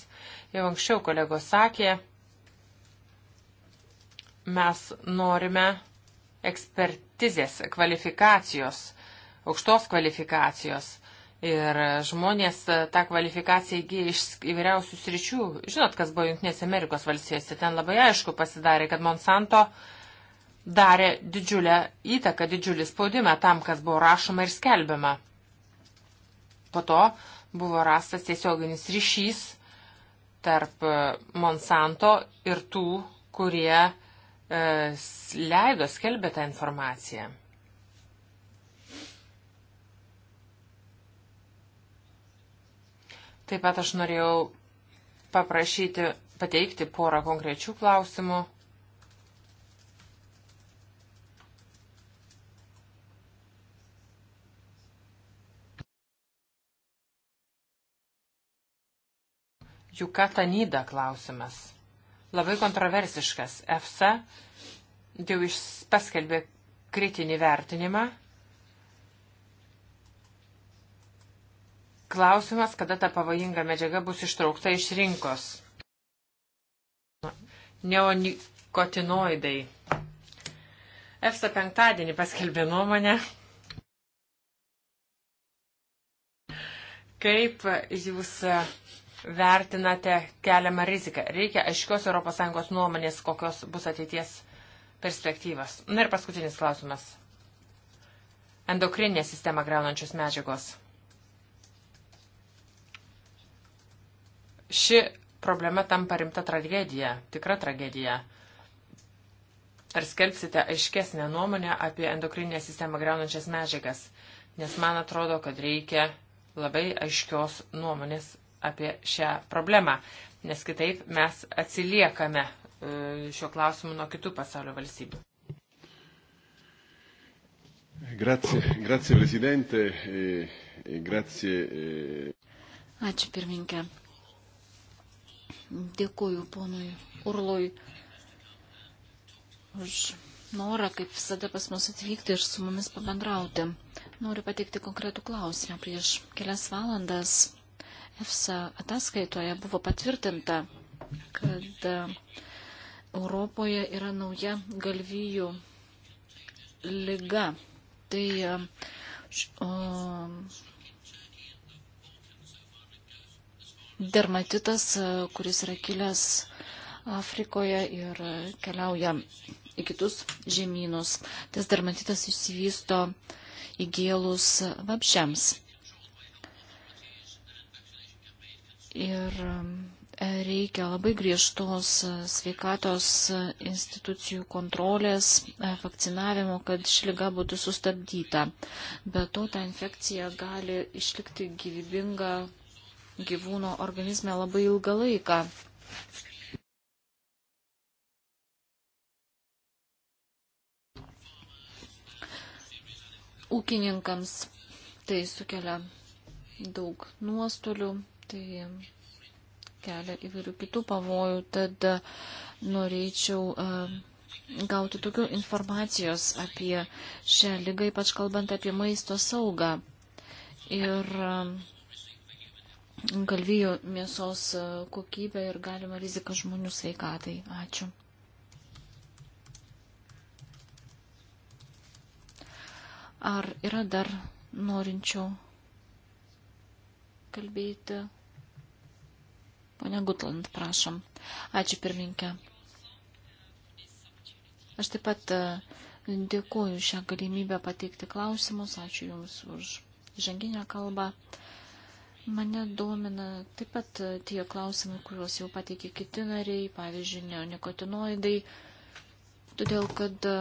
Jau anksčiau kolegos sakė, mes norime ekspertizės, kvalifikacijos, aukštos kvalifikacijos. Ir žmonės tą kvalifikaciją įgyja iš įvairiausių sričių. Žinot, kas buvo Junktinėse Amerikos valstijose. Ten labai aišku pasidarė, kad Monsanto uh, darė didžiulę įtaką, didžiulį spaudimą tam, kas buvo rašoma ir skelbiama. Po to buvo rastas tiesioginis ryšys tarp e, Monsanto ir tų, kurie e, leido skelbė tą informaciją. Taip pat aš norėjau paprašyti pateikti porą konkrečių klausimų. Jukatanyda klausimas. Labai kontroversiškas. EFSA jau paskelbė kritinį vertinimą. Klausimas, kada ta pavojinga medžiaga bus ištraukta iš rinkos. Neonikotinoidai. EFSA penktadienį paskelbė nuomonę, kaip jūs vertinate keliamą riziką? Reikia aiškios ES nuomonės, kokios bus ateities perspektyvas. Na ir paskutinis klausimas. Endokrininė sistema greunančios medžiagos. Ši problema tampa rimta tragedija, tikra tragedija. Ar skelbsite aiškesnę nuomonę apie endokrininę sistemą greunančias medžiagas? Nes man atrodo, kad reikia labai aiškios nuomonės apie šią problemą, nes kitaip mes atsiliekame e, šiuo klausimu nuo kitų pasaulio valstybių. Grazie, grazie Presidente, e, e grazie. E. Ačiū pirmininkė. Dėkuoju ponui Urlui už norą, kaip visada pas mus atvykti ir su mumis pabendrauti. Noriu pateikti konkretų klausimą. Prieš kelias valandas EFSA ataskaitoje buvo patvirtinta, kad e, Europoje yra nauja galvijų lyga. Tai e, o, dermatitas, e, kuris yra kilęs Afrikoje ir keliauja į kitus žemynus. Tas dermatitas išsivysto įgėlus vapšiams. Ir um, reikia labai griežtos uh, sveikatos uh, institucijų kontrolės, uh, vakcinavimo, kad ši lyga būtų sustabdyta. Be to, ta infekcija gali išlikti gyvybinga gyvūno organizme labai ilgą laiką. Ūkininkams tai sukelia daug nuostolių, tai kelia įvairių kitų pavojų, tad norėčiau e, gauti tokių informacijos apie šią lygą, ypač kalbant apie maisto saugą. Ir e, galvijų mėsos kokybę ir galima riziką žmonių sveikatai. Ačiū. Ar yra dar norinčių kalbėti? Pone Gutland, prašom. Ačiū pirminkė. Aš taip pat e, dėkuoju šią galimybę pateikti klausimus. Ačiū Jums už žanginę kalbą. Mane domina taip pat e, tie klausimai, kuriuos jau pateikė kiti nariai, pavyzdžiui, neonikotinoidai. Todėl, kad e,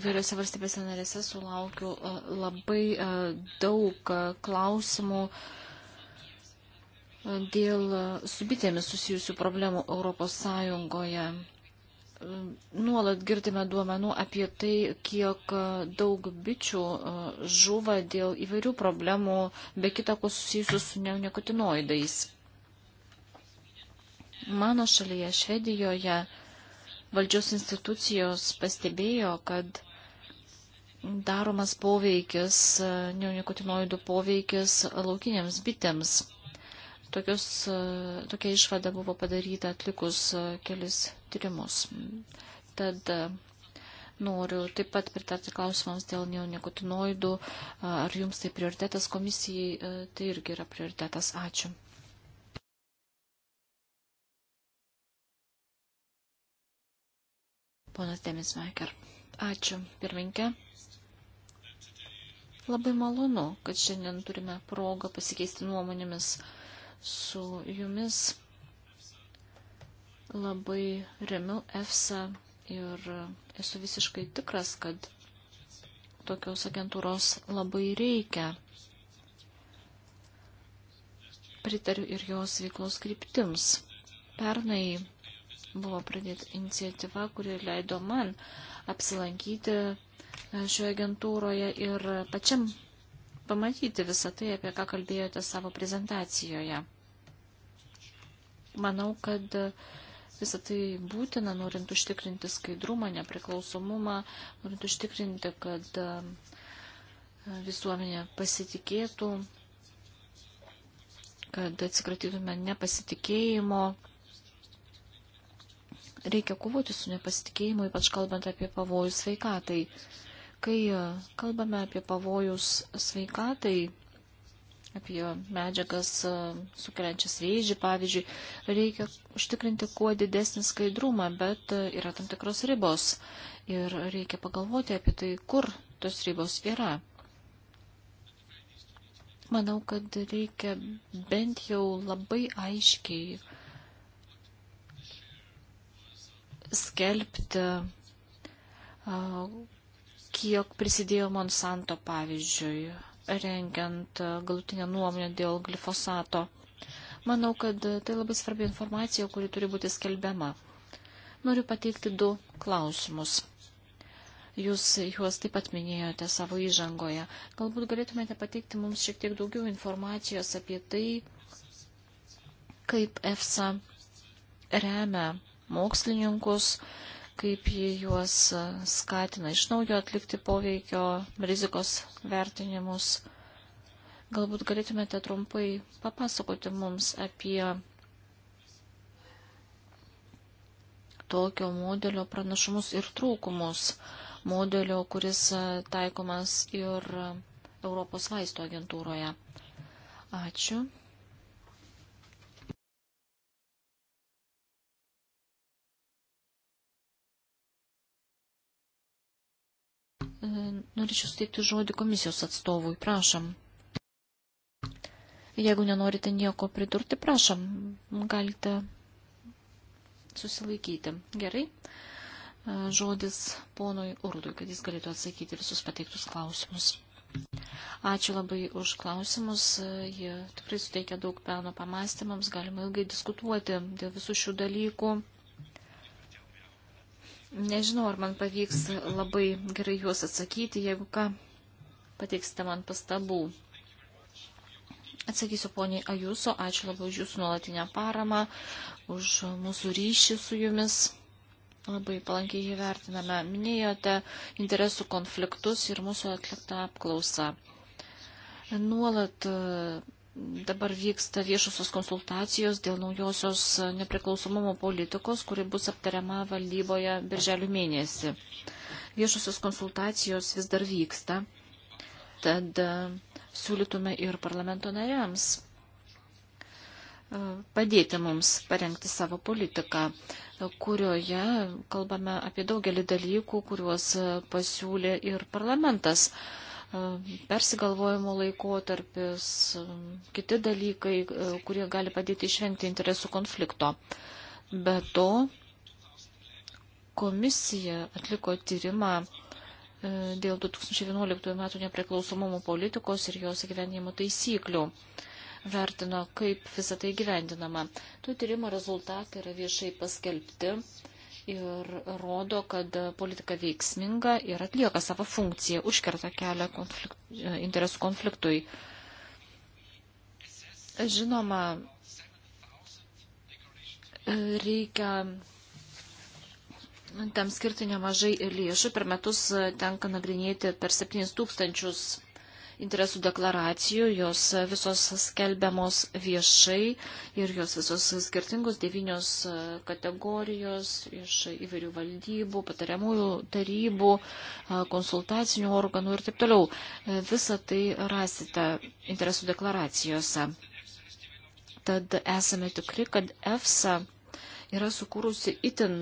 įvairiose valstybėse narėse sulaukiu labai daug klausimų dėl e, su bitėmis susijusių problemų Europos Sąjungoje. E, nuolat girdime duomenų apie tai, kiek e, daug bičių žuva dėl įvairių problemų, be kitako susijusių su neonikotinoidais. Mano šalyje, Švedijoje, valdžios institucijos pastebėjo, kad daromas poveikis, neonikotinoidų poveikis laukinėms bitėms Tokius, e, tokia išvada buvo padaryta atlikus e, kelis tyrimus. Tad e, noriu taip pat pritarti klausimams dėl neonikotinoidų. Ar jums tai prioritetas komisijai? Tai irgi yra prioritetas. Ačiū. Ponas Demismeker. Ačiū, pirminkė. Labai malonu, kad šiandien turime progą pasikeisti nuomonėmis su jumis. Labai remiu EFSA ir esu visiškai tikras, kad tokios agentūros labai reikia. Pritariu ir jos veiklos kryptims. Pernai buvo pradėta iniciatyva, kuri leido man apsilankyti šioje agentūroje ir pačiam pamatyti visą tai, apie ką kalbėjote savo prezentacijoje. Manau, kad visą tai būtina, norint užtikrinti skaidrumą, nepriklausomumą, norint užtikrinti, kad e, visuomenė pasitikėtų, kad atsikratytume nepasitikėjimo. Reikia kovoti su nepasitikėjimu, ypač kalbant apie pavojus sveikatai. Kai e, kalbame apie pavojus sveikatai, apie medžiagas e, sukeliančias vėžį, pavyzdžiui, reikia užtikrinti kuo didesnį skaidrumą, bet e, yra tam tikros ribos ir reikia pagalvoti apie tai, kur tos ribos yra. Manau, kad reikia bent jau labai aiškiai skelbti, e, kiek prisidėjo Monsanto pavyzdžiui rengiant e, galutinę nuomonę dėl glifosato. Manau, kad tai labai svarbi informacija, kuri turi būti skelbiama. Noriu pateikti du klausimus. Jūs juos taip pat minėjote savo įžangoje. Galbūt galėtumėte pateikti mums šiek tiek daugiau informacijos apie tai, kaip EFSA remia mokslininkus, kaip jie juos e, skatina iš naujo atlikti poveikio rizikos vertinimus. Galbūt galėtumėte trumpai papasakoti mums apie tokio modelio pranašumus ir trūkumus, modelio, kuris e, taikomas ir Europos vaisto agentūroje. Ačiū. norėčiau suteikti žodį komisijos atstovui. Prašom. Jeigu nenorite nieko pridurti, prašom, galite susilaikyti. Gerai. Žodis ponui Urdui, kad jis galėtų atsakyti visus pateiktus klausimus. Ačiū labai už klausimus. Jie tikrai suteikia daug peno pamastymams. Galima ilgai diskutuoti dėl visų šių dalykų. Nežinau, ar man pavyks labai gerai juos atsakyti, jeigu ką, pateiksite man pastabų. Atsakysiu poniai Ajuso, ačiū labai už jūsų nuolatinę paramą, už mūsų ryšį su jumis. Labai palankiai jį vertiname. Minėjote interesų konfliktus ir mūsų atliktą apklausą. Nuolat Dabar vyksta viešusios konsultacijos dėl naujosios nepriklausomumo politikos, kuri bus aptariama valdyboje birželio mėnesį. Viešusios konsultacijos vis dar vyksta, tad e, siūlytume ir parlamento nariams e, padėti mums parengti savo politiką, kurioje kalbame apie daugelį dalykų, kuriuos e, pasiūlė ir parlamentas. E, persigalvojimo laikotarpis, e, kiti dalykai, e, kurie gali padėti išvengti interesų konflikto. Be to, komisija atliko tyrimą dėl 2011 metų nepriklausomumo politikos ir jos gyvenimo taisyklių vertino, kaip visą tai gyvendinama. Tų tyrimo rezultatai yra viešai paskelbti ir rodo, kad politika veiksminga ir atlieka savo funkciją, užkerta kelią konflikt, interesų konfliktui. Žinoma, reikia tam skirti nemažai lėšų. Per metus tenka nagrinėti per 7 tūkstančius interesų deklaracijų, jos visos skelbiamos viešai ir jos visos skirtingos devynios e, kategorijos iš įvairių valdybų, patariamųjų tarybų, e, konsultacinių organų ir taip toliau. E, Visą tai rasite interesų deklaracijose. Tad esame tikri, kad EFSA yra sukūrusi itin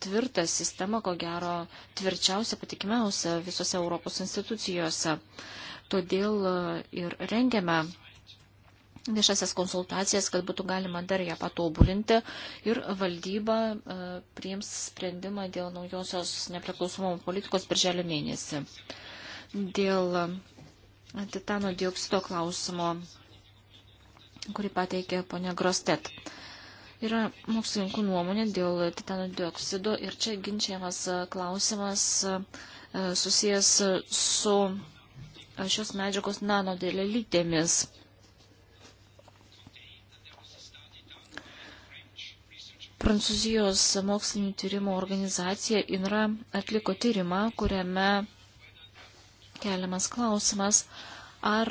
tvirtą sistemą, ko gero tvirčiausia, patikimiausia visose Europos institucijose. Todėl e, ir rengiame viešasias konsultacijas, kad būtų galima dar ją patobulinti ir valdyba e, priims sprendimą dėl naujosios nepriklausomumo politikos birželio mėnesį. Dėl e, titano dioksido klausimo, kurį pateikė ponia Grostet. Yra mokslininkų nuomonė dėl titano dioksido ir čia ginčiamas e, klausimas e, e, susijęs su šios medžiagos nanodėlelytėmis. Prancūzijos mokslinio tyrimo organizacija INRA atliko tyrimą, kuriame keliamas klausimas, ar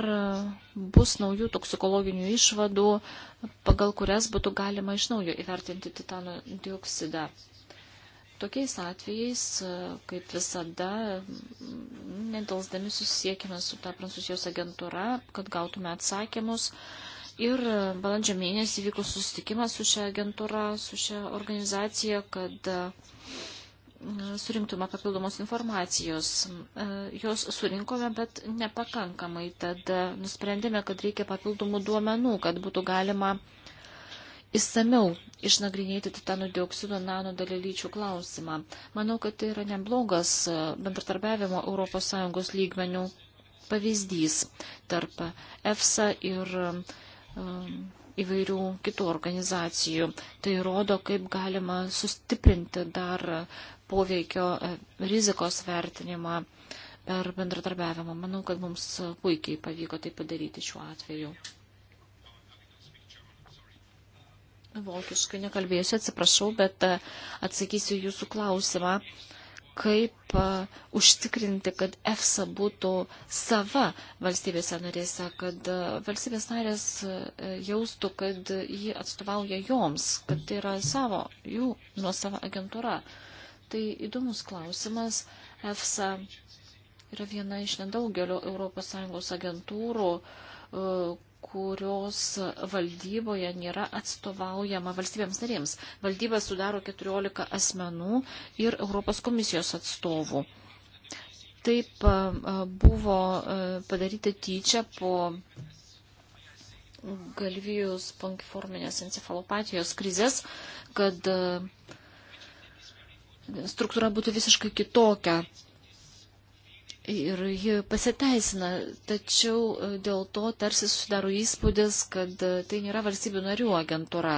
bus naujų toksikologinių išvadų, pagal kurias būtų galima iš naujo įvertinti titano dioksidą. Tokiais atvejais, kaip visada, nedalsdami susisiekime su ta prancūzijos agentūra, kad gautume atsakymus. Ir balandžio mėnesį vyko susitikimas su šia agentūra, su šia organizacija, kad uh, Mm, surinktume papildomos informacijos. Mm, e, jos surinkome, bet nepakankamai. Tad e, nusprendėme, kad reikia papildomų duomenų, kad būtų galima įsameu išnagrinėti titanų dioksido nano dalelyčių klausimą. Manau, kad tai yra neblogas e, bendratarbiavimo ES lygmenių pavyzdys tarp EFSA ir um, įvairių kitų organizacijų. Tai rodo, kaip galima sustiprinti dar poveikio e, rizikos vertinimą per bendradarbiavimą. Manau, kad mums puikiai pavyko tai padaryti šiuo atveju. Vokiškai nekalbėsiu, atsiprašau, bet e, atsakysiu jūsų klausimą, kaip e, užtikrinti, kad EFSA būtų sava valstybėse narėse, kad valstybės narės jaustų, kad ji atstovauja joms, kad tai yra savo, jų nuosava agentūra. Uh, Tai įdomus klausimas. EFSA yra viena iš nedaugelio ES agentūrų, e, kurios valdyboje nėra atstovaujama valstybėms narėms. Valdybą sudaro 14 asmenų ir Europos komisijos atstovų. Taip e, e, buvo padaryti tyčia po galvijus pankforminės encefalopatijos krizės, kad uh, struktūra būtų visiškai kitokia. Ir ji pasiteisina, tačiau e, dėl to tarsi susidaro įspūdis, kad e, tai nėra valstybių narių agentūra.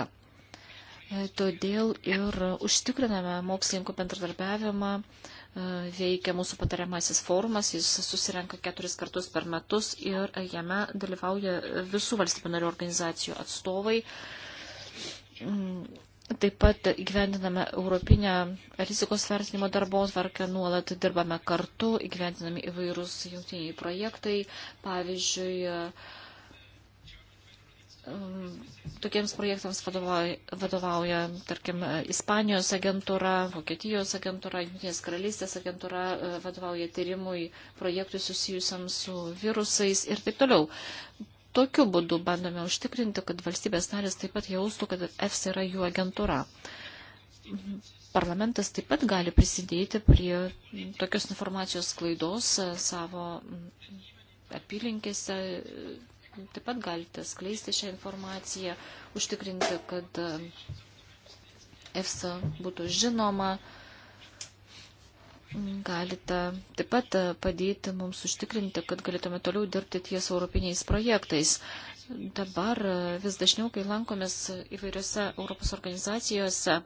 E, todėl ir užtikriname mokslininkų bendradarbiavimą, veikia mūsų patariamasis forumas, jis susirenka keturis kartus per metus ir jame dalyvauja visų valstybių narių organizacijų atstovai mm, Taip pat įgyvendiname Europinę rizikos vertinimo darbos varkę, nuolat dirbame kartu, įgyvendinami įvairūs jungtiniai projektai, pavyzdžiui, um, tokiems projektams vadovauja, vadovauja tarkim, Ispanijos agentūra, Vokietijos agentūra, Jungtinės karalystės agentūra, e, vadovauja tyrimui projektui susijusiam su virusais ir taip toliau tokiu būdu bandome užtikrinti, kad valstybės narės taip pat jaustų, kad EFSA yra jų agentūra. Parlamentas taip pat gali prisidėti prie tokios informacijos klaidos e, savo mm, apylinkėse. Taip pat galite skleisti šią informaciją, užtikrinti, kad EFSA būtų žinoma, galite taip pat e, padėti mums užtikrinti, kad galėtume toliau dirbti ties europiniais projektais. Dabar e, vis dažniau, kai lankomės įvairiose Europos organizacijose,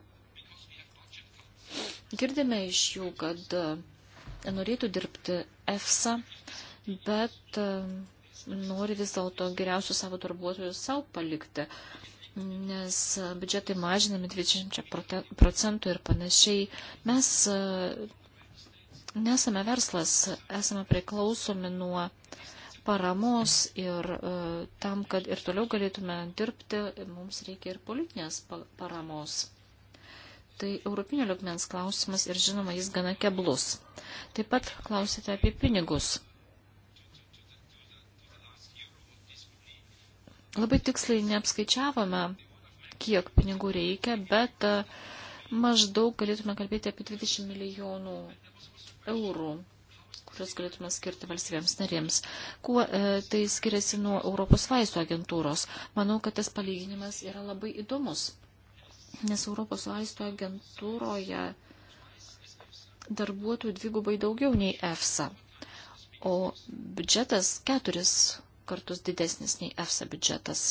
girdime iš jų, kad e, norėtų dirbti EFSA, bet nori vis dėlto geriausių savo darbuotojų savo palikti, nes biudžetai mažinami 20 procentų ir panašiai. Mes Nesame verslas, esame priklausomi nuo paramos ir e, tam, kad ir toliau galėtume dirbti, mums reikia ir politinės paramos. Tai europinio liukmens klausimas ir žinoma, jis gana keblus. Taip pat klausite apie pinigus. Labai tiksliai neapskaičiavome, kiek pinigų reikia, bet e, maždaug galėtume kalbėti apie 20 milijonų eurų kuriuos galėtume skirti valstybėms narėms. Kuo e, tai skiriasi nuo Europos vaistų agentūros? Manau, kad tas palyginimas yra labai įdomus, nes Europos vaistų agentūroje darbuotojų dvigubai daugiau nei EFSA, o biudžetas keturis kartus didesnis nei EFSA biudžetas.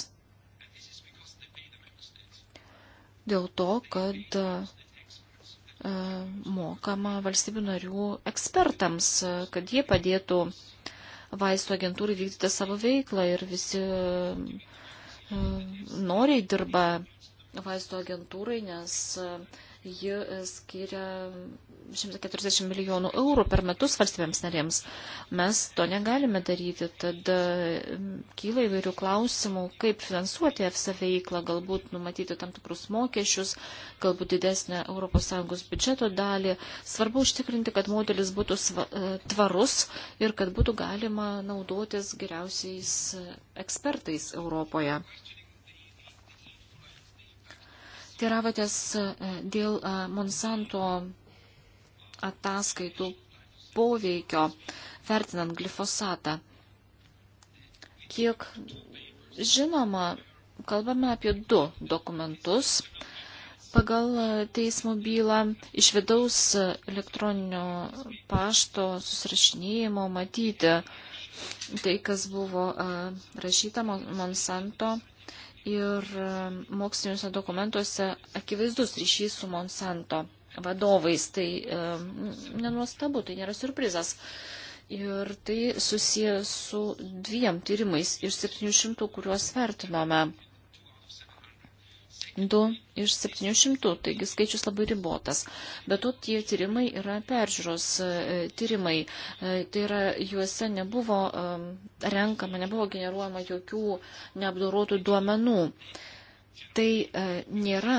Dėl to, kad E, mokama valstybių narių ekspertams, e, kad jie padėtų vaistų agentūrai vykdyti savo veiklą ir visi e, noriai dirba vaistų agentūrai, nes Ji e, skiria 140 milijonų eurų per metus valstybėms narėms. Mes to negalime daryti, tad e, kyla įvairių klausimų, kaip finansuoti EFSA veiklą, galbūt numatyti tam tikrus mokesčius, galbūt didesnę ES biudžeto dalį. Svarbu užtikrinti, kad modelis būtų e, tvarus ir kad būtų galima naudotis geriausiais ekspertais Europoje. Teravotės e, dėl e, Monsanto ataskaitų poveikio vertinant glifosatą. Kiek žinoma, kalbame apie du dokumentus pagal e, teismo bylą iš vidaus elektroninio pašto susirašinėjimo matyti tai, kas buvo rašyta Monsanto ir e, moksliniuose dokumentuose akivaizdus ryšys su Monsanto vadovais. Tai e, nenuostabu, tai nėra surprizas. Ir tai susijęs su dviem tyrimais iš 700, kuriuos vertinome. 2 iš 700, taigi skaičius labai ribotas. Bet to tie tyrimai yra peržiūros e, tyrimai. E, tai yra, juose nebuvo e, renkama, nebuvo generuojama jokių neapdorotų duomenų. Tai nėra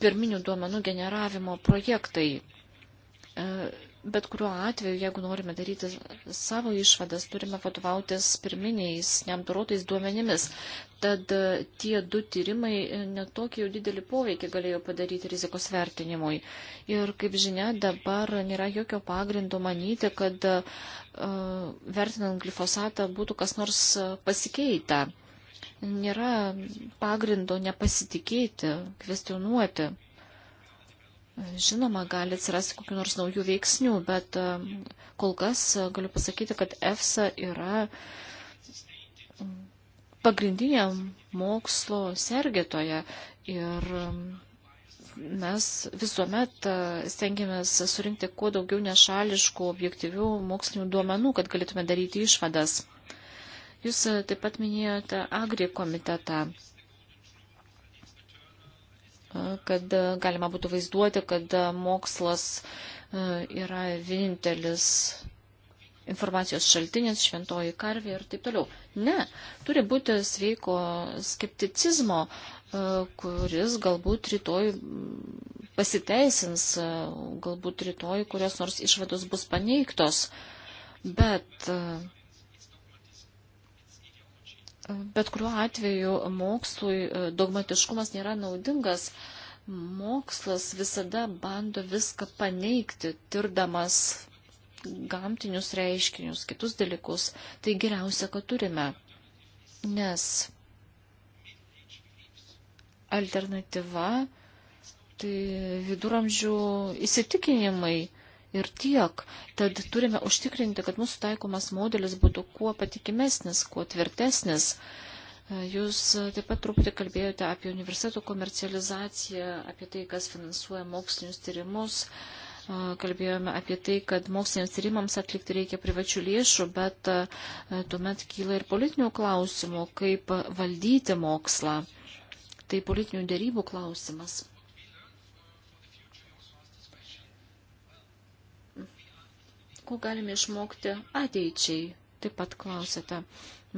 pirminių duomenų generavimo projektai bet kuriuo atveju, jeigu norime daryti savo išvadas, turime vadovautis pirminiais, neapdorotais duomenimis. Tad e, tie du tyrimai e, netokį jau didelį poveikį galėjo padaryti rizikos vertinimui. Ir kaip žinia, dabar nėra jokio pagrindo manyti, kad uh, vertinant glifosatą būtų kas nors pasikeitę. Nėra pagrindo nepasitikėti, kvestionuoti Žinoma, gali atsirasti kokiu nors naujų veiksnių, bet e, kol kas e, galiu pasakyti, kad EFSA yra pagrindinė mokslo sergėtoja ir mes visuomet e, stengiamės surinkti kuo daugiau nešališkų, objektyvių mokslinių duomenų, kad galėtume daryti išvadas. Jūs taip pat minėjote Agri komitetą kad galima būtų vaizduoti, kad mokslas e, yra vienintelis informacijos šaltinis, šventoji karvė ir taip toliau. Ne, turi būti sveiko skepticizmo, e, kuris galbūt rytoj pasiteisins, e, galbūt rytoj kurios nors išvados bus paneigtos. Bet Bet kuriuo atveju mokslui e, dogmatiškumas nėra naudingas. Mokslas visada bando viską paneigti, tirdamas gamtinius reiškinius, kitus dalykus. Tai geriausia, ką turime. Nes alternatyva tai viduramžių įsitikinimai ir tiek. Tad turime užtikrinti, kad mūsų taikomas modelis būtų kuo patikimesnis, kuo tvirtesnis. Jūs taip pat truputį kalbėjote apie universitetų komercializaciją, apie tai, kas finansuoja mokslinius tyrimus. Kalbėjome apie tai, kad moksliniams tyrimams atlikti reikia privačių lėšų, bet e, tuomet kyla ir politinių klausimų, kaip valdyti mokslą. Tai politinių dėrybų klausimas. ko galime išmokti ateičiai, taip pat klausėte.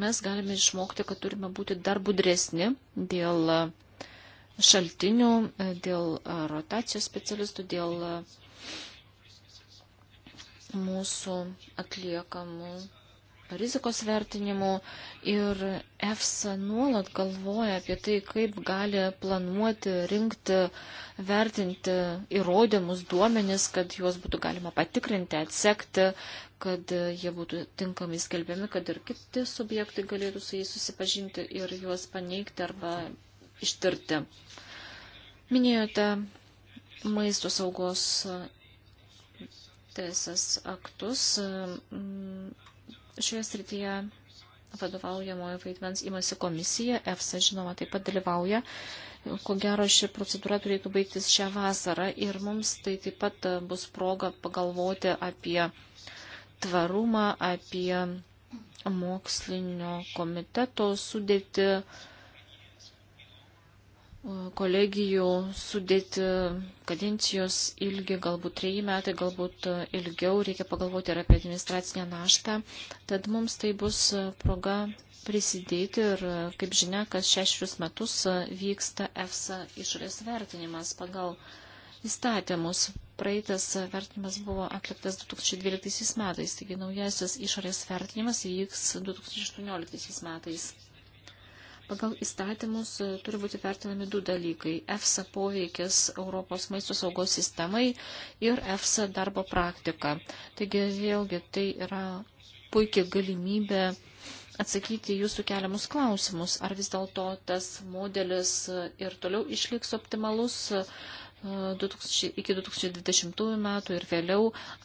Mes galime išmokti, kad turime būti dar budresni dėl šaltinių, dėl rotacijos specialistų, dėl mūsų atliekamų rizikos vertinimu ir EFSA nuolat galvoja apie tai, kaip gali planuoti, rinkti, vertinti įrodymus, duomenis, kad juos būtų galima patikrinti, atsekti, kad jie būtų tinkamai skelbiami, kad ir kiti subjektai galėtų su jais susipažinti ir juos paneigti arba ištirti. Minėjote maisto saugos teisės aktus, Šioje srityje vadovaujamojo vaidmens imasi komisija, EFSA žinoma taip pat dalyvauja. Ko gero ši procedūra turėtų baigtis šią vasarą ir mums tai taip pat e, bus proga pagalvoti apie tvarumą, apie mokslinio komiteto sudėti kolegijų sudėti kadencijos ilgį, galbūt treji metai, galbūt e, ilgiau, reikia pagalvoti ir apie administracinę naštą. Tad mums tai bus e, proga prisidėti ir, e, kaip žinia, kas šešius metus vyksta EFSA išorės vertinimas pagal įstatymus. Praeitas vertinimas buvo atliktas 2012 metais, taigi naujasis išorės vertinimas vyks 2018 metais. Pagal įstatymus e, turi būti vertinami du dalykai - EFSA poveikis Europos maisto saugos sistemai ir EFSA darbo praktika. Taigi vėlgi tai yra puikia galimybė atsakyti jūsų keliamus klausimus, ar vis dėlto tas modelis e, ir toliau išliks optimalus, 2000, e, iki 2020 metų ir vėliau,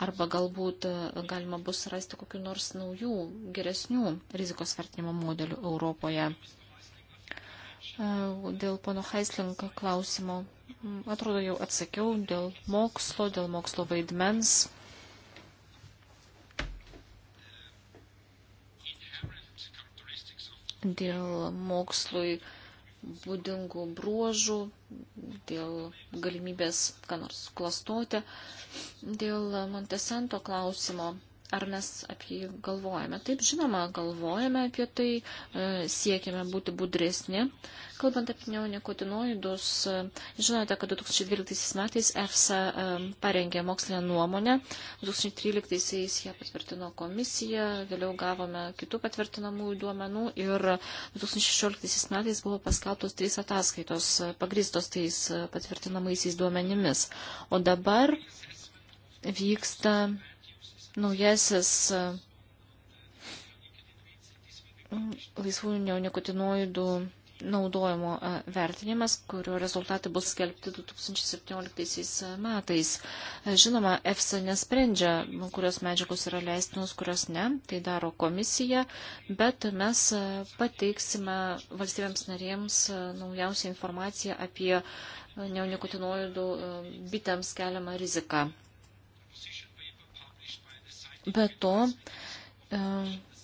arba galbūt galima bus rasti kokiu nors naujų, geresnių rizikos vertinimo modelių Europoje. Dėl pono Heisling klausimo, mm, atrodo, jau atsakiau dėl mokslo, dėl mokslo vaidmens. Dėl mokslui būdingų bruožų, dėl galimybės ką nors klastoti. Dėl Montesento klausimo Ar mes apie jį galvojame? Taip, žinoma, galvojame apie tai, e, siekiame būti budresni. Kalbant apie neonikotinoidus, e, žinote, kad 2012 metais EFSA e, parengė mokslinę nuomonę, 2013 ją patvirtino komisija, vėliau gavome kitų patvirtinamųjų duomenų ir 2016 metais buvo paskelbtos trys ataskaitos pagristos tais patvirtinamaisiais duomenimis. O dabar vyksta naujasis e, laisvųjų neonikotinoidų naudojimo e, vertinimas, kurio rezultatai bus skelbti 2017 e, metais. Žinoma, EFSA nesprendžia, nu, kurios medžiagos yra leistinos, kurios ne, tai daro komisija, bet mes pateiksime valstybėms narėms naujausią informaciją apie neonikotinoidų bitėms keliamą riziką. Be to, e,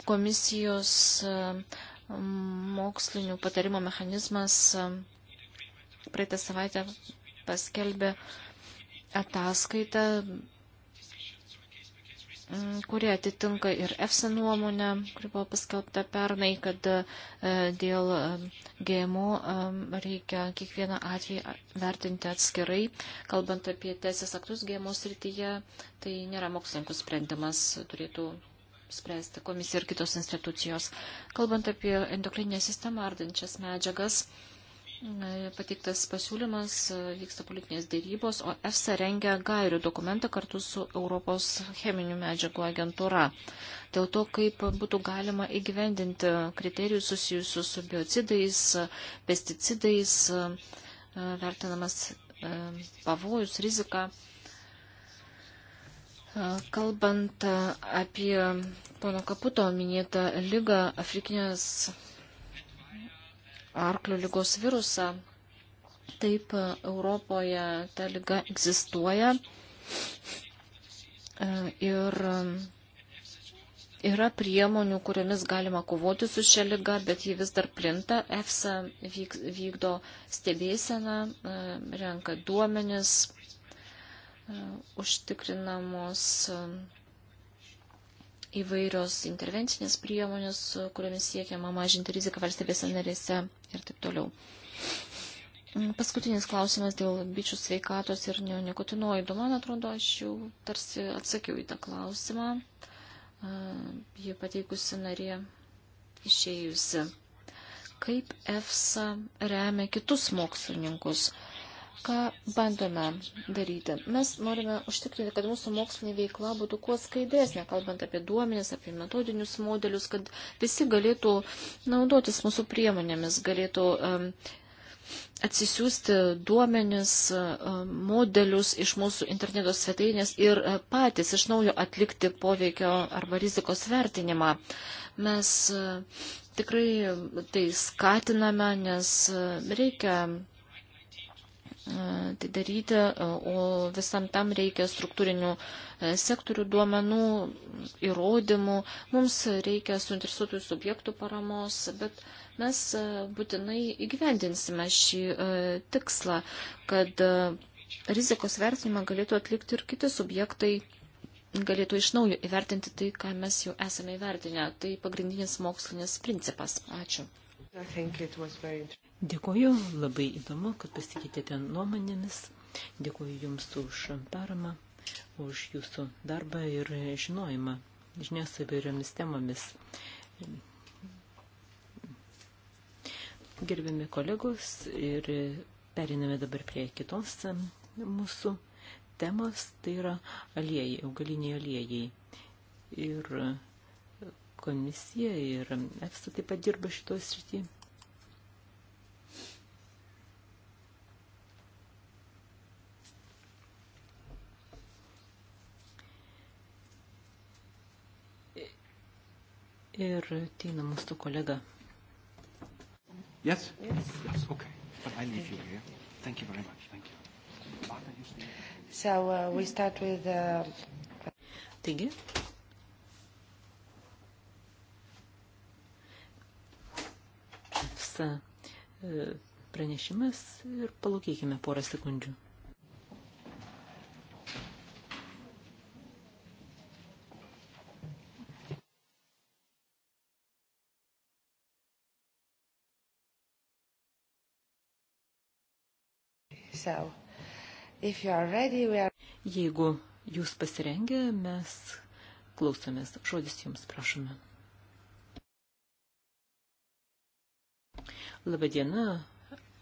komisijos e, mokslinių patarimo mechanizmas e, praeitą savaitę paskelbė ataskaitą Mm, kurie atitinka ir EFSA nuomonę, kuri buvo paskelbta pernai, kad e, dėl e, GMO e, reikia kiekvieną atvejį vertinti atskirai. Kalbant apie teisės aktus GMO srityje, tai nėra mokslininkų sprendimas, turėtų spręsti komisija ir kitos institucijos. Kalbant apie endokrininę sistemą ardančias medžiagas, Pateiktas pasiūlymas e, vyksta politinės dėrybos, o EFSA rengia gairių dokumentą kartu su Europos cheminių medžiagų agentūra. Dėl to, kaip būtų galima įgyvendinti kriterijus susijusius su biocidais, pesticidais, e, vertinamas e, pavojus, rizika. Kalbant apie pono Kaputo minėtą lygą, Afrikinės arklių lygos virusą. Taip, Europoje ta lyga egzistuoja e, ir yra priemonių, kuriomis galima kovoti su šia lyga, bet ji vis dar plinta. EFSA vykdo stebėseną, e, renka duomenis, e, užtikrinamos įvairios intervencinės priemonės, kuriomis siekiama mažinti riziką valstybėse narėse ir taip toliau. Mm, paskutinis klausimas dėl bičių sveikatos ir neonikotinoidų. Man atrodo, aš jau tarsi atsakiau į tą klausimą. Jį pateikusi narė išėjusi. Kaip EFSA remia kitus mokslininkus? ką bandome daryti. Mes norime užtikrinti, kad mūsų mokslinė veikla būtų kuo skaidresnė, kalbant apie duomenis, apie metodinius modelius, kad visi galėtų naudotis mūsų priemonėmis, galėtų um, atsisiųsti duomenis, um, modelius iš mūsų interneto svetainės ir uh, patys iš naujo atlikti poveikio arba rizikos vertinimą. Mes uh, tikrai tai skatiname, nes uh, reikia tai daryti, e, o visam tam reikia struktūrinių e, sektorių duomenų, įrodymų, mums reikia suinteresuotų subjektų paramos, bet mes e, būtinai įgyvendinsime šį tikslą, kad rizikos vertinimą galėtų atlikti ir kiti subjektai galėtų iš naujo įvertinti tai, ką mes jau esame įvertinę. Tai pagrindinis mokslinis principas. Ačiū. Dėkoju, labai įdomu, kad pasikeitėte nuomonėmis. Dėkoju Jums už paramą, už Jūsų darbą ir žinojimą žinias įvairiomis temomis. Gerbiami kolegos ir periname dabar prie kitos mūsų temos, tai yra aliejai, augaliniai aliejai. Ir komisija ir EFSA taip pat dirba šitoje srityje ir ateina mūsų kolega. Yes? Yes. yes. Okay. But I leave you here. Thank you very much. Thank you. Martha, you stay. So uh, we start with. Uh... Taigi. Visa e, pranešimas ir palaukėkime porą sekundžių. So, if you are ready, we are... Jeigu jūs pasirengę, mes klausomės. Žodis jums prašome. Labadiena,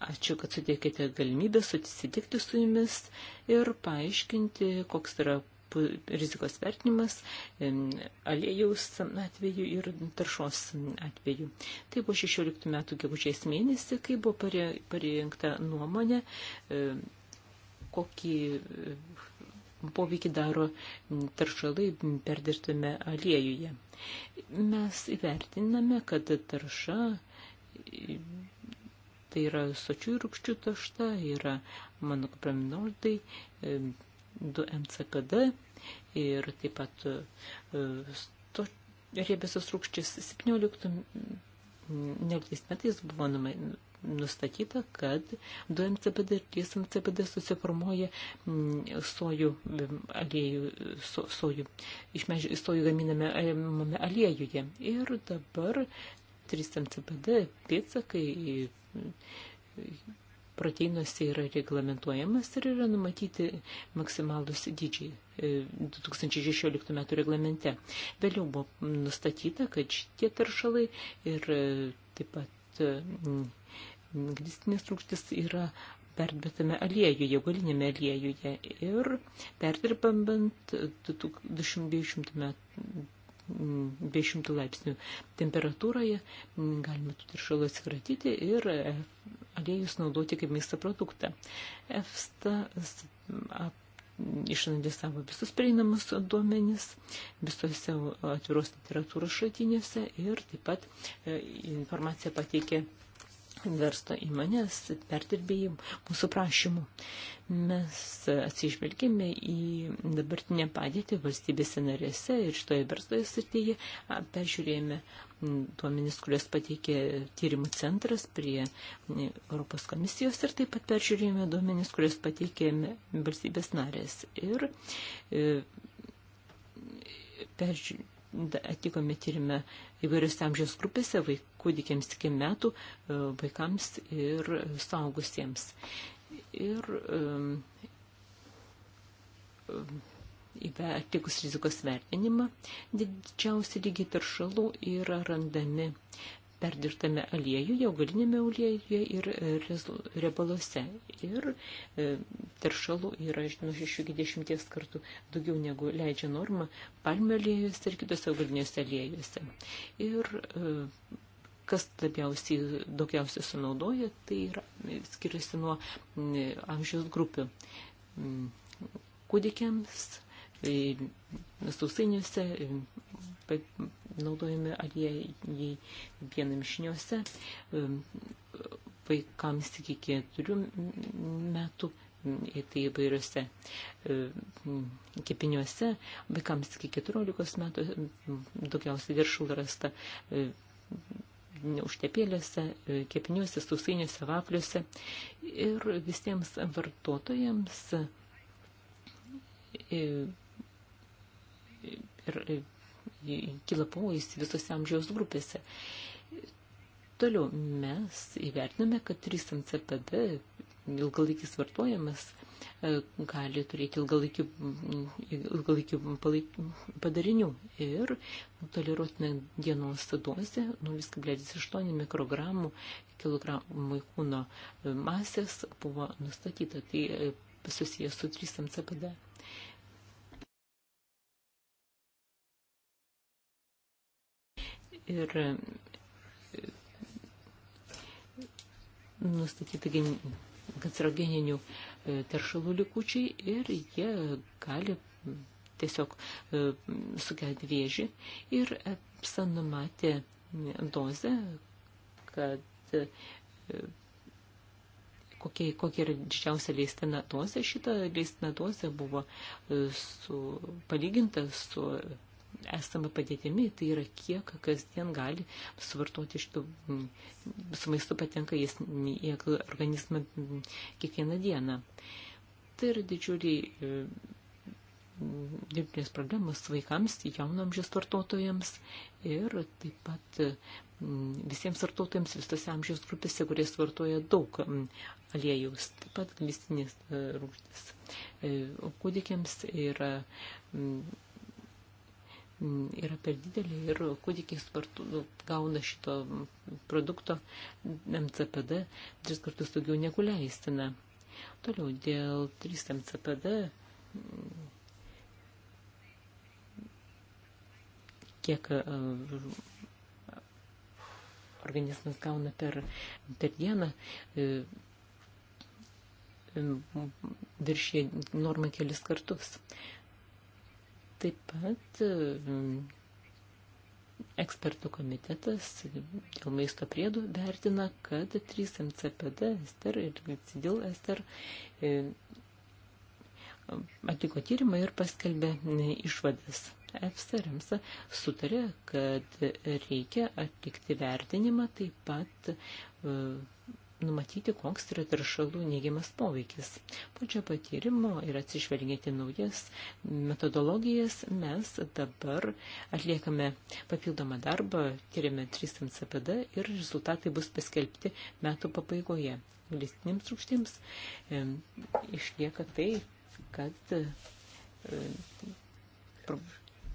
ačiū, kad sudėkite galimybę susitikti su jumis ir paaiškinti, koks yra rizikos vertinimas aliejaus atveju ir taršos atveju. Tai buvo 16 metų gegužės mėnesį, kai buvo parengta nuomonė, kokį poveikį daro taršalai perdirbtame aliejuje. Mes įvertiname, kad tarša tai yra sočių rūkščių tašta, yra manoklapraminoldai, du MCKD ir taip pat e, sto, riebėsios rūkščiais 17 metais buvo nustatyta, kad 2 MCBD ir 3 MCBD susiformuoja mm, sojų aliejų, so, sojų, iš medžių sojų gaminame aliejuje. Ir dabar 3 MCBD pėtsakai proteinuose yra reglamentuojamas ir yra numatyti maksimalus dydžiai 2016 e, metų reglamente. Vėliau buvo nustatyta, kad šitie taršalai ir e, taip pat e, gristinės rūgštis yra perdirbtame aliejuje, augalinėme aliejuje ir perdirbant 200 metų be mm, šimtų laipsnių temperatūroje mm, galima tų teršalų atsikratyti ir e, aliejus naudoti kaip maisto produktą. EFSTA išanalizavo visus prieinamus duomenis visose atviros literatūros šaltinėse ir taip pat e, informaciją pateikė versto įmonės perdirbėjai mūsų prašymų. Mes atsižvelgėme į dabartinę padėtį valstybėse narėse ir šitoje versloje srityje peržiūrėjome duomenis, kurias pateikė tyrimų centras prie Europos komisijos ir taip pat peržiūrėjome duomenis, kurias pateikė valstybės narės. Ir e, peržiūrėjome atlikome tyrimę įvairiose amžiaus grupėse, kūdikiams iki metų, e, vaikams ir suaugusiems. Ir e, e, atlikus rizikos vertinimą, didžiausi lygiai taršalų yra randami perdirbtame aliejuje, augalinėme aliejuje ir e, riebaluose. Ir e, teršalų yra nuo 6-10 kartų daugiau negu leidžia norma palmių aliejuose ir kitose augalinėse aliejuose. Ir e, kas labiausiai daugiausiai sunaudoja, tai yra, skiriasi nuo amžiaus grupių. Mm, kūdikiams, sausainiuose, naudojami aliejai vienam šiniuose um, vaikams iki keturių metų į tai įvairiuose um, kepiniuose, vaikams iki 14 metų um, daugiausiai viršulų rasta užtepėlėse, kepiniuose, sausainiuose, vafliuose ir visiems vartotojams ir, ir kyla pavojus visose amžiaus grupėse. Toliau mes įvertiname, kad 3MCPD ilgalaikis vartojimas e, gali turėti ilgalaikių, ilgalaikių palaik, padarinių. Ir toleruotinę dienos dozę 0,8 mikrogramų kilogramų kūno masės buvo nustatyta. Tai e, susijęs su 3 MCPD. ir e, nustatyti kancerogeninių e, teršalų likučiai ir jie gali tiesiog e, sukelti vėžį. Ir EPSA numatė dozę, kad kokia, kokia yra didžiausia leistina dozė. Šita leistina dozė buvo su, palyginta su esama padėtimi, tai yra kiek kasdien gali suvartoti iš tų, su maistu patenka jis į organizmą kiekvieną dieną. Tai yra didžiuliai e, dirbtinės problemos vaikams, jaunamžiaus vartotojams ir taip pat visiems vartotojams visose amžiaus grupėse, kurie vartoja daug aliejus, taip pat glistinės e, rūgštis. O e, kūdikiams yra Mm, yra per didelė ir kūdikis nu, gauna šito produkto MCPD tris kartus daugiau negu leistina. Toliau dėl 3 MCPD mm, kiek e, organizmas gauna per, per dieną, e, viršė normą kelis kartus. Taip pat ekspertų komitetas dėl maisto priedų vertina, kad 3MCPD, ester ir cidil ester e, atliko tyrimą ir paskelbė išvadas. EFSA ir EMSA sutarė, kad reikia atlikti vertinimą, taip pat e, numatyti, koks yra taršalų neigiamas poveikis. Po čia patyrimo ir atsižvelgėti naujas metodologijas, mes dabar atliekame papildomą darbą, tyriame 3 MCPD ir rezultatai bus paskelbti metų pabaigoje. Listinėms rūkštėms e, išlieka tai, kad e,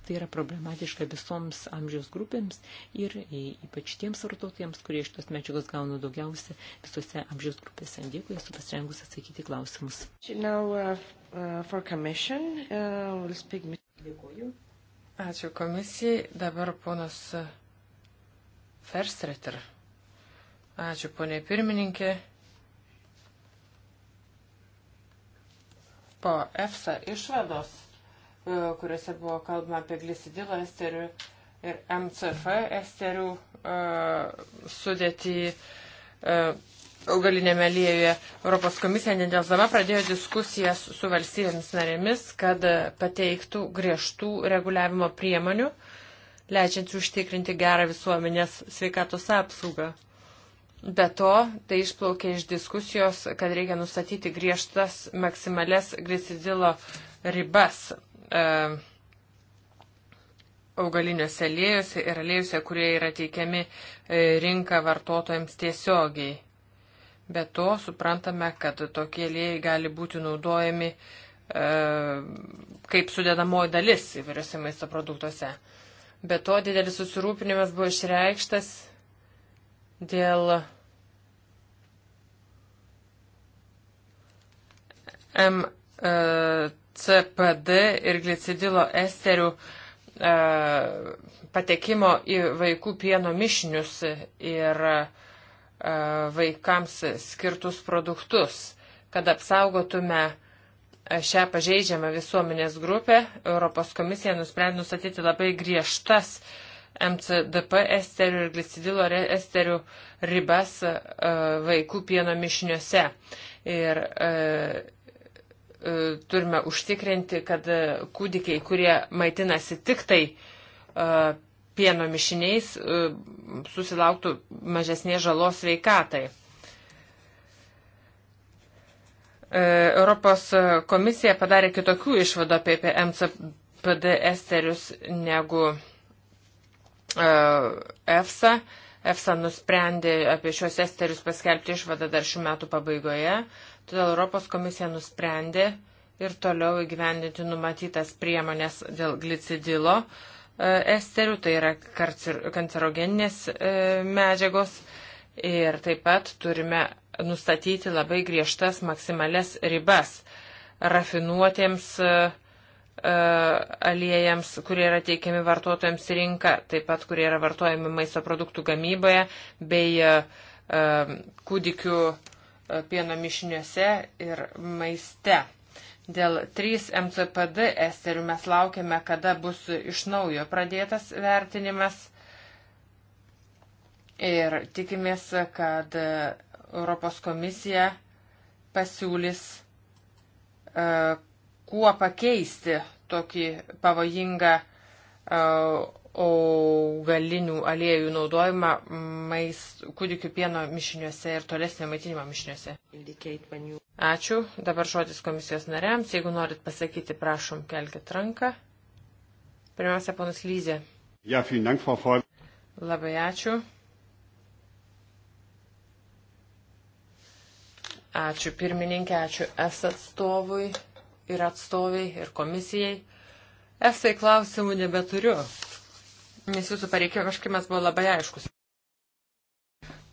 Tai yra problematiška visoms amžiaus grupėms ir ypač tiems vartotojams, kurie iš tos medžiagos gauna daugiausia visose amžiaus grupėse. Dėkui, esu pasirengus atsakyti klausimus. Now, uh, uh, uh we'll speak... Dėkuoju. Ačiū komisijai. Dabar ponas uh, Ferstreter. Ačiū, ponė pirmininkė. Po EFSA išvados E, kuriuose buvo kalbama apie glicidilo esterių ir MCF esterių e, sudėtį e, augalinėme aliejuje. Europos komisija nedėlzama pradėjo diskusijas su valstybėmis narėmis, kad pateiktų griežtų reguliavimo priemonių, leidžiančių užtikrinti gerą visuomenės sveikatos apsaugą. Be to, tai išplaukė iš diskusijos, kad reikia nustatyti griežtas maksimales glicidilo ribas E, augaliniuose aliejose ir aliejose, kurie yra teikiami e, rinka vartotojams tiesiogiai. Be to, suprantame, kad tokie aliejai gali būti naudojami e, kaip sudėdamoji dalis įvairiose maisto produktuose. Be to, didelis susirūpinimas buvo išreikštas dėl M. E, CPD ir glicidilo esterių e, patekimo į vaikų pieno mišinius ir e, vaikams skirtus produktus, kad apsaugotume e, šią pažeidžiamą visuomenės grupę, Europos komisija nusprendė nustatyti labai griežtas MCDP esterių ir glicidilo esterių ribas e, vaikų pieno mišiniuose. Ir e, E, turime užtikrinti, kad kūdikiai, kurie maitinasi tik tai e, pieno mišiniais, e, susilauktų mažesnės žalos sveikatai. Europos komisija padarė kitokių išvadų apie MCPD esterius negu EFSA. EFSA nusprendė apie šios esterius paskelbti išvadą dar šių metų pabaigoje. Uh, Todėl Europos komisija nusprendė ir toliau įgyvendinti numatytas priemonės dėl glicidilo e, esterių, tai yra kancerogeninės e, medžiagos. Ir taip pat turime nustatyti labai griežtas maksimales ribas rafinuotėms e, aliejams, kurie yra teikiami vartotojams rinka, taip pat kurie yra vartojami maisto produktų gamyboje bei kūdikių pieno mišiniuose ir maiste. Dėl 3 MCPD esterių mes laukiame, kada bus iš naujo pradėtas vertinimas ir tikimės, kad Europos komisija pasiūlys e, kuo pakeisti tokį pavojingą e, augalinių aliejų naudojimą mais, kūdikių pieno mišiniuose ir tolesnio maitinimo mišiniuose. Ačiū. Dabar žodis komisijos nariams. Jeigu norit pasakyti, prašom, kelkite ranką. Pirmiausia, ponas Lyzė. Ja, dank, Frau Labai ačiū. Ačiū pirmininkė, ačiū S atstovui ir atstoviai ir komisijai. Esai klausimų nebeturiu nes jūsų pareikėjo kažkimas buvo labai aiškus.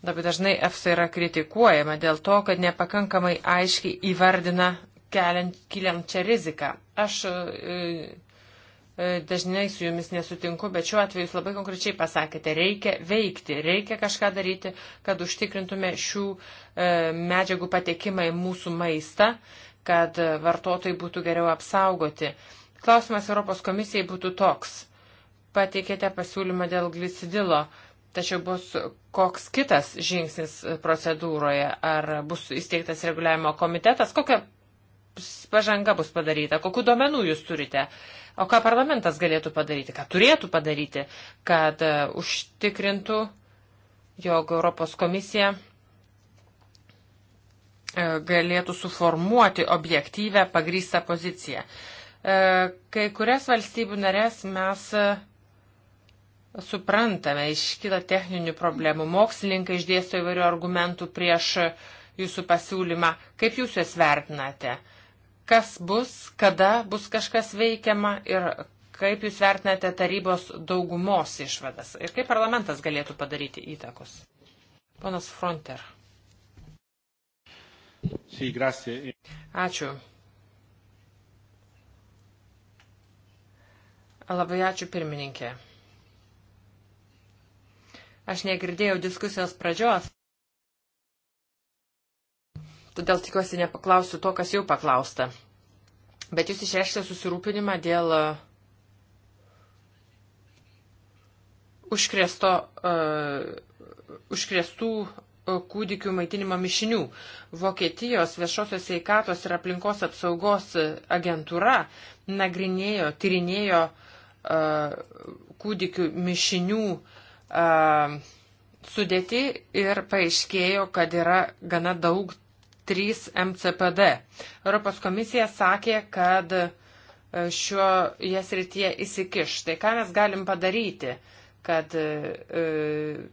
Labai dažnai EFSA yra kritikuojama dėl to, kad nepakankamai aiškiai įvardina keliant, kiliančią riziką. Aš e, e, dažnai su jumis nesutinku, bet šiuo atveju jūs labai konkrečiai pasakėte, reikia veikti, reikia kažką daryti, kad užtikrintume šių e, medžiagų patekimą į mūsų maistą, kad vartotojai būtų geriau apsaugoti. Klausimas Europos komisijai būtų toks pateikėte pasiūlymą dėl glicidilo, tačiau bus koks kitas žingsnis procedūroje, ar bus įsteigtas reguliavimo komitetas, kokia pažanga bus padaryta, kokiu duomenų jūs turite, o ką parlamentas galėtų padaryti, ką turėtų padaryti, kad e, užtikrintų, jog Europos komisija e, galėtų suformuoti objektyvę pagrįstą poziciją. E, kai kurias valstybių narės mes suprantame, iškyla techninių problemų. Mokslininkai išdėsto įvairių argumentų prieš jūsų pasiūlymą. Kaip jūs juos vertinate? Kas bus, kada bus kažkas veikiama ir kaip jūs vertinate tarybos daugumos išvadas ir kaip parlamentas galėtų padaryti įtakos? Ponas Fronter. Ačiū. Labai ačiū pirmininkė. Aš negirdėjau diskusijos pradžios. Todėl tikiuosi nepaklausiu to, kas jau paklausta. Bet jūs išreiškite susirūpinimą dėl užkresto, uh, užkrestų uh, uh, kūdikių maitinimo mišinių. Vokietijos viešosios sveikatos ir aplinkos apsaugos agentūra nagrinėjo, tyrinėjo uh, kūdikių mišinių uh, sudėti ir paaiškėjo, kad yra gana daug 3 MCPD. Europos komisija sakė, kad šio jas rytie įsikiš. Tai ką mes galim padaryti, kad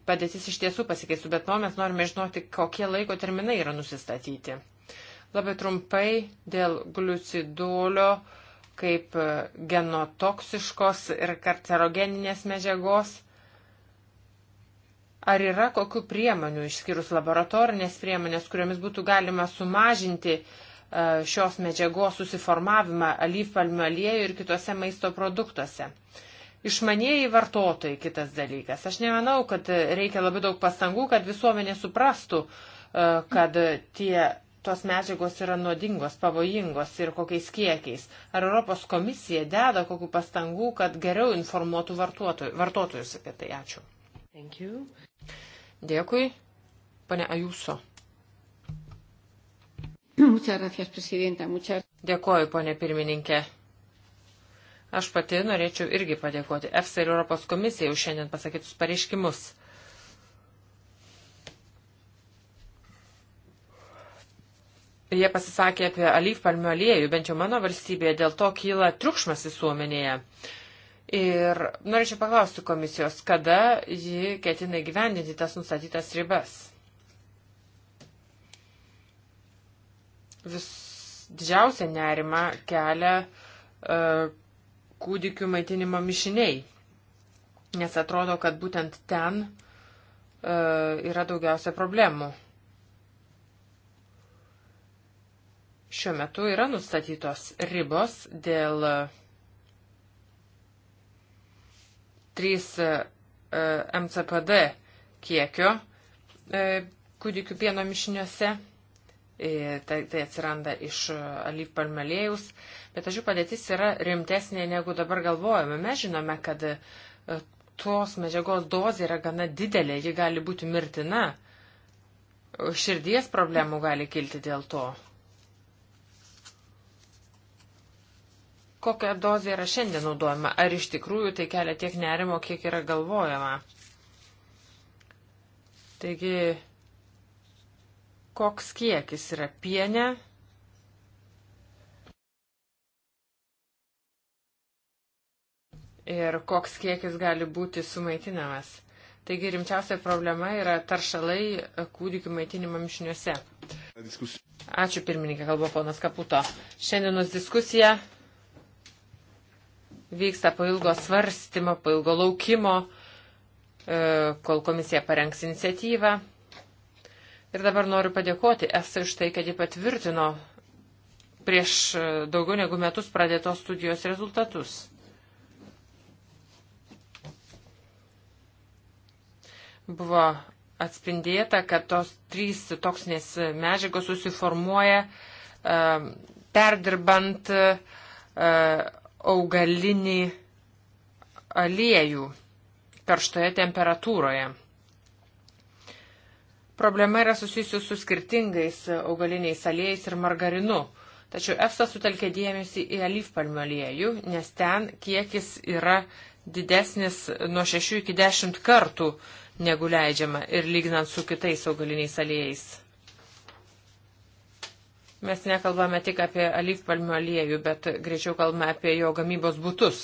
padėtis iš tiesų pasikeistų, bet to mes norime žinoti, kokie laiko terminai yra nusistatyti. Labai trumpai dėl gliucidolio kaip genotoksiškos ir karcerogeninės medžiagos Ar yra kokių priemonių, išskyrus laboratorinės priemonės, kuriomis būtų galima sumažinti e, šios medžiagos susiformavimą alyvpalmių aliejų ir kitose maisto produktuose? Išmanieji vartotojai kitas dalykas. Aš nemanau, kad reikia labai daug pastangų, kad visuomenė suprastų, e, kad tie tos medžiagos yra nuodingos, pavojingos ir kokiais kiekiais? Ar Europos komisija deda kokiu pastangų, kad geriau informuotų vartotojus apie tai? Ačiū. Dėkui, pane Ajuso. Dėkoju, ponė pirmininkė. Aš pati norėčiau irgi padėkoti EFSA ir Europos komisijai už šiandien pasakytus pareiškimus. Jie pasisakė apie alyvpalmių aliejų, bent jau mano valstybėje, dėl to kyla triukšmas visuomenėje. Uh, Ir norėčiau paklausti komisijos, kada ji ketina gyvendinti tas nustatytas ribas. Vis didžiausia nerima kelia uh, kūdikių maitinimo mišiniai, nes atrodo, kad būtent ten uh, yra daugiausia problemų. Šiuo metu yra nustatytos ribos dėl uh, 3 e, e, MCPD kiekio e, kūdikių pieno mišiniuose. Tai, tai atsiranda iš alyvpalmelėjus, bet aš jų padėtis yra rimtesnė negu dabar galvojame. Mes žinome, kad tos medžiagos dozė yra gana didelė, ji gali būti mirtina, širdies problemų gali kilti dėl to. kokia dozė yra šiandien naudojama, ar iš tikrųjų tai kelia tiek nerimo, kiek yra galvojama. Taigi, koks kiekis yra pienė? Ir koks kiekis gali būti sumaitinamas. Taigi rimčiausia problema yra taršalai kūdikių maitinimo mišiniuose. Ačiū pirmininkė, kalba ponas Kaputo. Šiandienos diskusija vyksta po ilgo svarstymo, po ilgo laukimo, e, kol komisija parengs iniciatyvą. Ir dabar noriu padėkoti ESA iš tai, kad ji patvirtino prieš e, daugiau negu metus pradėtos studijos rezultatus. Buvo atspindėta, kad tos trys toksinės medžiagos susiformuoja e, perdirbant augalinį aliejų karštoje temperatūroje. Problema yra susijusi su skirtingais augaliniais aliejais ir margarinu. Tačiau EFSA sutelkė dėmesį į alyvpalmių aliejų, nes ten kiekis yra didesnis nuo 6 iki 10 kartų negu leidžiama ir lyginant su kitais augaliniais aliejais. Mes nekalbame tik apie alyvpalmių aliejų, bet greičiau kalbame apie jo gamybos būtus.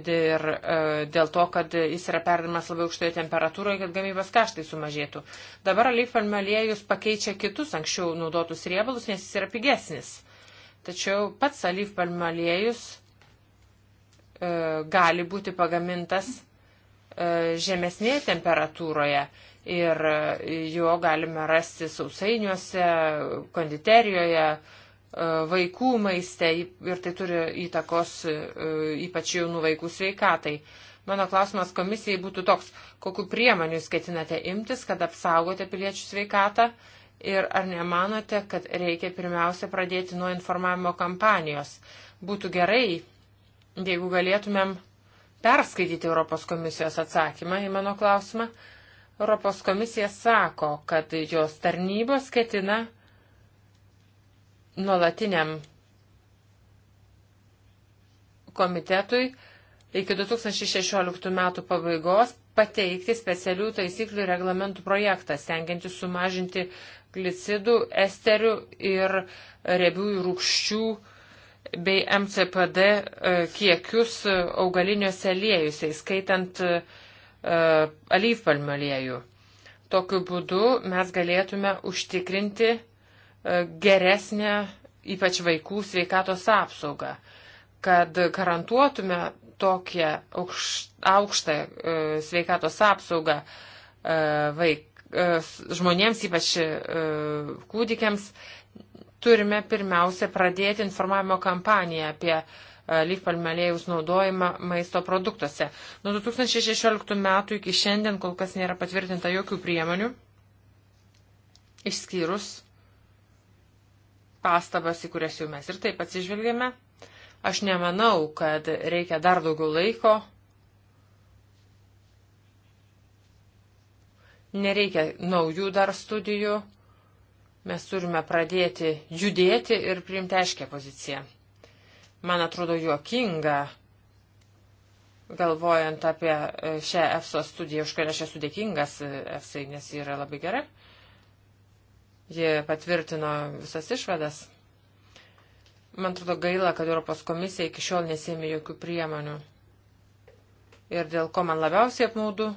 Ir e, dėl to, kad jis yra perdamas labai aukštoje temperatūroje, kad gamybos kaštai sumažėtų. Dabar alyvpalmių aliejus pakeičia kitus anksčiau naudotus riebalus, nes jis yra pigesnis. Tačiau pats alyvpalmių aliejus e, gali būti pagamintas e, žemesnėje temperatūroje ir jo galime rasti sausainiuose, konditerijoje, e, vaikų maiste ir tai turi įtakos e, ypač jaunų vaikų sveikatai. Mano klausimas komisijai būtų toks, kokiu priemoniu jūs ketinate imtis, kad apsaugote piliečių sveikatą ir ar nemanote, kad reikia pirmiausia pradėti nuo informavimo kampanijos. Būtų gerai, jeigu galėtumėm perskaityti Europos komisijos atsakymą į mano klausimą Europos komisija sako, kad jos tarnybos ketina nuolatiniam komitetui iki 2016 metų pabaigos pateikti specialių taisyklių ir reglamentų projektą, stengiantis sumažinti glicidų, esterių ir riebiųjų rūkščių bei MCPD e, kiekius e, augaliniuose liejusiai, skaitant e, E, alyvpalmių aliejų. Tokiu būdu mes galėtume užtikrinti e, geresnę, ypač vaikų sveikatos apsaugą, kad garantuotume tokią aukštą e, sveikatos apsaugą vaik, žmonėms, ypač kūdikiams, turime pirmiausia pradėti informavimo kampaniją apie uh, E, lygpalmių aliejus naudojimą maisto produktuose. Nuo 2016 metų iki šiandien kol kas nėra patvirtinta jokių priemonių, išskyrus pastabas, į kurias jau mes ir taip atsižvelgėme. Aš nemanau, kad reikia dar daugiau laiko. Nereikia naujų dar studijų. Mes turime pradėti judėti ir priimti aiškę poziciją. Man atrodo juokinga, galvojant apie e, šią EFSO studiją, už kurią aš esu dėkingas e, EFSA, nes ji yra labai gera. Ji patvirtino visas išvadas. Man atrodo gaila, kad Europos komisija iki šiol nesėmė jokių priemonių. Ir dėl ko man labiausiai apmaudu?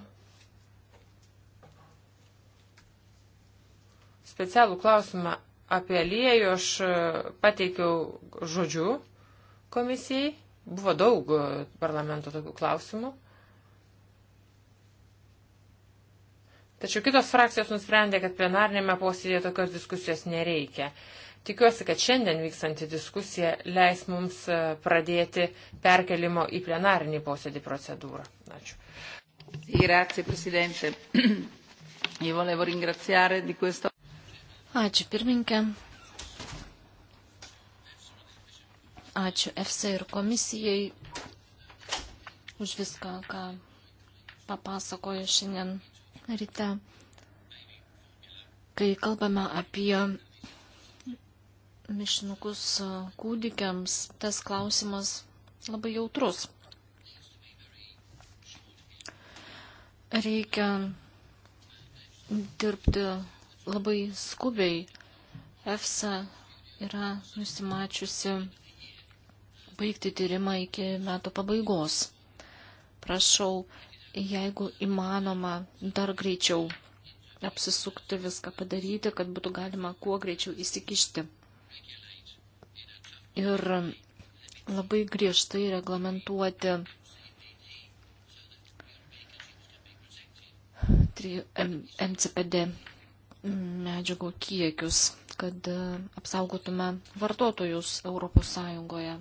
Specialų klausimą apie aliejų aš e, pateikiau žodžiu komisijai. Buvo daug e, parlamento tokių klausimų. Tačiau kitos frakcijos nusprendė, kad plenarnėme posėdėje tokios diskusijos nereikia. Tikiuosi, kad šiandien vykstanti diskusija leis mums e, pradėti perkelimo į plenarinį posėdį procedūrą. Ačiū. Grazie, Presidente. Io volevo ringraziare di questo. Ačiū, pirmininkė. Ačiū FC ir komisijai už viską, ką papasakojo šiandien ryte. Kai kalbame apie mišinukus kūdikiams, tas klausimas labai jautrus. Reikia dirbti labai skubiai. EFSA yra nusimačiusi baigti tyrimą iki metų pabaigos. Prašau, jeigu įmanoma, dar greičiau apsisukti viską padaryti, kad būtų galima kuo greičiau įsikišti. Ir labai griežtai reglamentuoti 3 MCPD medžiagų kiekius, kad e, apsaugotume vartotojus Europos Sąjungoje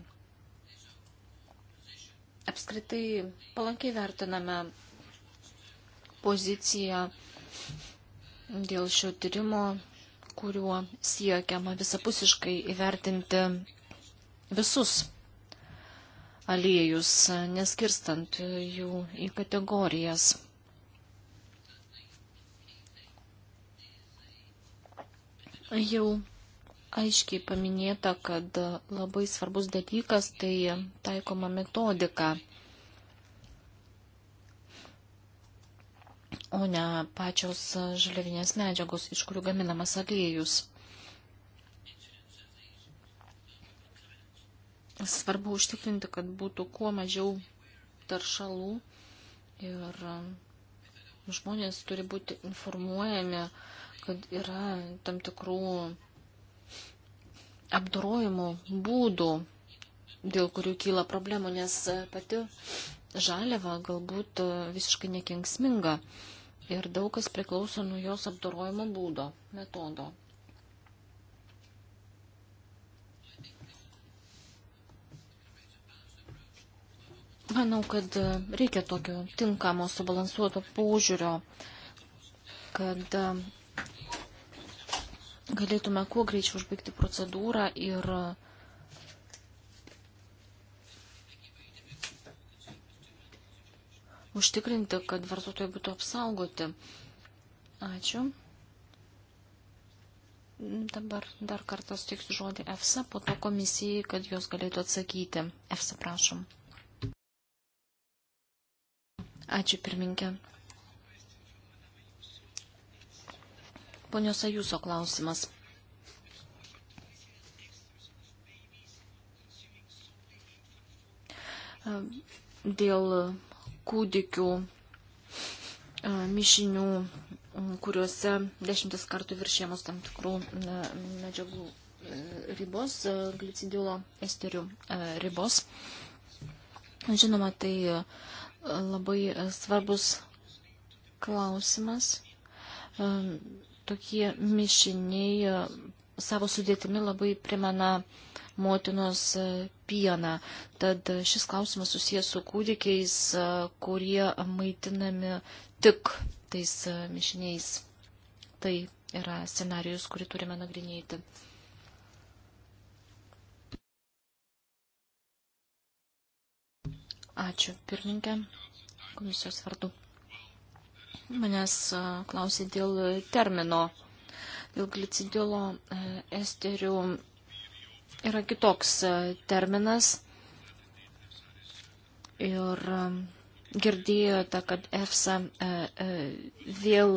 apskritai palankiai vertiname poziciją dėl šio tyrimo, kuriuo siekiama visapusiškai įvertinti visus aliejus, neskirstant jų į kategorijas. Jau aiškiai paminėta, kad labai svarbus dalykas tai taikoma metodika, o ne pačios žaliavinės medžiagos, iš kurių gaminamas aliejus. Svarbu užtikrinti, kad būtų kuo mažiau taršalų ir žmonės turi būti informuojami, kad yra tam tikrų apdorojimo būdų, dėl kurių kyla problemų, nes pati žaliava galbūt visiškai nekenksminga ir daug kas priklauso nuo jos apdorojimo būdo, metodo. Manau, kad reikia tokio tinkamo subalansuoto požiūrio, kad galėtume kuo greičiau užbaigti procedūrą ir užtikrinti, kad vartotojai būtų apsaugoti. Ačiū. Dabar dar kartą suteiksiu žodį EFSA, po to komisijai, kad jos galėtų atsakyti. EFSA, prašom. Ačiū, pirminkė. Ponios Ajuso klausimas. Dėl kūdikių e, mišinių, kuriuose dešimtis kartų viršėmos tam tikrų medžiagų e, ribos, e, glicidilo esterių ribos. Žinoma, tai labai svarbus klausimas. Tokie mišiniai e, savo sudėtimi labai primena motinos e, pieną. Tad e, šis klausimas susijęs su kūdikiais, kurie maitinami tik tais mišiniais. Tai yra scenarius, kurį turime nagrinėti. Ačiū, pirmininkė, komisijos vardu. Manęs klausė dėl termino. Dėl glicidilo e, esterių yra kitoks terminas. Ir girdėjote, kad EFSA e, e, vėl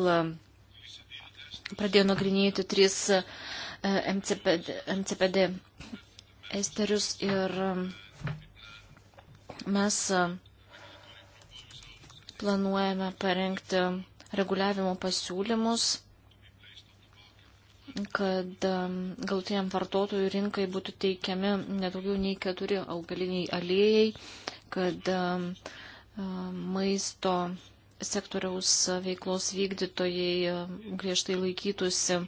pradėjo nagrinėti tris MCPD, MCPD esterius ir mes planuojame parengti reguliavimo pasiūlymus, kad um, galtiniam vartotojų rinkai būtų teikiami nedaugiau nei keturi augaliniai aliejai, kad um, um, maisto sektoriaus veiklos vykdytojai griežtai laikytųsi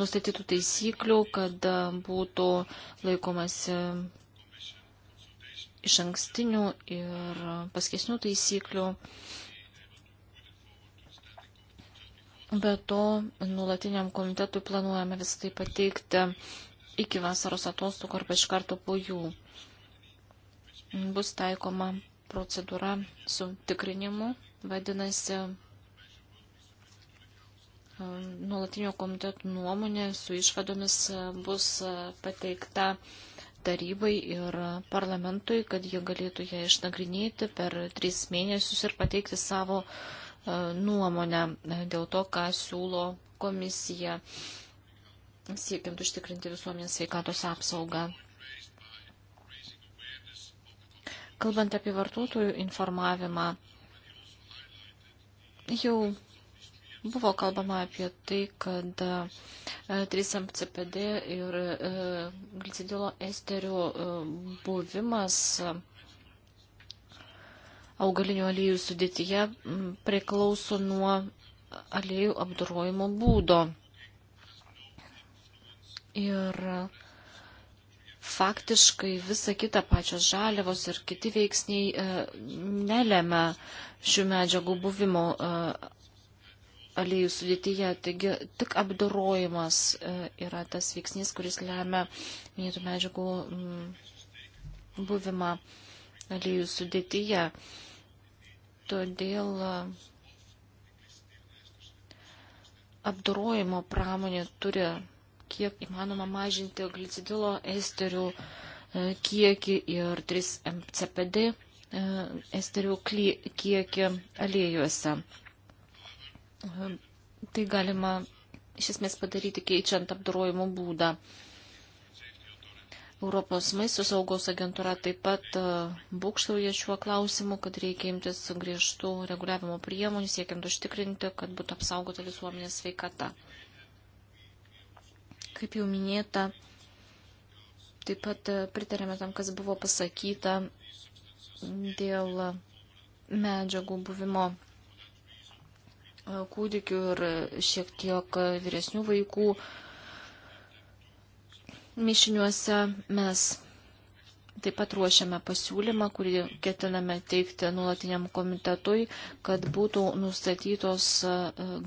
nustatytų taisyklių, kad būtų laikomasi iš ankstinių ir paskesnių taisyklių. Be to, nulatiniam komitetui planuojame visą tai pateikti iki vasaros atostogų arba iš karto po jų. Bus taikoma procedūra su tikrinimu, vadinasi, nuolatinio komitetų nuomonė su išvadomis bus pateikta tarybai ir parlamentui, kad jie galėtų ją išnagrinėti per tris mėnesius ir pateikti savo e, nuomonę e, dėl to, ką siūlo komisija siekiant užtikrinti visuomenės sveikatos apsaugą. Kalbant apie vartotojų informavimą, jau buvo kalbama apie tai, kad 3-MCPD ir e, glicidilo esterių e, buvimas e, augalinių aliejų sudėtyje priklauso nuo aliejų apdorojimo būdo. Ir faktiškai visa kita pačios žaliavos ir kiti veiksniai e, nelėmė šių medžiagų buvimo e, aliejų sudėtyje. Taigi tik apdorojimas e, yra tas veiksnys, kuris lemia minėtų medžiagų mm, buvimą aliejų sudėtyje. Todėl e, apdorojimo pramonė turi kiek įmanoma mažinti glicidilo esterių e, kiekį ir 3 MCPD esterių kiekį aliejose. Tai galima iš esmės padaryti keičiant apdorojimo būdą. Europos maisto saugos agentūra taip pat e, būkštauja šiuo klausimu, kad reikia imtis griežtų reguliavimo priemonių, siekiant užtikrinti, kad būtų apsaugota visuomenės sveikata. Kaip jau minėta, taip pat e, pritarėme tam, kas buvo pasakyta dėl medžiagų buvimo kūdikių ir šiek tiek vyresnių vaikų mišiniuose mes taip pat ruošiame pasiūlymą, kurį ketiname teikti nuolatiniam komitetui, kad būtų nustatytos e,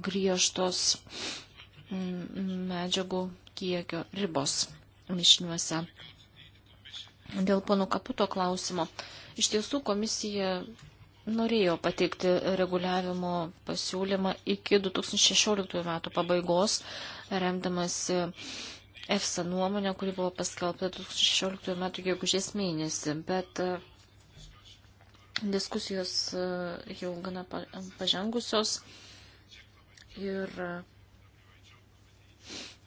griežtos mm, medžiagų kiekio ribos mišiniuose. Dėl pono kaputo klausimo. Iš tiesų komisija norėjo pateikti reguliavimo pasiūlymą iki 2016 metų pabaigos, remdamasi EFSA nuomonę, kuri buvo paskelbta 2016 metų gegužės mėnesį. Bet e, diskusijos e, jau gana pažengusios ir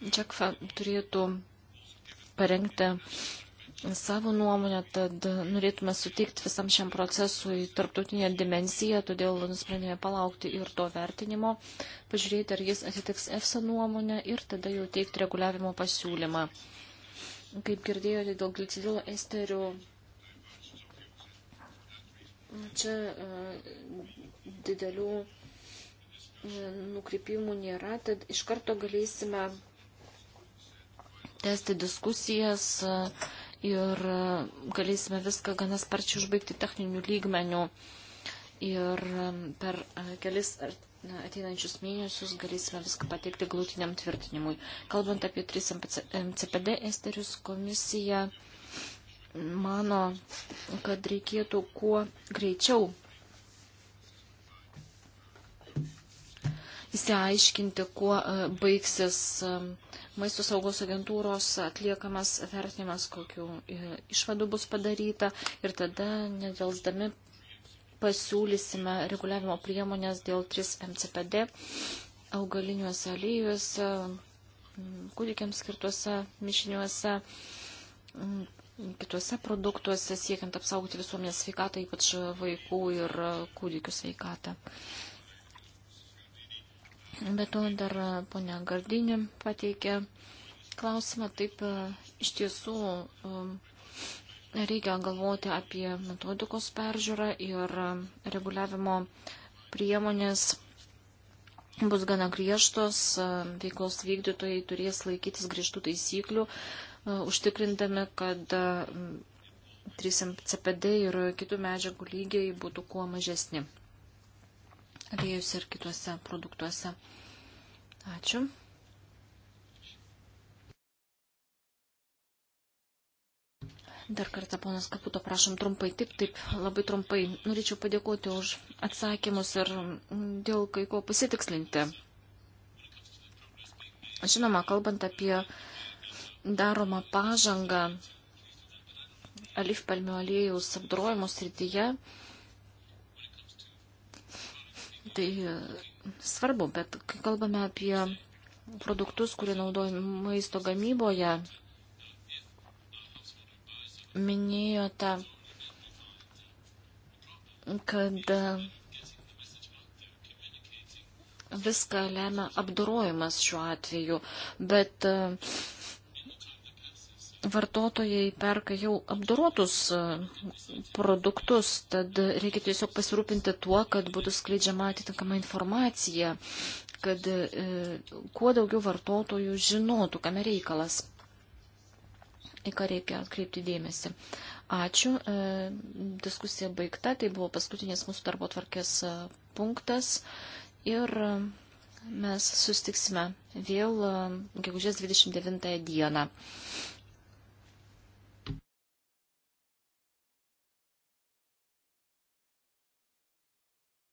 Džekfa turėtų parengti savo nuomonę, tad norėtume suteikti visam šiam procesui tarptautinę dimensiją, todėl nusprendėme palaukti ir to vertinimo, pažiūrėti, ar jis atitiks EFSA nuomonę ir tada jau teikti reguliavimo pasiūlymą. Kaip girdėjote, dėl glicidilo esterių. Čia uh, didelių uh, nukrypimų nėra, tad iš karto galėsime tęsti diskusijas. Uh, ir e, galėsime viską gana sparčiai užbaigti techninių lygmenių. Ir e, per e, kelis ateinančius mėnesius galėsime viską pateikti glutiniam tvirtinimui. Kalbant apie 3 MCPD esterius, komisija mano, kad reikėtų kuo greičiau įsiaiškinti, kuo baigsis uh, maisto saugos agentūros atliekamas vertinimas, kokiu e, išvadu bus padaryta ir tada nedelsdami pasiūlysime reguliavimo priemonės dėl 3 MCPD augaliniuose alyjuose, kūdikiams skirtuose mišiniuose, kituose produktuose, siekiant apsaugoti visuomenės sveikatą, ypač vaikų ir kūdikių sveikatą. Bet to dar e, ponia Gardinė pateikė klausimą. Taip, e, iš tiesų e, reikia galvoti apie metodikos peržiūrą ir reguliavimo priemonės bus gana griežtos, veiklos vykdytojai turės laikytis griežtų taisyklių, užtikrindami, kad 3MCPD ir kitų medžiagų lygiai būtų kuo mažesni aliejus ir kituose produktuose. Ačiū. Dar kartą, ponas Kaputo, prašom trumpai, taip, taip, labai trumpai. Norėčiau padėkoti už atsakymus ir dėl kai ko pasitikslinti. Žinoma, kalbant apie daromą pažangą alifpalmių aliejaus apdorojimo srityje, tai Tai e, svarbu, bet kai kalbame apie produktus, kurie naudojami maisto gamyboje, minėjote, kad e, viską lemia apdorojimas šiuo atveju, bet uh, vartotojai perka jau apdorotus e, produktus, tad reikia tiesiog pasirūpinti tuo, kad būtų skleidžiama atitinkama informacija, kad e, kuo daugiau vartotojų žinotų, kame reikalas, į ką reikia atkreipti dėmesį. Ačiū, e, diskusija baigta, tai buvo paskutinis mūsų darbo tvarkės e, punktas ir e, mes sustiksime vėl gegužės 29 dieną.